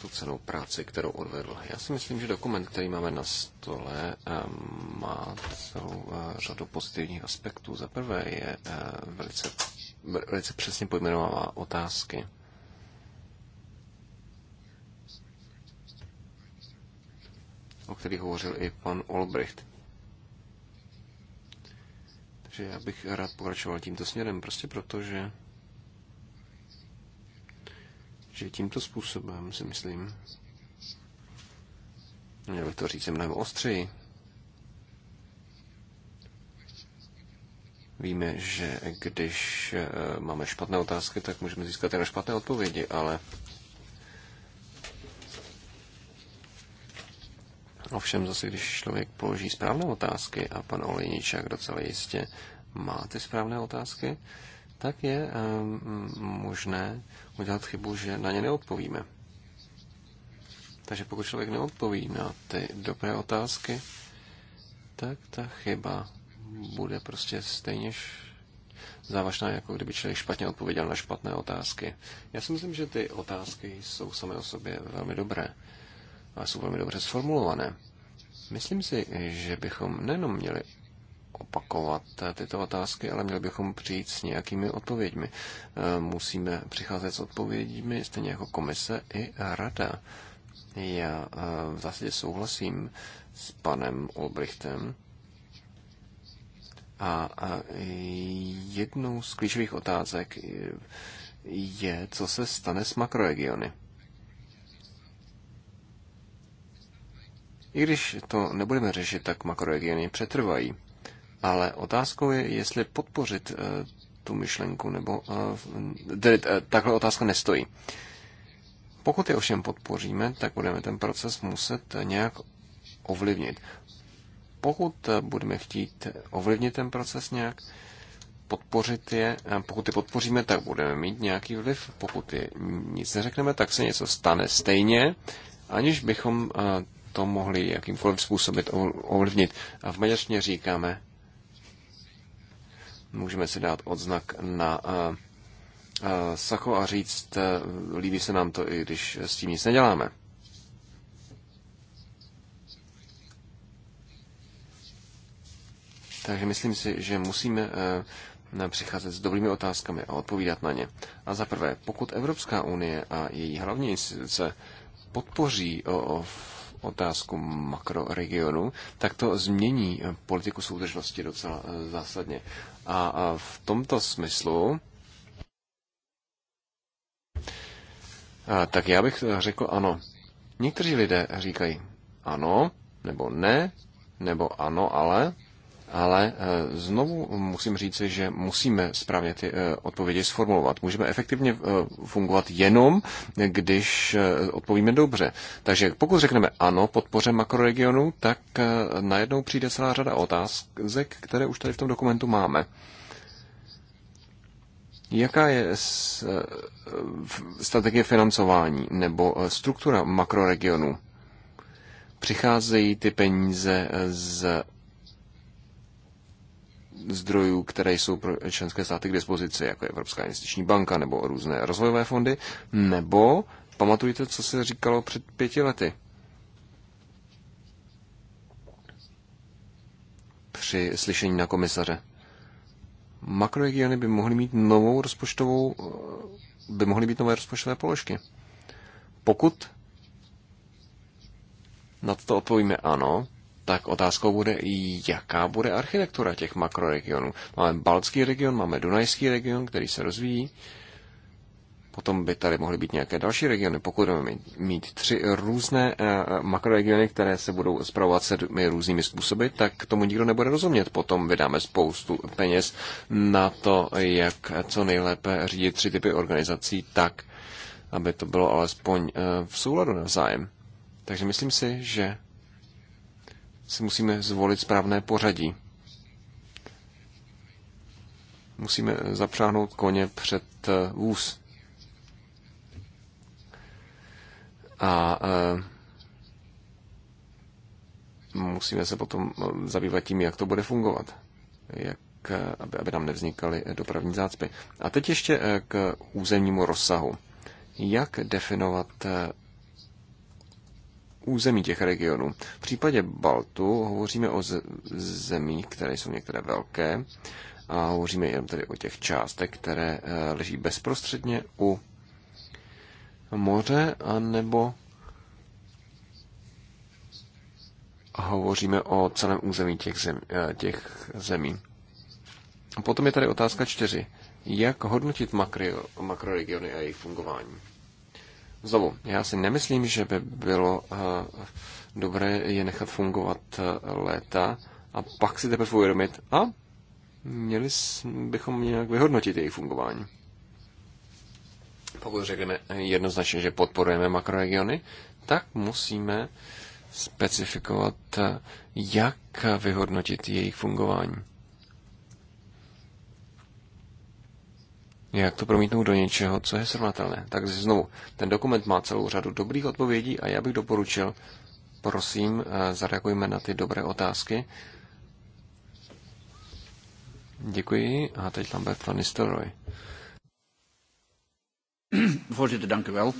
S2: tu cenou práci, kterou odvedl. Já si myslím, že dokument, který máme na stole, eh, má celou řadu pozitivních aspektů. Za prvé je velice, velice přesně pojmenovává otázky. o kterých hovořil i pan Olbricht. Takže já bych rád pokračoval tímto směrem, prostě proto, že, že tímto způsobem si myslím, měl bych to říct mnohem ostřeji, Víme, že když eh, máme špatné otázky, tak můžeme získat jen špatné odpovědi, ale Ovšem zase, když člověk položí správné otázky, a pan Olejničák docela jistě má ty správné otázky, tak je um, možné udělat chybu, že na ně neodpovíme. Takže pokud člověk neodpoví na ty dobré otázky, tak ta chyba bude prostě stejně závažná, jako kdyby člověk špatně odpověděl na špatné otázky. Já si myslím, že ty otázky jsou samé o sobě velmi dobré ale jsou velmi dobře sformulované. Myslím si, že bychom nejenom měli opakovat tyto otázky, ale měli bychom přijít s nějakými odpověďmi. E, musíme přicházet s odpověďmi stejně jako komise i rada. Já e, v zásadě souhlasím s panem Olbrichtem. A jednou z klíčových otázek je, co se stane s makroregiony. I když to nebudeme řešit, tak makroregiony přetrvají. Ale otázkou je, jestli podpořit eh, tu myšlenku, nebo eh, tedy, eh, takhle otázka nestojí. Pokud je ovšem podpoříme, tak budeme ten proces muset nějak ovlivnit. Pokud budeme chtít ovlivnit ten proces nějak, podpořit je, pokud je podpoříme, tak budeme mít nějaký vliv, pokud je nic neřekneme, tak se něco stane stejně, aniž bychom to mohli jakýmkoliv způsobem ovlivnit. A v maďarštině říkáme, můžeme si dát odznak na uh, uh, sacho a říct, uh, líbí se nám to, i když s tím nic neděláme. Takže myslím si, že musíme e, přicházet s dobrými otázkami a odpovídat na ně. A za prvé, pokud Evropská unie a její hlavní instituce podpoří o, o, otázku makroregionu, tak to změní politiku soudržnosti docela eh, zásadně. A v tomto smyslu tak já bych eh, řekl ano. Někteří lidé říkají ano, nebo ne, nebo ano, ale ale eh, znovu musím říct, že musíme správně ty eh, odpovědi sformulovat. Můžeme efektivně eh, fungovat jenom, když odpovíme dobře. Takže pokud řekneme ano podpoře makroregionu, tak najednou přijde celá řada otázek, které už tady v tom dokumentu máme. Jaká je strategie financování nebo struktura makroregionu? Přicházejí ty peníze z zdrojů, které jsou pro členské státy k dispozici, jako je Evropská investiční banka nebo různé rozvojové fondy, nebo pamatujte, co se říkalo před pěti lety. Při slyšení na komisaře. Makroregiony by mohly mít novou rozpočtovou, by mohly být nové rozpočtové položky. Pokud na to odpovíme ano, tak otázkou bude, jaká bude architektura těch makroregionů. Máme Balcký region, máme Dunajský region, který se rozvíjí. Potom by tady mohly být nějaké další regiony, pokud budeme mít tři různé eh, makroregiony, které se budou zpravovat se různými způsoby, tak tomu nikdo nebude rozumět. Potom vydáme spoustu peněz na to, jak co nejlépe řídit tři typy organizací tak, aby to bylo alespoň eh, v souladu navzájem. Takže myslím si, že si musíme zvolit správné pořadí. Musíme zapřáhnout koně před eh, vůz. A eh, musíme se potom eh, zabývat tím, jak to bude fungovat. Jak aby, aby nám nevznikaly dopravní zácpy. A teď ještě k územnímu rozsahu. Jak definovat území těch regionů. V případě Baltu hovoříme o zemích, které jsou některé velké, a hovoříme jen tedy o těch částech, které eh, leží bezprostředně u moře, anebo hovoříme o celém území těch, zem, eh, těch zemí. Potom je tady otázka čtyři. Jak hodnotit makro, makroregiony a jejich fungování? Znovu, já si nemyslím, že by bylo eh, dobré je nechat fungovat eh, léta a pak si teprve uvědomit a měli bychom nějak vyhodnotit jejich fungování. Pokud řekneme jednoznačně, že podporujeme makroregiony, tak musíme specifikovat, eh, jak vyhodnotit jejich fungování. jak to promítnout do něčeho, co je srovnatelné. Tak znovu, ten dokument má celou řadu dobrých odpovědí a já bych doporučil, prosím, eh, zareagujme na ty dobré otázky. Děkuji a teď Lambert van Nistelrooy. Voorzitter, dank u wel.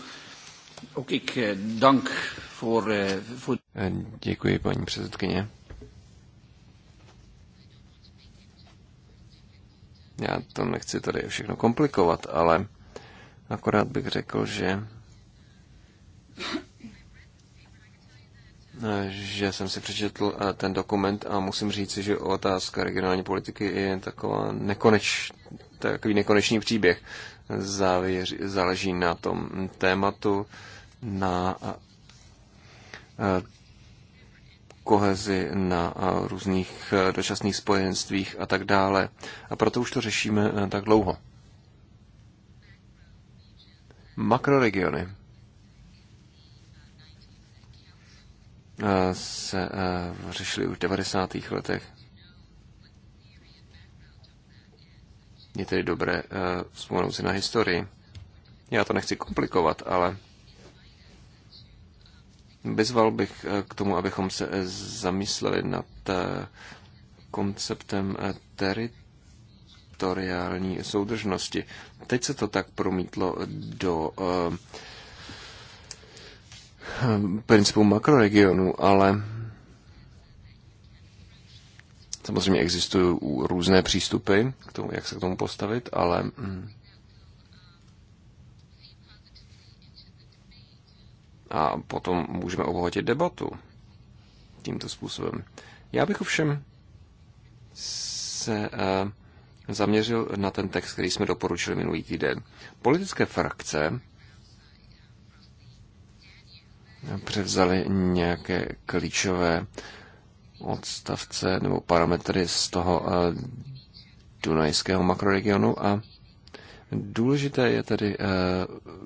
S2: Ook ik eh, dank voor... Eh, děkuji, paní předsedkyně. Já to nechci tady všechno komplikovat, ale akorát bych řekl, že že jsem si přečetl eh, ten dokument a musím říct, že otázka regionální politiky je taková nekoneč, takový nekonečný příběh. Závěř, záleží na tom tématu, na eh, kohezi, na různých e, dočasných spojenstvích a tak dále. A proto už to řešíme e, tak dlouho. Makroregiony e, se řešily už v 90. letech. Je tedy dobré vzpomenout si na historii. Já to nechci komplikovat, ale Vyzval bych eh, k tomu, abychom se eh, zamysleli nad eh, konceptem teritoriální soudržnosti. Teď se to tak promítlo do principu makroregionu, ale samozřejmě existují různé přístupy k tomu, jak se k tomu postavit, ale mm, a potom můžeme obohatit debatu tímto způsobem. Já bych ovšem se eh, zaměřil na ten text, který jsme doporučili minulý týden. Politické frakce převzali nějaké klíčové odstavce nebo parametry z toho eh, dunajského makroregionu a Důležité je tedy eh,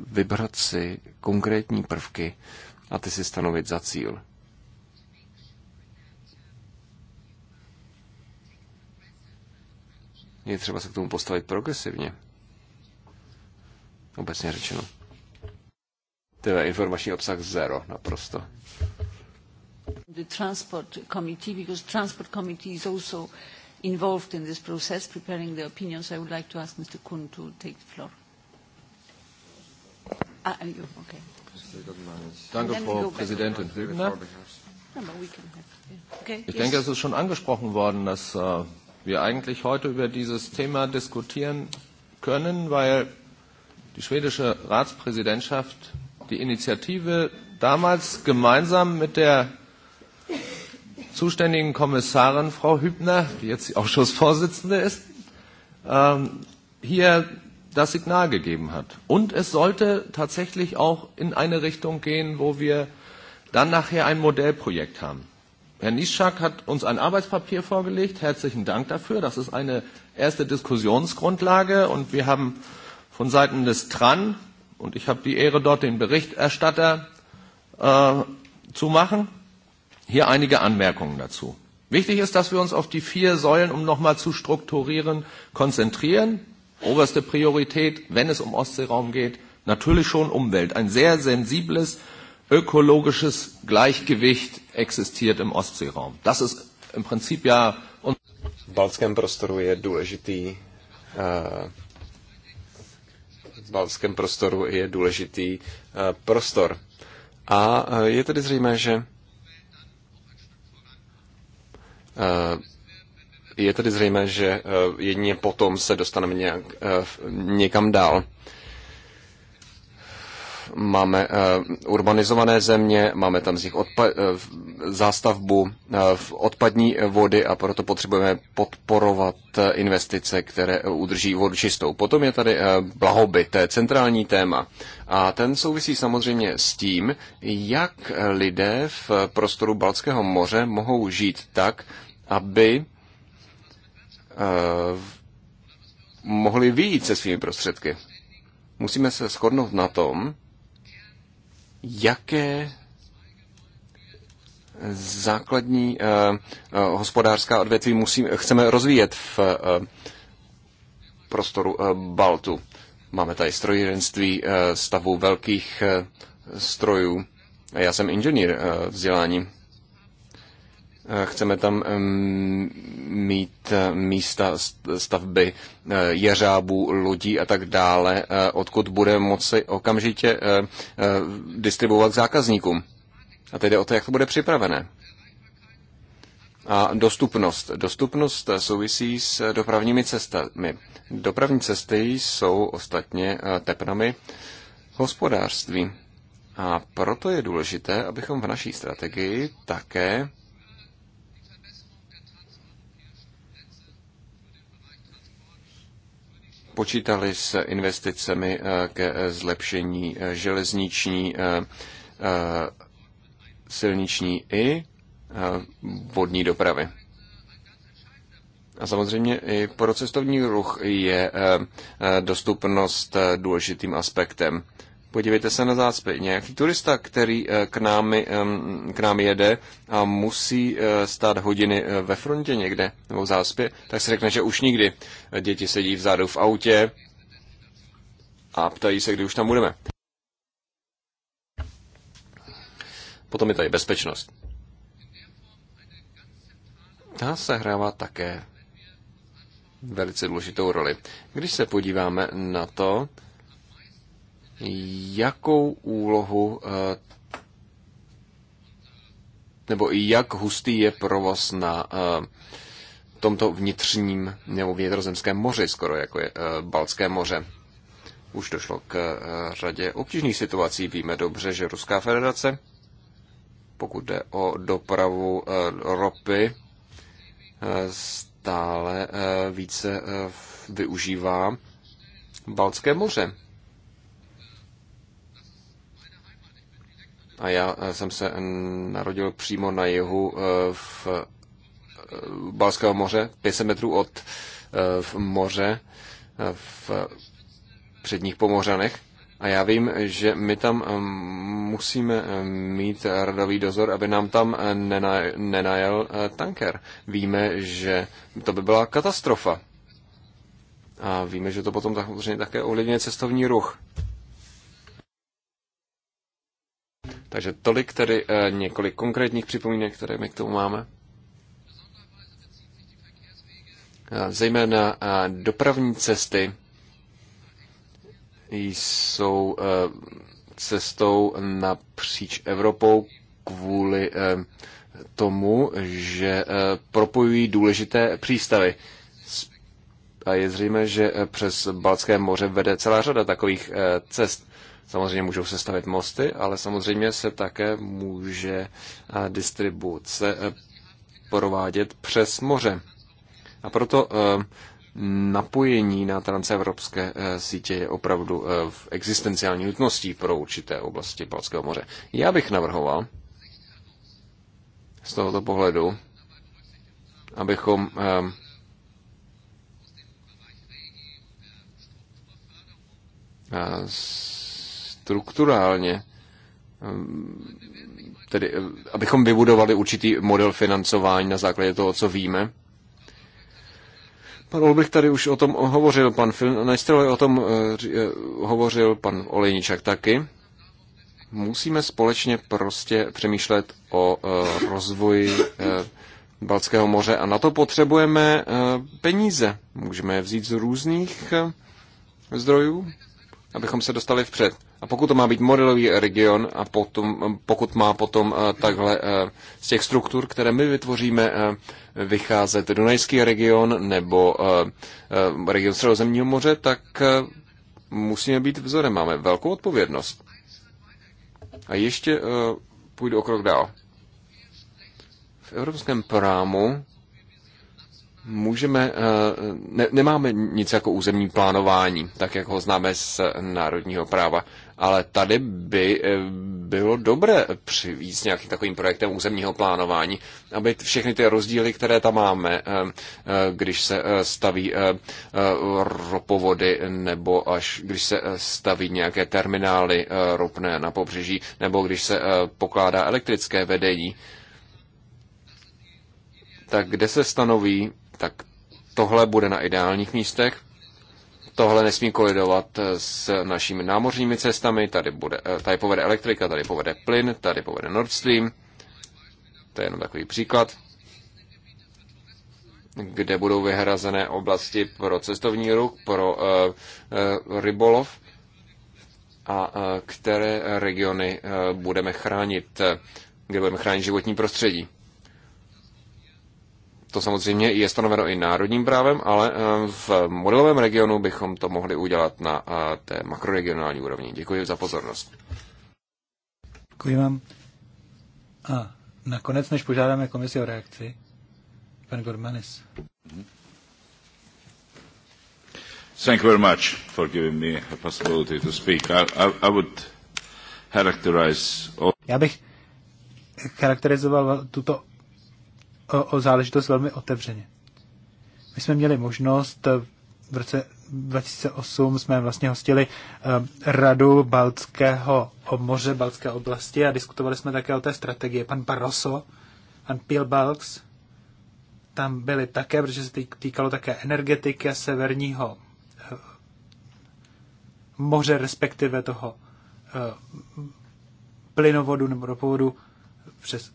S2: vybrat si konkrétní prvky a ty si stanovit za cíl. Je třeba se k tomu postavit progresivně. Obecně řečeno. To je informační obsah zero, naprosto.
S4: The transport committee, because transport committee is also involved in this process, preparing the opinions. I would like to ask Mr. Kuhn to take the floor. Ah, you, okay.
S3: Danke, Frau Präsidentin Hübner.
S2: No, ich denke, es
S3: ist schon angesprochen worden, dass äh, wir eigentlich heute über dieses Thema diskutieren können, weil die schwedische Ratspräsidentschaft die Initiative damals gemeinsam mit der zuständigen Kommissarin, Frau Hübner, die jetzt die Ausschussvorsitzende ist, ähm, hier das Signal gegeben hat. Und es sollte tatsächlich auch in eine Richtung gehen, wo wir dann nachher ein Modellprojekt haben. Herr Nischak hat uns ein Arbeitspapier vorgelegt. Herzlichen Dank dafür. Das ist eine erste Diskussionsgrundlage und wir haben von Seiten des TRAN und ich habe die Ehre, dort den Berichterstatter äh, zu machen Hier einige Anmerkungen dazu. Wichtig ist, dass wir uns auf die vier Säulen, um nochmal zu strukturieren, konzentrieren. Oberste Priorität, wenn es um Ostseeraum geht, natürlich schon Umwelt. Ein sehr sensibles ökologisches Gleichgewicht existiert im Ostseeraum. Das ist im Prinzip
S2: ja... V balském prostoru je důležitý uh, v balském prostoru je důležitý uh, prostor. A uh, je tedy zřejmé, že Eh, je tedy zřejmé, že eh, jedině potom se dostaneme nějak, eh, někam dál. Máme urbanizované země, máme tam z nich odpa- zástavbu eh, v odpadní vody a proto potřebujeme podporovat eh, investice, které eh, udrží vodu čistou. Potom je tady blahobyt, to je centrální téma. A ten souvisí samozřejmě s tím, jak lidé v prostoru Balckého moře mohou žít tak, aby mohli výjít se svými prostředky. Musíme se shodnout na tom, jaké základní eh, eh, hospodářská odvětví musí, chceme rozvíjet v eh, prostoru Baltu. Máme tady strojírenství, stavu velkých strojů. Já jsem inženýr vzděláním. Chceme tam mít místa stavby jeřábů, lodí a tak dále, odkud bude moci okamžitě distribuovat zákazníkům. A tedy o to, jak to bude připravené. A dostupnost. Dostupnost souvisí s dopravními cestami. Dopravní cesty jsou ostatně eh, tepnami hospodářství. A proto je důležité, abychom v naší strategii také počítali s investicemi eh, ke zlepšení eh, železniční silniční i eh, vodní dopravy. A samozřejmě i pro cestovní ruch je eh, eh, dostupnost důležitým aspektem. Podívejte se na zácpy. Nějaký turista, který k, nám, k nám jede a musí stát hodiny ve frontě někde nebo v zácpě, tak se řekne, že už nikdy. Děti sedí vzadu v autě a ptají se, kdy už tam budeme. Potom je tady bezpečnost. Ta se hrává také velice důležitou roli. Když se podíváme na to, jakou úlohu eh, nebo jak hustý je provoz na eh, tomto vnitřním nebo vnitrozemském moři, skoro jako je eh, Balské moře. Už došlo k řadě obtížných situací. Víme dobře, že Ruská federace pokud jde o dopravu eh, ropy, eh, stále eh, více využívá Baltské moře. A já jsem se narodil přímo na jihu v Balského moře, 500 metrů od v moře v předních pomořanech. A já vím, že my tam eh, musíme eh, mít radový dozor, aby nám tam eh, nenajel tanker. Víme, že to by byla katastrofa. A víme, že to potom samozřejmě také ovlivňuje cestovní ruch. Takže tolik tedy několik konkrétních připomínek, které my k tomu máme. Zejména dopravní cesty jsou eh, cestou napříč Evropou kvůli eh, tomu, že eh, propojují důležité přístavy. A je zřejmé, že přes Balcké moře vede celá řada takových cest. Samozřejmě můžou se stavit mosty, ale samozřejmě se také může distribuce provádět přes moře. A proto napojení na transevropské eh, sítě je opravdu eh, v existenciální nutností pro určité oblasti Balckého moře. Já bych navrhoval z tohoto pohledu, abychom eh, strukturálně tedy abychom vybudovali určitý model financování na základě toho, co víme, Pan Olbrich tady už o tom hovořil, pan Filnestroj o tom eh, eh, hovořil, pan Olejničak taky. Musíme společně prostě přemýšlet o eh, rozvoji Balckého moře a na to potřebujeme peníze. Můžeme je vzít z různých zdrojů, abychom se dostali vpřed. A pokud to má být modelový region a potom, pokud má potom eh, takhle eh, z těch struktur, které my vytvoříme, eh, vycházet Dunajský region nebo region Středozemního moře, tak musíme být vzorem. Máme velkou odpovědnost. A ještě půjdu o krok dál. V evropském prámu můžeme, ne, nemáme nic jako územní plánování, tak jak ho známe z národního práva. Ale tady by eh, bylo dobré přivít s nějakým takovým projektem územního plánování, aby všechny ty rozdíly, které tam máme, eh, eh, když se staví ropovody nebo až když se staví nějaké terminály ropné na pobřeží, nebo když se pokládá elektrické vedení, tak kde se stanoví, tak tohle bude na ideálních místech, tohle nesmí kolidovat s našimi námořními cestami. Tady, bude, eh, tady povede elektrika, tady povede plyn, tady povede Nord Stream. To je jenom takový příklad kde budou vyhrazené oblasti pro cestovní ruch, pro uh, uh, rybolov a uh, které regiony uh, budeme chránit, kde budeme chránit životní prostředí to samozřejmě je stanoveno i národním právem, ale eh, v modelovém regionu bychom to mohli udělat na eh, té makroregionální úrovni. Děkuji za pozornost.
S1: Děkuji vám. A nakonec, než požádáme komisi o reakci, pan Gormanis. Thank you very much for
S3: giving me a possibility to speak. I, I, I would characterize all...
S1: Já bych charakterizoval tuto o záležitost velmi otevřeně. My jsme měli možnost eh, v roce 2008 jsme vlastně hostili eh, Radu Baltského moře, Baltské oblasti a diskutovali jsme také o té strategii. Pan Barroso, pan Pilbalks, tam byli také, protože se týkalo také energetiky a severního eh, moře, respektive toho plynovodu nebo ropovodu přes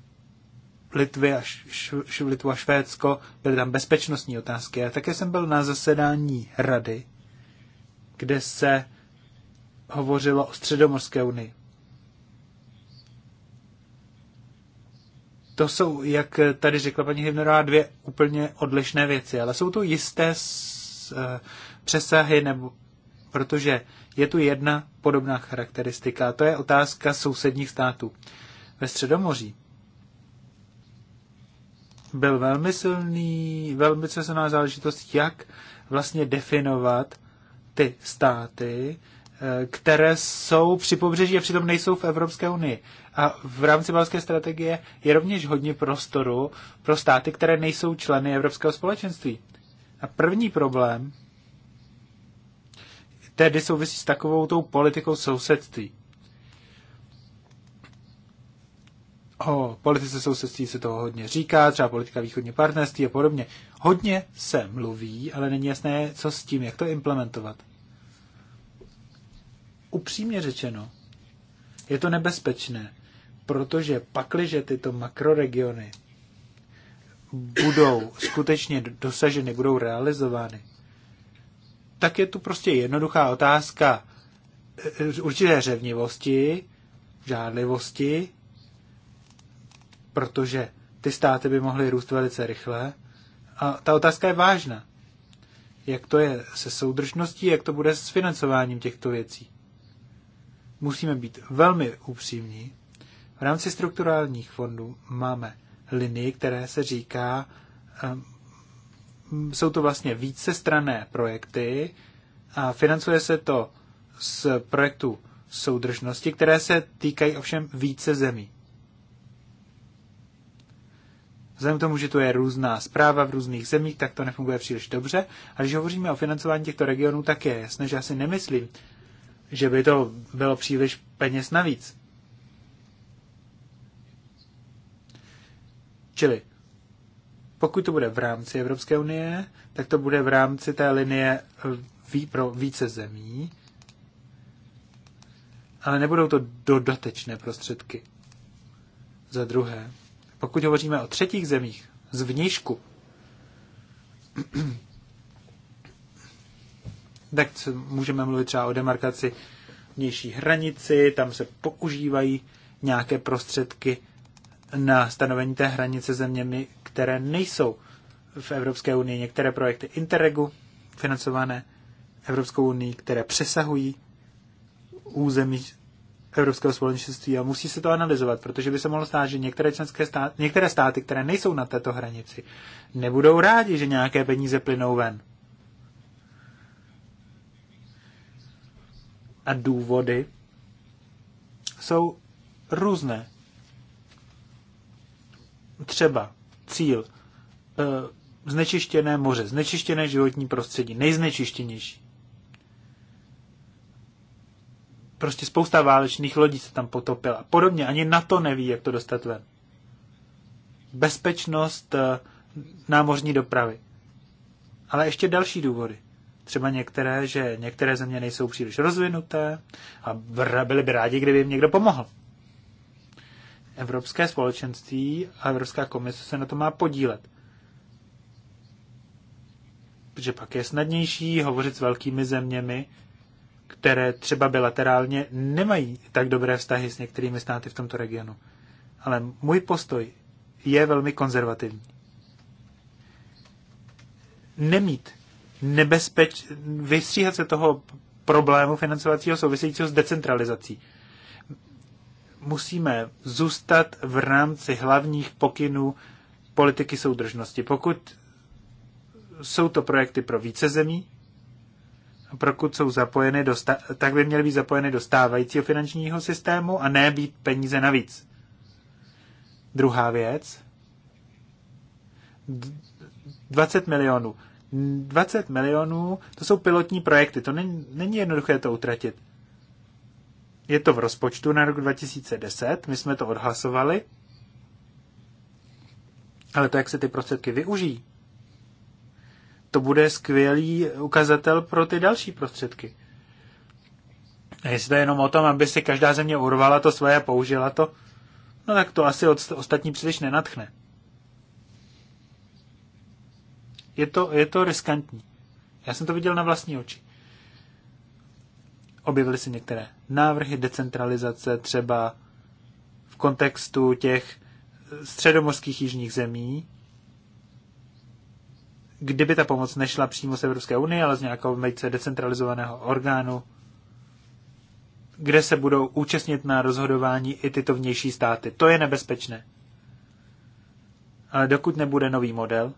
S1: Litvy a, š, Litvu a Švédsko, byly tam bezpečnostní otázky. A také jsem byl na zasedání rady, kde se hovořilo o Středomorské unii. To jsou, jak tady řekla paní Hivnerová, dvě úplně odlišné věci, ale jsou tu jisté s, e, přesahy, nebo, protože je tu jedna podobná charakteristika, a to je otázka sousedních států. Ve Středomoří byl velmi silný, velmi silná záležitost, jak vlastně definovat ty státy, eh, které jsou při pobřeží a přitom nejsou v Evropské unii. A v rámci balské strategie je rovněž hodně prostoru pro státy, které nejsou členy Evropského společenství. A první problém tedy souvisí s takovou tou politikou sousedství. o politice sousedství se toho hodně říká, třeba politika východní partnerství a podobně. Hodně se mluví, ale není jasné, co s tím, jak to implementovat. Upřímně řečeno, je to nebezpečné, protože pakliže tyto makroregiony budou skutečně dosaženy, budou realizovány, tak je tu prostě jednoduchá otázka e, e, určité řevnivosti, žádlivosti protože ty státy by mohly růst velice rychle. A ta otázka je vážná. Jak to je se soudržností, jak to bude s financováním těchto věcí. Musíme být velmi upřímní. V rámci strukturálních fondů máme linii, které se říká, um, jsou to vlastně strané projekty a financuje se to z projektu soudržnosti, které se týkají ovšem více zemí. Vzhledem k tomu, že to je různá zpráva v různých zemích, tak to nefunguje příliš dobře. A když hovoříme o financování těchto regionů, tak je jasné, že asi nemyslím, že by to bylo příliš peněz navíc. Čili pokud to bude v rámci Evropské unie, tak to bude v rámci té linie eh, pro více zemí, ale nebudou to dodatečné prostředky. Za druhé, pokud hovoříme o třetích zemích, z vnížku, tak můžeme mluvit třeba o demarkaci vnější hranici, tam se používají nějaké prostředky na stanovení té hranice zeměmi, které nejsou v Evropské unii. Některé projekty Interregu financované Evropskou unii, které přesahují území Evropského společenství a musí se to analyzovat, protože by se mohlo stát, že některé, členské stát, některé státy, které nejsou na této hranici, nebudou rádi, že nějaké peníze plynou ven. A důvody jsou různé. Třeba cíl, eh, znečištěné moře, znečištěné životní prostředí, nejznečištěnější. Prostě spousta válečných lodí se tam potopila. Podobně ani na to neví, jak to dostat ven. Bezpečnost eh, námořní dopravy. Ale ještě další důvody. Třeba některé, že některé země nejsou příliš rozvinuté a byli by rádi, kdyby jim někdo pomohl. Evropské společenství a Evropská komise se na to má podílet. Protože pak je snadnější hovořit s velkými zeměmi, které třeba bilaterálně nemají tak dobré vztahy s některými státy v tomto regionu. Ale můj postoj je velmi konzervativní. Nemít nebezpeč, vystříhat se toho problému financovacího souvisejícího s decentralizací. Musíme zůstat v rámci hlavních pokynů politiky soudržnosti. Pokud jsou to projekty pro více zemí, pokud jsou zapojeny, do, tak by měly být zapojeny do stávajícího finančního systému a ne být peníze navíc. Druhá věc. 20 milionů. 20 milionů, to jsou pilotní projekty, to není, není jednoduché to utratit. Je to v rozpočtu na rok 2010, my jsme to odhlasovali, ale to, jak se ty prostředky využijí, to bude skvělý ukazatel pro ty další prostředky. A jestli to je jenom o tom, aby si každá země urvala to svoje a použila to, no tak to asi od, ostatní příliš nenatchne. Je to, je to riskantní. Já jsem to viděl na vlastní oči. Objevily se některé návrhy decentralizace, třeba v kontextu těch středomorských jižních zemí, kdyby ta pomoc nešla přímo z Evropské unie, ale z nějakého velice decentralizovaného orgánu, kde se budou účastnit na rozhodování i tyto vnější státy. To je nebezpečné. Ale dokud nebude nový model,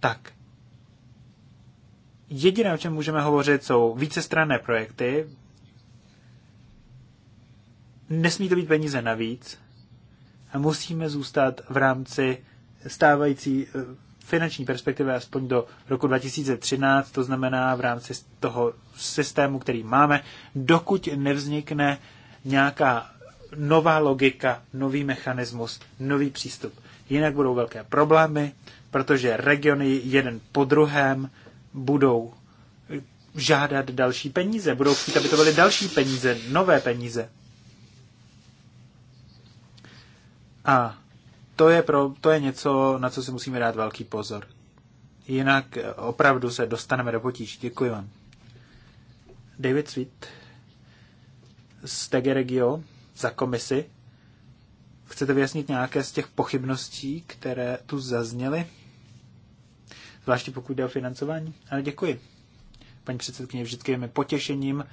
S1: tak. Jediné, o čem můžeme hovořit, jsou vícestranné projekty. Nesmí to být peníze navíc. A musíme zůstat v rámci stávající eh, finanční perspektivy aspoň do roku 2013, to znamená v rámci toho systému, který máme, dokud nevznikne nějaká nová logika, nový mechanismus, nový přístup. Jinak budou velké problémy, protože regiony jeden po druhém budou žádat další peníze, budou chtít, aby to byly další peníze, nové peníze. A to je, pro, to je něco, na co si musíme dát velký pozor. Jinak eh, opravdu se dostaneme do potíží. Děkuji vám. David Sweet z Tegeregio Regio za komisi. Chcete vyjasnit nějaké z těch pochybností, které tu zazněly? Zvláště pokud jde o financování. Ale děkuji. Paní předsedkyně, vždycky je mi potěšením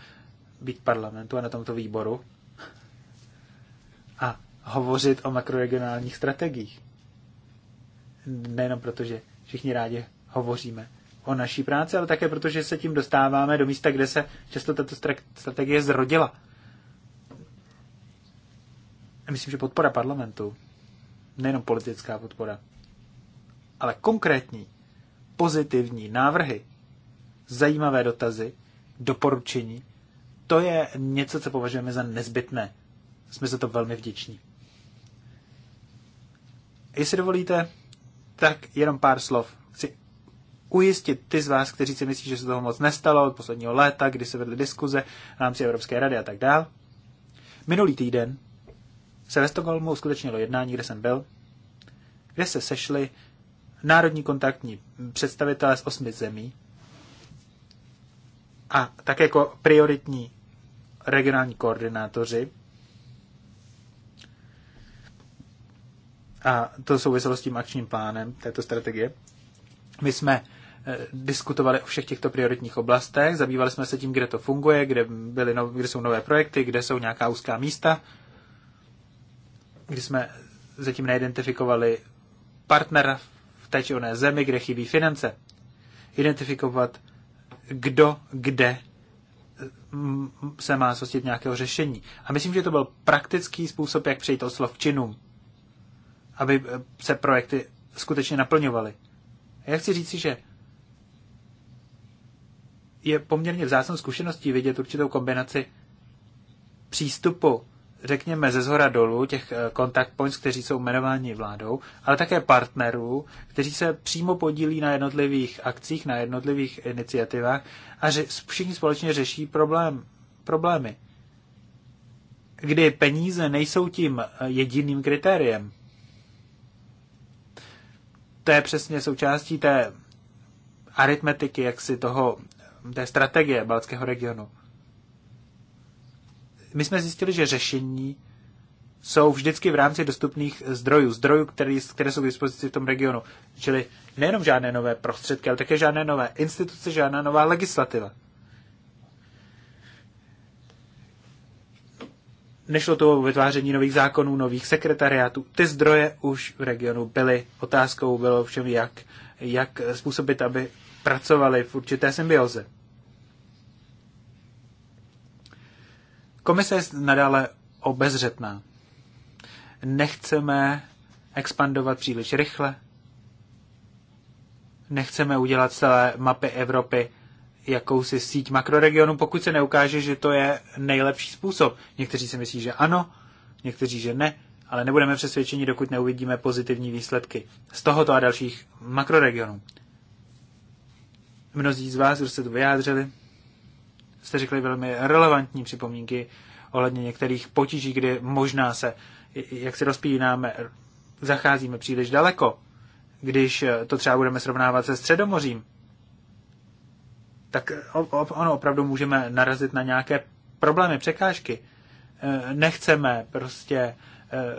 S1: být parlamentu a na tomto výboru hovořit o makroregionálních strategiích. Nejenom proto, že všichni rádi hovoříme o naší práci, ale také proto, že se tím dostáváme do místa, kde se často tato strategie zrodila. Myslím, že podpora parlamentu, nejenom politická podpora, ale konkrétní, pozitivní návrhy, zajímavé dotazy, doporučení, to je něco, co považujeme za nezbytné. Jsme za to velmi vděční. Jestli dovolíte, tak jenom pár slov. Chci ujistit ty z vás, kteří si myslí, že se toho moc nestalo od posledního léta, kdy se vedly diskuze v rámci Evropské rady a tak dál. Minulý týden se ve Stockholmu uskutečnilo jednání, kde jsem byl, kde se sešli národní kontaktní představitelé z osmi zemí a také jako prioritní regionální koordinátoři a to souviselo s tím akčním plánem této strategie. My jsme eh, diskutovali o všech těchto prioritních oblastech, zabývali jsme se tím, kde to funguje, kde, byly no, kde jsou nové projekty, kde jsou nějaká úzká místa, kdy jsme zatím neidentifikovali partnera v té či oné zemi, kde chybí finance. Identifikovat, kdo kde eh, se má zhostit nějakého řešení. A myslím, že to byl praktický způsob, jak přejít od slov k činům aby eh, se projekty skutečně naplňovaly. A já chci říci, že je poměrně vzácnou zkušeností vidět určitou kombinaci přístupu, řekněme, ze zhora dolů, těch eh, contact points, kteří jsou jmenováni vládou, ale také partnerů, kteří se přímo podílí na jednotlivých akcích, na jednotlivých iniciativách a že všichni společně řeší problém, problémy. Kdy peníze nejsou tím eh, jediným kritériem, to je přesně součástí té aritmetiky, jak si toho, té strategie Balckého regionu. My jsme zjistili, že řešení jsou vždycky v rámci dostupných zdrojů, zdrojů, které, které jsou k dispozici v tom regionu. Čili nejenom žádné nové prostředky, ale také žádné nové instituce, žádná nová legislativa. nešlo to o vytváření nových zákonů, nových sekretariátů. Ty zdroje už v regionu byly. Otázkou bylo všem, jak, jak způsobit, aby pracovali v určité symbioze. Komise je nadále obezřetná. Nechceme expandovat příliš rychle. Nechceme udělat celé mapy Evropy jakousi síť makroregionu, pokud se neukáže, že to je nejlepší způsob. Někteří si myslí, že ano, někteří, že ne, ale nebudeme přesvědčeni, dokud neuvidíme pozitivní výsledky z tohoto a dalších makroregionů. Mnozí z vás, kdo jste tu vyjádřili, jste řekli velmi relevantní připomínky ohledně některých potíží, kdy možná se, jak se rozpínáme, zacházíme příliš daleko, když to třeba budeme srovnávat se Středomořím, tak ono opravdu můžeme narazit na nějaké problémy, překážky. E, nechceme prostě e,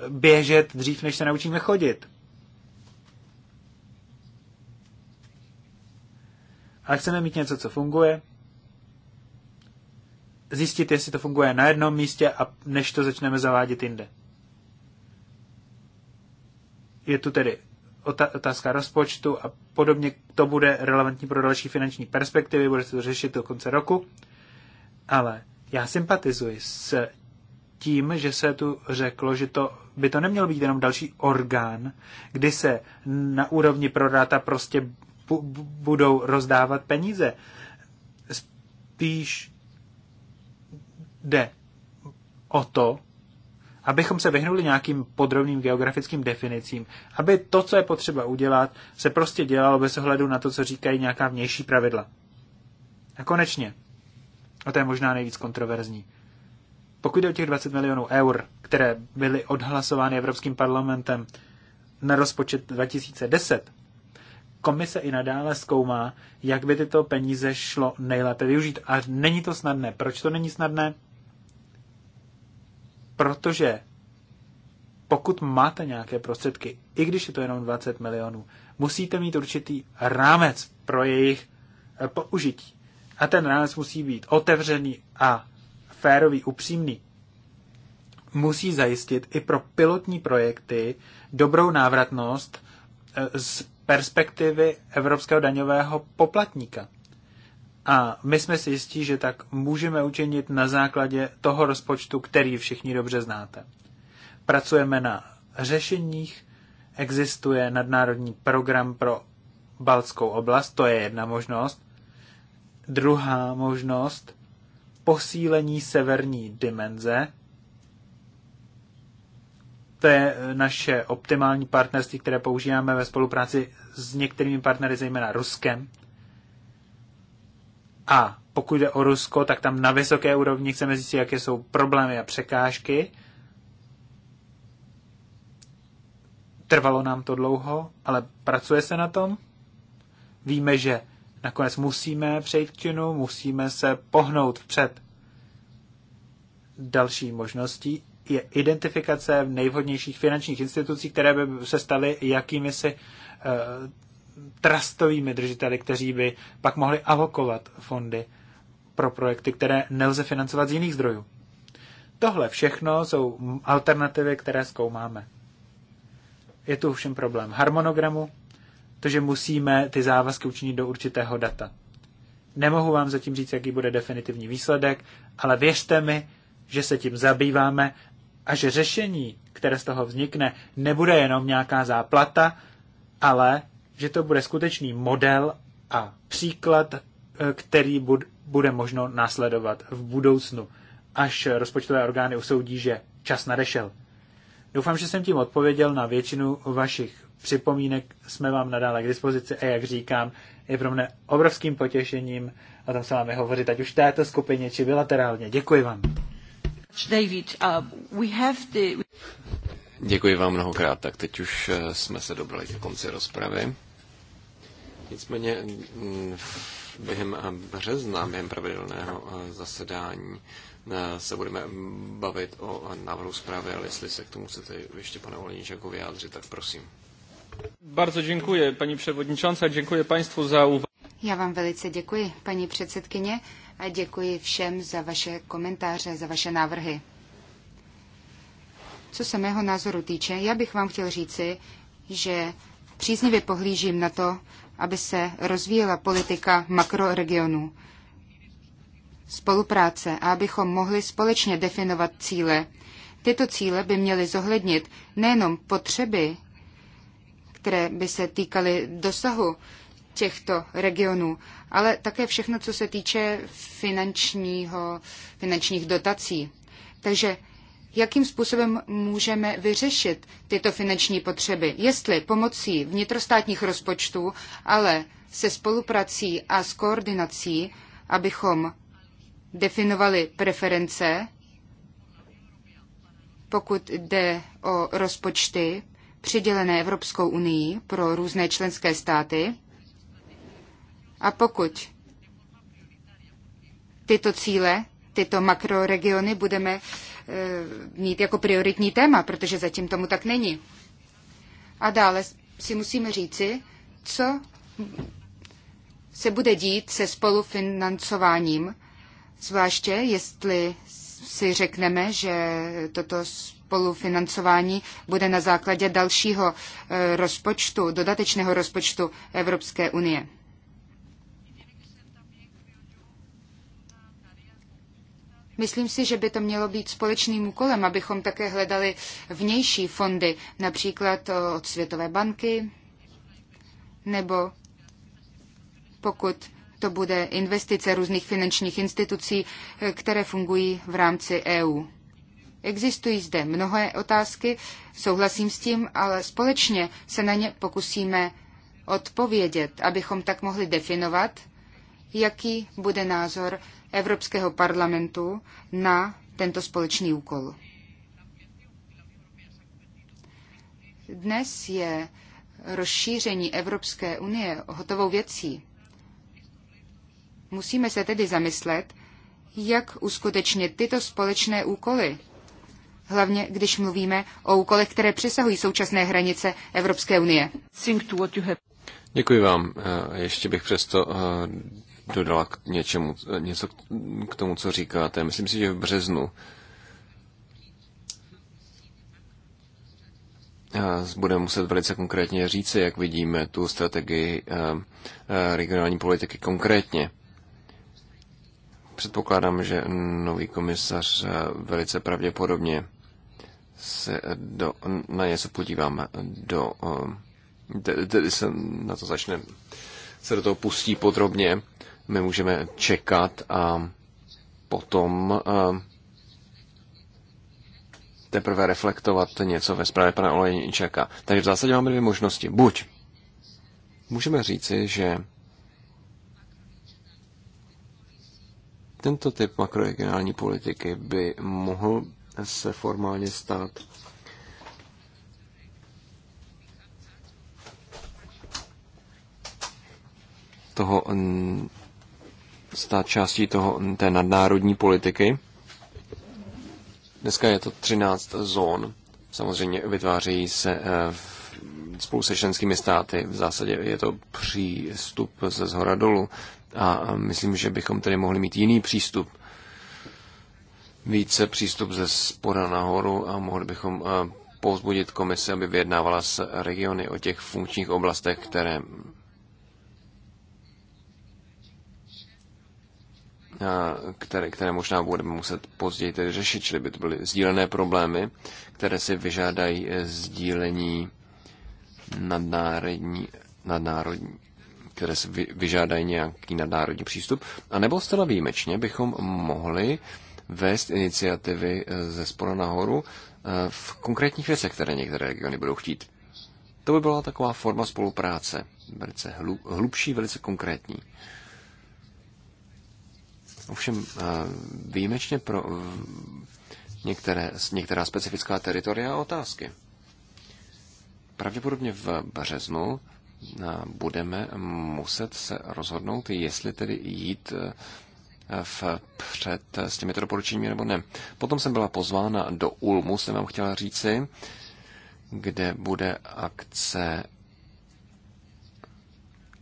S1: běžet dřív, než se naučíme chodit. Ale chceme mít něco, co funguje, zjistit, jestli to funguje na jednom místě a než to začneme zavádět jinde. Je tu tedy otázka rozpočtu a podobně. To bude relevantní pro další finanční perspektivy, bude se to řešit do konce roku. Ale já sympatizuji s tím, že se tu řeklo, že to by to neměl být jenom další orgán, kdy se na úrovni prodáta prostě bu, budou rozdávat peníze. Spíš jde o to, abychom se vyhnuli nějakým podrobným geografickým definicím, aby to, co je potřeba udělat, se prostě dělalo bez ohledu na to, co říkají nějaká vnější pravidla. A konečně, a to je možná nejvíc kontroverzní, pokud jde o těch 20 milionů eur, které byly odhlasovány Evropským parlamentem na rozpočet 2010, komise i nadále zkoumá, jak by tyto peníze šlo nejlépe využít. A není to snadné. Proč to není snadné? Protože pokud máte nějaké prostředky, i když je to jenom 20 milionů, musíte mít určitý rámec pro jejich eh, použití. A ten rámec musí být otevřený a férový, upřímný. Musí zajistit i pro pilotní projekty dobrou návratnost eh, z perspektivy evropského daňového poplatníka. A my jsme si jistí, že tak můžeme učinit na základě toho rozpočtu, který všichni dobře znáte. Pracujeme na řešeních, existuje nadnárodní program pro Balckou oblast, to je jedna možnost. Druhá možnost, posílení severní dimenze. To je naše optimální partnerství, které používáme ve spolupráci s některými partnery, zejména Ruskem a pokud jde o Rusko, tak tam na vysoké úrovni chceme zjistit, jaké jsou problémy a překážky. Trvalo nám to dlouho, ale pracuje se na tom. Víme, že nakonec musíme přejít k činu, musíme se pohnout vpřed. Další možností je identifikace nejvhodnějších finančních institucí, které by se staly jakými si eh, trustovými držiteli, kteří by pak mohli avokovat fondy pro projekty, které nelze financovat z jiných zdrojů. Tohle všechno jsou alternativy, které zkoumáme. Je tu všem problém harmonogramu, to, že musíme ty závazky učinit do určitého data. Nemohu vám zatím říct, jaký bude definitivní výsledek, ale věřte mi, že se tím zabýváme a že řešení, které z toho vznikne, nebude jenom nějaká záplata, ale že to bude skutečný model a příklad, e, který bude možno následovat v budoucnu, až rozpočtové orgány usoudí, že čas nadešel. Doufám, že jsem tím odpověděl na většinu vašich připomínek. Jsme vám nadále k dispozici a jak říkám, je pro mne obrovským potěšením a tam se máme hovořit, ať už této skupině či bilaterálně. Děkuji vám.
S3: David, uh, we have the...
S2: Děkuji vám mnohokrát. Tak teď už eh, jsme se dobrali ke konci rozpravy. Nicméně mm, během března, během pravidelného eh, zasedání, eh, se budeme bavit o návrhu zprávy, ale jestli se k tomu chcete ještě, pane Oleníčku, vyjádřit, tak prosím. Bardzo děkuji, paní przewodnicząca, Děkuji państwu za úvahu.
S4: Já vám velice děkuji, paní předsedkyně, a děkuji všem za vaše komentáře, za vaše návrhy. Co se mého názoru týče, já bych vám chtěl říci, že příznivě pohlížím na to, aby se rozvíjela politika makroregionů spolupráce a abychom mohli společně definovat cíle. Tyto cíle by měly zohlednit nejenom potřeby, které by se týkaly dosahu těchto regionů, ale také všechno, co se týče finančního, finančních dotací. Takže jakým způsobem můžeme vyřešit tyto finanční potřeby. Jestli pomocí vnitrostátních rozpočtů, ale se spoluprací a s koordinací, abychom definovali preference, pokud jde o rozpočty přidělené Evropskou unii pro různé členské státy. A pokud tyto cíle, tyto makroregiony budeme Eh, mít jako prioritní téma, protože zatím tomu tak není. A dále si musíme říci, co se bude dít se spolufinancováním, zvláště jestli si řekneme, že toto spolufinancování bude na základě dalšího eh, rozpočtu, dodatečného rozpočtu Evropské unie. Myslím si, že by to mělo být společným úkolem, abychom také hledali vnější fondy, například eh, od Světové banky, nebo pokud to bude investice různých finančních institucí, eh, které fungují v rámci EU. Existují zde mnohé otázky, souhlasím s tím, ale společně se na ně pokusíme odpovědět, abychom tak mohli definovat, jaký bude názor Evropského parlamentu na tento společný úkol. Dnes je rozšíření Evropské unie hotovou věcí. Musíme se tedy zamyslet, jak uskutečnit tyto společné úkoly, hlavně když mluvíme o úkolech, které přesahují současné hranice Evropské unie.
S2: Děkuji vám. Eh, ještě bych přesto eh, dodala k něčemu, něco k tomu, co říkáte. Myslím si, že v březnu eh, budeme muset velice konkrétně říci, jak vidíme tu strategii eh, eh, regionální politiky konkrétně. Předpokládám, že nový komisař velice pravděpodobně se do, na se podíváme do tedy se na to začne se do toho pustí podrobně my můžeme čekat a potom eh, teprve reflektovat něco ve zprávě pana Olejničeka. Takže v zásadě máme dvě možnosti. Buď můžeme říci, že tento typ makroregionální politiky by mohl se formálně stát toho stát částí toho, té nadnárodní politiky. Dneska je to 13 zón. Samozřejmě vytvářejí se eh, spolu se členskými státy. V zásadě je to přístup ze zhora dolů. A myslím, že bychom tedy mohli mít jiný přístup. Více přístup ze spora nahoru a mohli bychom eh, povzbudit komise, aby vyjednávala s regiony o těch funkčních oblastech, které které, které možná budeme muset později tedy řešit, čili by to byly sdílené problémy, které si vyžádají e, sdílení nadnárodní, nadnárodní které si vyžádají nějaký nadnárodní přístup, a nebo zcela výjimečně bychom mohli vést iniciativy e, ze spora nahoru e, v konkrétních věcech, které některé regiony budou chtít. To by byla taková forma spolupráce, velice hlubší, velice konkrétní. Ovšem eh, výjimečně pro eh, některé, některá specifická teritoria a otázky. Pravděpodobně v březnu eh, budeme muset se rozhodnout, jestli tedy jít v před s těmito doporučeními nebo ne. Potom jsem byla pozvána do Ulmu, jsem vám chtěla říci, kde bude akce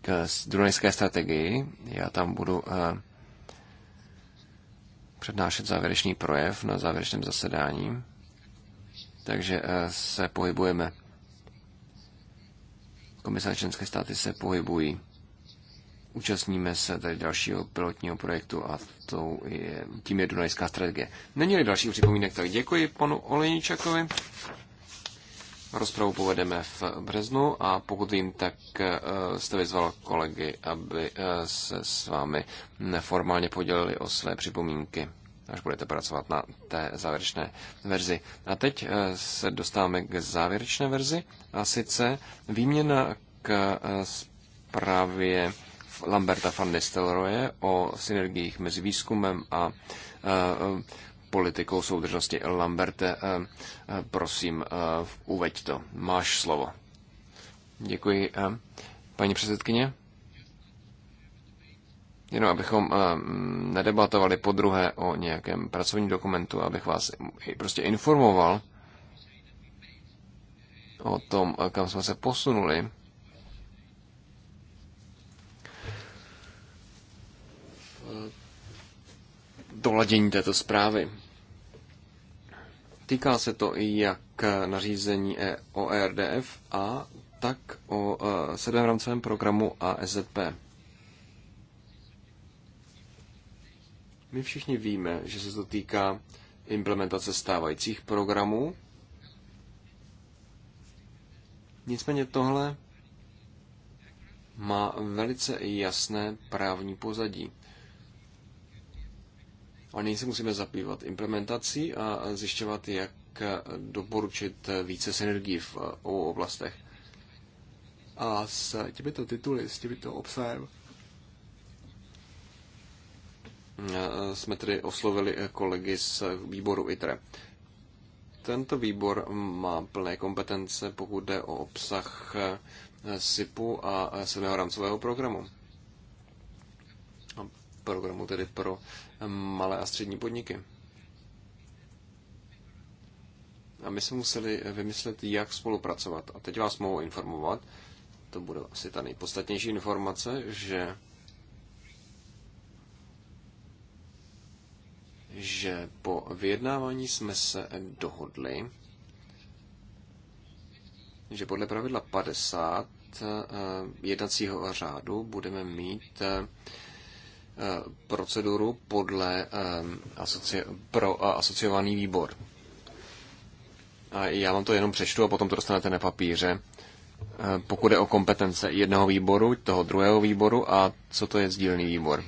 S2: k Dunajské strategii. Já tam budu přednášet závěrečný projev na závěrečném zasedání, takže eh, se pohybujeme. Komisář členské státy se pohybují. Účastníme se tady dalšího pilotního projektu a tou je, tím je Dunajská strategie. Není-li další připomínek, tak děkuji panu Olejničakovi. Rozpravu povedeme v březnu a pokud vím, tak eh, jste vyzval kolegy, aby eh, se s vámi neformálně podělili o své připomínky až budete pracovat na té závěrečné verzi. A teď eh, se dostáváme k závěrečné verzi a sice výměna k zprávě Lamberta van Nistelrooye o synergiích mezi výzkumem a politikou soudržnosti. Lamberte, eh, eh, prosím, eh, uveď to. Máš slovo. Děkuji. Paní předsedkyně? Jenom abychom nedebatovali po druhé o nějakém pracovním dokumentu, abych vás prostě informoval o tom, kam jsme se posunuli. doladění této zprávy. Týká se to i jak nařízení e- o ERDF a tak o e, sedmém rámcovém programu a SZP. My všichni víme, že se to týká implementace stávajících programů. Nicméně tohle má velice jasné právní pozadí. A nyní se musíme zabývat implementací a zjišťovat, jak doporučit více synergii v obou oblastech. A s těmito tituly, s těmito obsahem jsme tedy oslovili kolegy z výboru ITRE. Tento výbor má plné kompetence, pokud jde o obsah SIPu a silného rámcového programu programu tedy pro malé a střední podniky. A my jsme museli vymyslet, jak spolupracovat. A teď vás mohu informovat, to bude asi ta nejpodstatnější informace, že že po vyjednávání jsme se dohodli, že podle pravidla 50 eh, jednacího řádu budeme mít eh, Eh, proceduru podle eh, asoci- pro eh, asociovaný výbor. A já vám to jenom přečtu a potom to dostanete na papíře. Pokud je o kompetence jednoho výboru, toho druhého výboru a co to je sdílný výbor.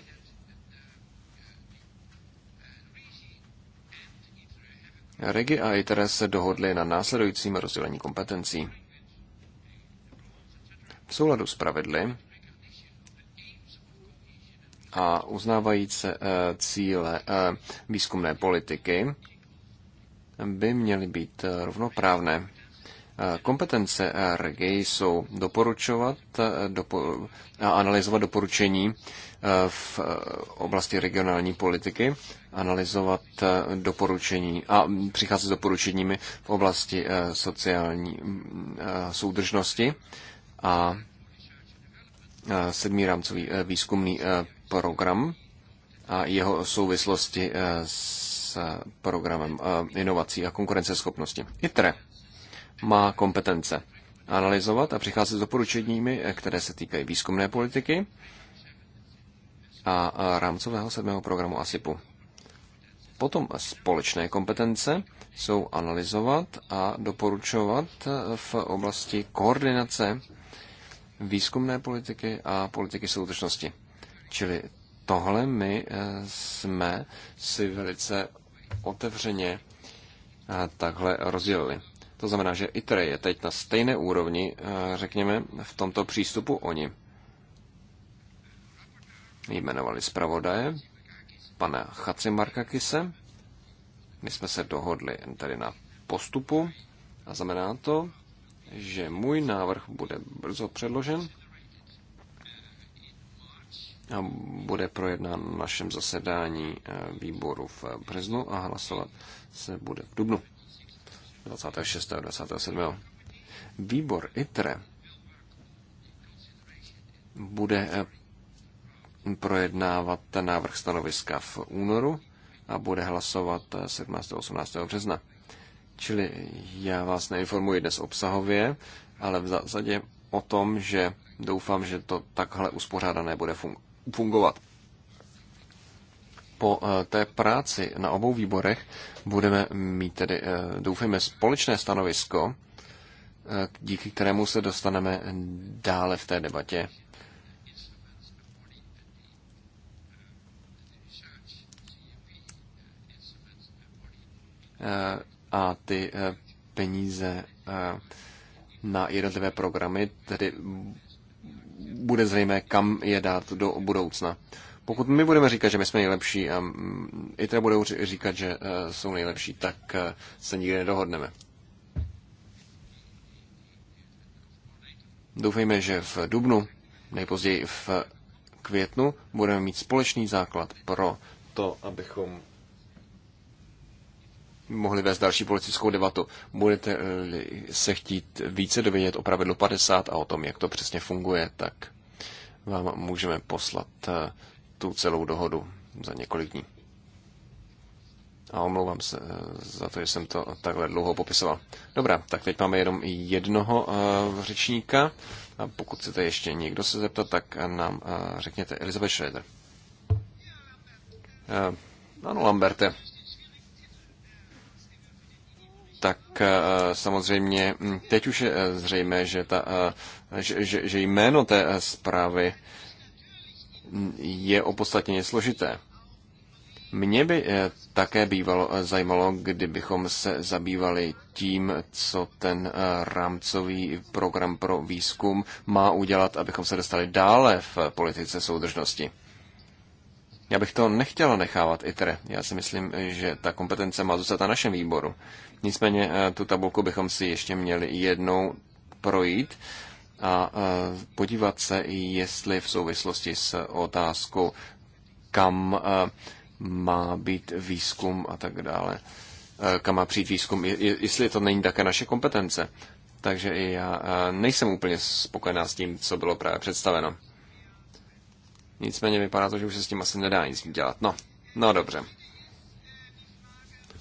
S2: Regi a ITRE se dohodli na následujícím rozdělení kompetencí. V souladu s pravidly a uznávající eh, cíle eh, výzkumné politiky by měly být eh, rovnoprávné. Kompetence RGI jsou doporučovat dopo, a analyzovat doporučení v oblasti regionální politiky, analyzovat doporučení a přicházet s doporučeními v oblasti sociální mm, soudržnosti a sedmý rámcový výzkumný program a jeho souvislosti eh, s programem eh, inovací a konkurenceschopnosti. ITRE má kompetence analyzovat a přicházet s doporučeními, eh, které se týkají výzkumné politiky a rámcového sedmého programu ASIPu. Potom společné kompetence jsou analyzovat a doporučovat v oblasti koordinace výzkumné politiky a politiky soudržnosti. Čili tohle my eh, jsme si velice otevřeně eh, takhle rozdělili. To znamená, že ITRE je teď na stejné úrovni, eh, řekněme, v tomto přístupu oni. Jmenovali zpravodaje, pana Markakise. My jsme se dohodli tady na postupu a znamená to, že můj návrh bude brzo předložen a bude projednán na našem zasedání eh, výboru v eh, březnu a hlasovat se bude v dubnu 26. a 27. Výbor ITRE bude eh, projednávat ten návrh stanoviska v únoru a bude hlasovat 17. a 18. března. Čili já vás neinformuji dnes obsahově, ale v zásadě o tom, že doufám, že to takhle uspořádané bude fungovat fungovat. Po eh, té práci na obou výborech budeme mít tedy, eh, doufejme, společné stanovisko, eh, díky kterému se dostaneme dále v té debatě. A ty peníze na jednotlivé programy tedy bude zřejmé, kam je dát do budoucna. Pokud my budeme říkat, že my jsme nejlepší a mm, ITRA budou říkat, že e, jsou nejlepší, tak e, se nikdy nedohodneme. Doufejme, že v dubnu, nejpozději v květnu, budeme mít společný základ pro to, abychom mohli vést další politickou debatu. budete se chtít více dovědět o pravidlu 50 a o tom, jak to přesně funguje, tak vám můžeme poslat eh, tu celou dohodu za několik dní. A omlouvám se eh, za to, že jsem to takhle dlouho popisoval. Dobrá, tak teď máme jenom jednoho uh, řečníka. A pokud chcete ještě někdo se zeptat, tak nám uh, řekněte Elizabeth Schroeder. Uh, ano, Lamberte tak eh, samozřejmě hm, teď už je eh, zřejmé, že, ta, eh, že, že, že jméno té zprávy hm, je opodstatně složité. Mně by také bývalo zajímalo, kdybychom se zabývali tím, co ten rámcový program pro výzkum má udělat, abychom se dostali dále v politice soudržnosti. Já bych to nechtěl nechávat ITRE. Já si myslím, že ta kompetence má zůstat na našem výboru. Nicméně eh, tu tabulku bychom si ještě měli jednou projít a eh, podívat se, jestli v souvislosti s otázkou, kam eh, má být výzkum a tak dále, kam má přijít výzkum, jestli to není také naše kompetence. Takže i já nejsem úplně spokojená s tím, co bylo právě představeno. Nicméně vypadá to, že už se s tím asi nedá nic dělat. No, no dobře.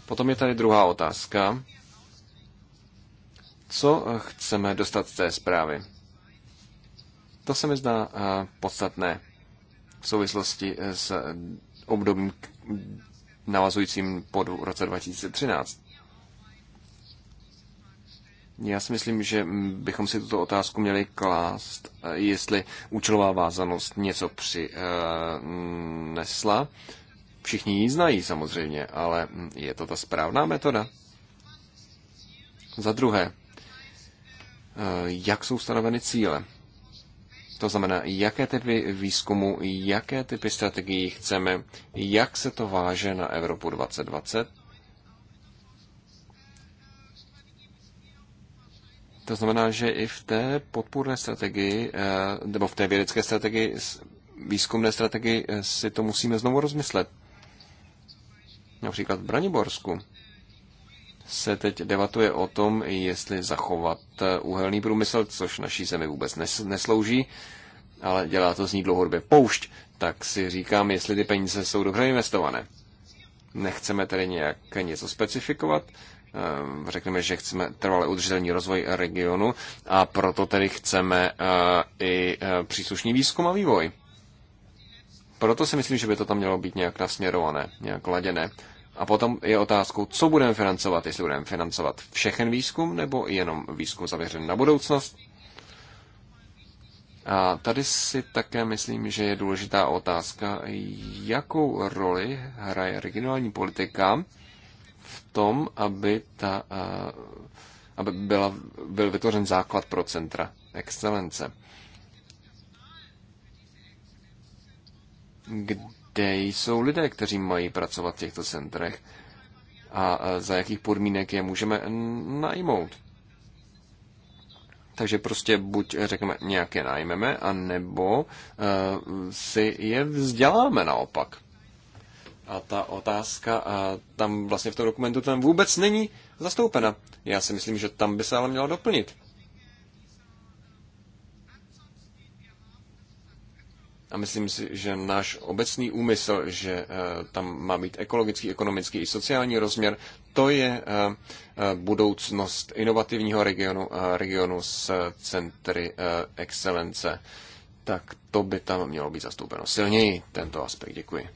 S2: Potom je tady druhá otázka. Co eh, chceme dostat z té zprávy? To se mi zdá eh, podstatné v souvislosti eh, s obdobím navazujícím po roce 2013. Já si myslím, že bychom si tuto otázku měli klást, jestli účelová vázanost něco přinesla, Všichni ji znají samozřejmě, ale je to ta správná metoda? Za druhé, eh, jak jsou stanoveny cíle? To znamená, jaké typy výzkumu, jaké typy strategií chceme, jak se to váže na Evropu 2020. To znamená, že i v té podpůrné strategii, eh, nebo v té vědecké strategii, výzkumné strategii eh, si to musíme znovu rozmyslet. Například v Braniborsku se teď debatuje o tom, jestli zachovat eh, uhelný průmysl, což naší zemi vůbec neslouží, ale dělá to z ní dlouhodobě poušť, tak si říkám, jestli ty peníze jsou dobře investované. Nechceme tedy nějak něco specifikovat, eh, řekneme, že chceme trvalé udržitelný rozvoj regionu a proto tedy chceme eh, i příslušný výzkum a vývoj. Proto si myslím, že by to tam mělo být nějak nasměrované, nějak laděné. A potom je otázkou, co budeme financovat, jestli budeme financovat všechen výzkum nebo jenom výzkum zaměřený na budoucnost. A tady si také myslím, že je důležitá otázka, jakou roli hraje regionální politika v tom, aby, ta, eh, aby byla, byl vytvořen základ pro centra excelence. kde jsou lidé, kteří mají pracovat v těchto centrech a za jakých podmínek je můžeme najmout. Takže prostě buď řekneme nějaké najmeme, anebo uh, si je vzděláme naopak. A ta otázka a e, tam vlastně v tom dokumentu tam vůbec není zastoupena. Já si myslím, že tam by se ale měla doplnit. A myslím si, že náš obecný úmysl, že eh, tam má být ekologický, ekonomický i sociální rozměr, to je eh, eh, budoucnost inovativního regionu, regionu s centry excelence. Tak to by tam mělo být zastoupeno silněji, tento aspekt. Děkuji.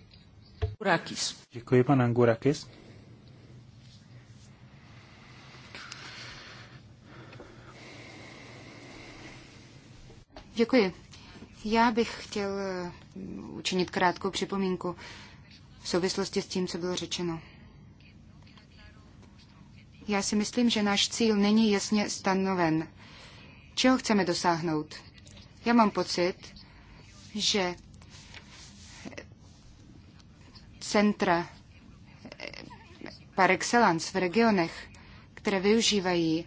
S1: Gurakis. Děkuji, pan Angurakis.
S4: Děkuji. Já bych chtěl eh, učinit krátkou připomínku v souvislosti s tím, co bylo řečeno. Já si myslím, že náš cíl není jasně stanoven. Čeho chceme dosáhnout? Já mám pocit, že centra eh, par excellence v regionech, které využívají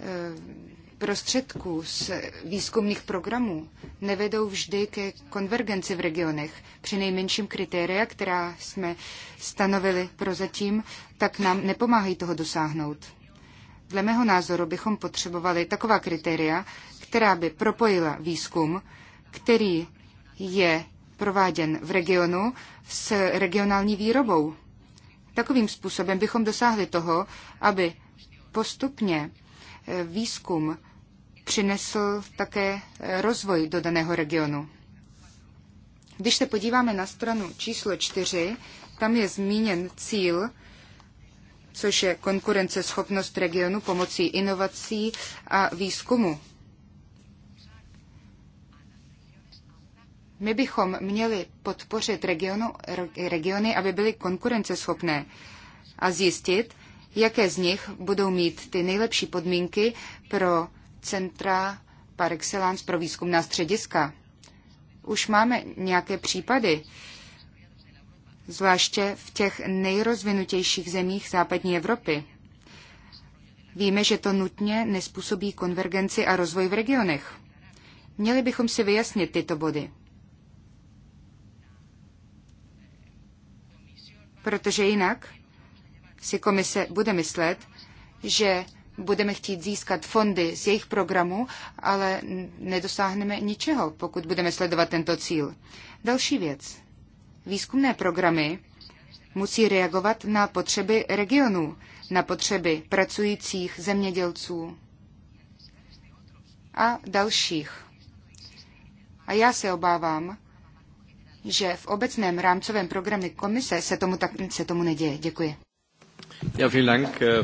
S4: eh, prostředků z výzkumných programů nevedou vždy ke konvergenci v regionech. Při nejmenším kritéria, která jsme stanovili prozatím, tak nám nepomáhají toho dosáhnout. Dle mého názoru bychom potřebovali taková kritéria, která by propojila výzkum, který je prováděn v regionu s regionální výrobou. Takovým způsobem bychom dosáhli toho, aby postupně výzkum přinesl také eh, rozvoj do daného regionu. Když se podíváme na stranu číslo 4, tam je zmíněn cíl, což je konkurenceschopnost regionu pomocí inovací a výzkumu. My bychom měli podpořit regionu, regiony, aby byly konkurenceschopné a zjistit, jaké z nich budou mít ty nejlepší podmínky pro centra par excellence pro výzkumná střediska. Už máme nějaké případy, zvláště v těch nejrozvinutějších zemích západní Evropy. Víme, že to nutně nespůsobí konvergenci a rozvoj v regionech. Měli bychom si vyjasnit tyto body. Protože jinak si komise bude myslet, že budeme chtít získat fondy z jejich programu, ale nedosáhneme ničeho, pokud budeme sledovat tento cíl. Další věc. Výzkumné programy musí reagovat na potřeby regionů, na potřeby pracujících zemědělců a dalších. A já se obávám, že v obecném rámcovém programu komise se tomu, tak, se tomu neděje. Děkuji.
S2: Eh,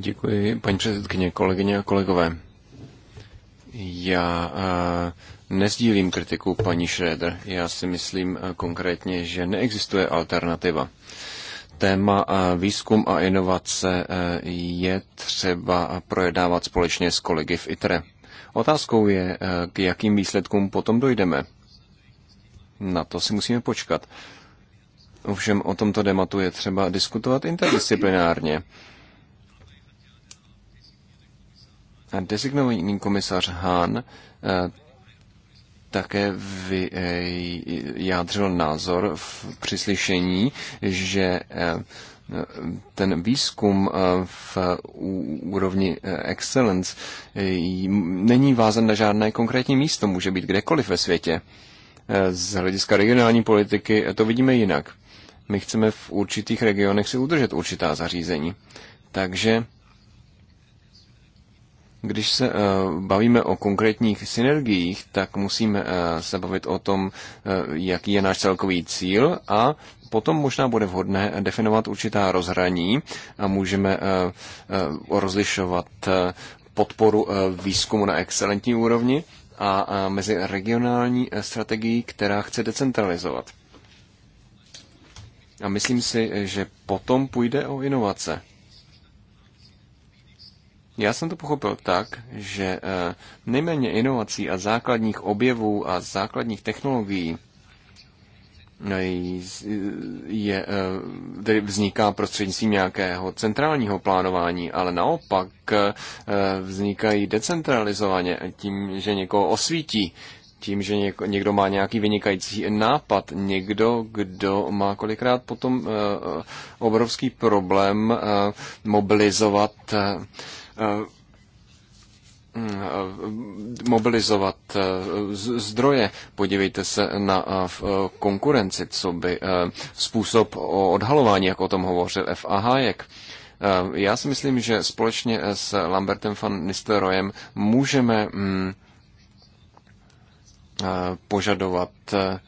S2: Děkuji, paní předsedkyně, kolegyně a kolegové. Já eh, nezdílím kritiku paní Schröder. Já si myslím eh, konkrétně, že neexistuje alternativa. Téma výzkum a inovace je třeba projednávat společně s kolegy v ITRE. Otázkou je, k jakým výsledkům potom dojdeme. Na to si musíme počkat. Ovšem o tomto tématu je třeba diskutovat interdisciplinárně. A designovaný komisař Hahn eh, také vyjádřil názor v přislyšení, že eh, ten výzkum eh, v úrovni excellence není vázen na žádné konkrétní místo, může být kdekoliv ve světě. Z hlediska regionální politiky to vidíme jinak. My chceme v určitých regionech si udržet určitá zařízení. Takže když se eh, bavíme o konkrétních synergiích, tak musíme eh, se bavit o tom, eh, jaký je náš celkový cíl a potom možná bude vhodné definovat určitá rozhraní a můžeme rozlišovat podporu výzkumu na excelentní úrovni a mezi regionální strategií, která chce decentralizovat. A myslím si, že potom půjde o inovace. Já jsem to pochopil tak, že eh, nejméně inovací a základních objevů a základních technologií eh, je, eh, tedy vzniká prostřednictvím nějakého centrálního plánování, ale naopak vznikají decentralizovaně tím, že někoho osvítí, tím, že někdo má nějaký vynikající nápad, někdo, kdo má kolikrát potom eh, eh, obrovský problém eh, mobilizovat mobilizovat zdroje. Podívejte se na konkurenci, co by způsob odhalování, jak o tom hovořil F. A. Hayek. Já si myslím, že společně s Lambertem van Nistelrojem můžeme mm, Eh, požadovat eh,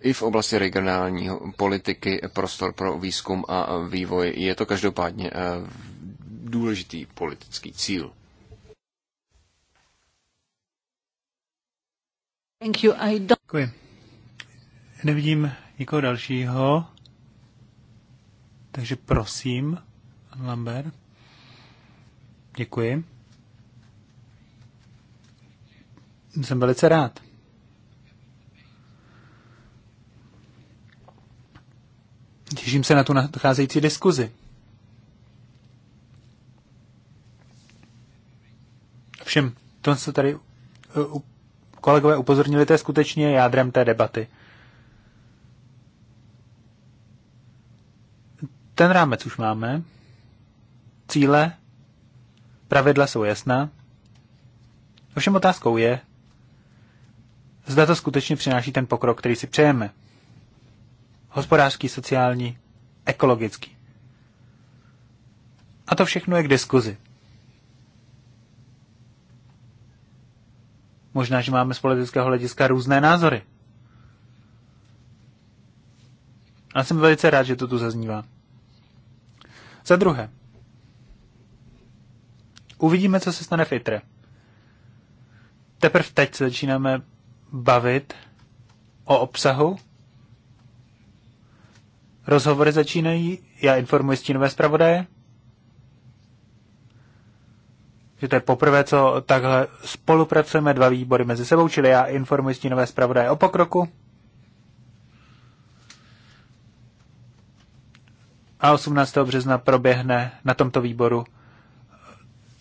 S2: i v oblasti regionální politiky prostor pro výzkum a vývoj. Je to každopádně eh, důležitý politický cíl.
S1: Thank you. I don't... Děkuji. Nevidím nikoho dalšího, takže prosím, Lambert. Děkuji. jsem velice rád. Těším se na tu nadcházející diskuzi. Všem, to, co tady eh, kolegové upozornili, to je skutečně jádrem té debaty. Ten rámec už máme, cíle, pravidla jsou jasná, ovšem otázkou je, zda to skutečně přináší ten pokrok, který si přejeme. Hospodářský, sociální, ekologický. A to všechno je k diskuzi. Možná, že máme z politického hlediska různé názory. Ale jsem velice rád, že to tu zaznívá. Za druhé, uvidíme, co se stane v ITRE. Teprve teď se začínáme bavit o obsahu. Rozhovory začínají, já informuji stínové zpravodaje, že to je poprvé, co takhle spolupracujeme dva výbory mezi sebou, čili já informuji stínové zpravodaje o pokroku. A 18. března proběhne na tomto výboru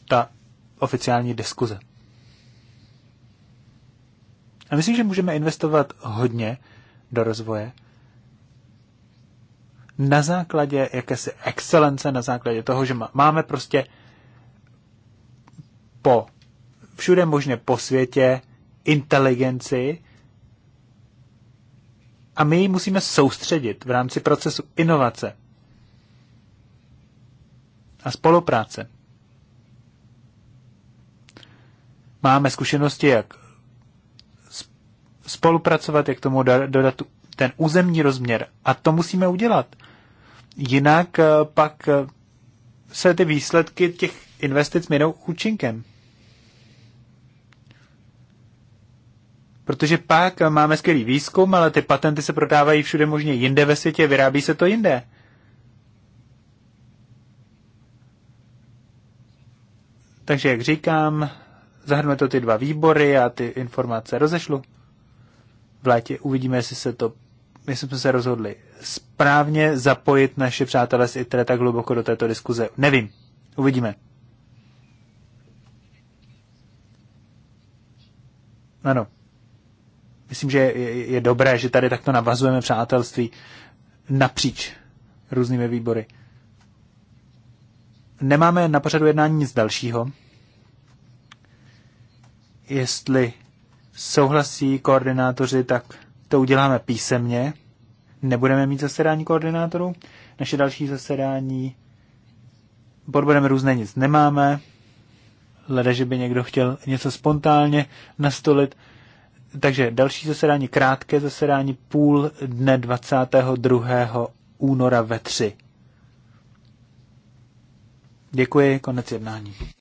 S1: ta oficiální diskuze. A myslím, že můžeme investovat hodně do rozvoje na základě jakési excelence, na základě toho, že máme prostě po všude možně po světě inteligenci a my ji musíme soustředit v rámci procesu inovace a spolupráce. Máme zkušenosti jak spolupracovat, jak tomu dodat ten územní rozměr. A to musíme udělat. Jinak eh, pak eh, se ty výsledky těch investic minou účinkem. Protože pak máme skvělý výzkum, ale ty patenty se prodávají všude možně jinde ve světě, vyrábí se to jinde. Takže, jak říkám, zahrneme to ty dva výbory a ty informace rozešlu v létě. Uvidíme, jestli se to my jsme se rozhodli správně zapojit naše přátelé z ITRE tak hluboko do této diskuze. Nevím. Uvidíme. Ano. Myslím, že je, je dobré, že tady takto navazujeme přátelství napříč různými výbory. Nemáme na pořadu jednání nic dalšího. Jestli souhlasí koordinátoři, tak to uděláme písemně. Nebudeme mít zasedání koordinátorů. Naše další zasedání pod bodem různé nic nemáme. Leda, že by někdo chtěl něco spontánně nastolit. Takže další zasedání, krátké zasedání, půl dne 22. února ve 3. Děkuji, konec jednání.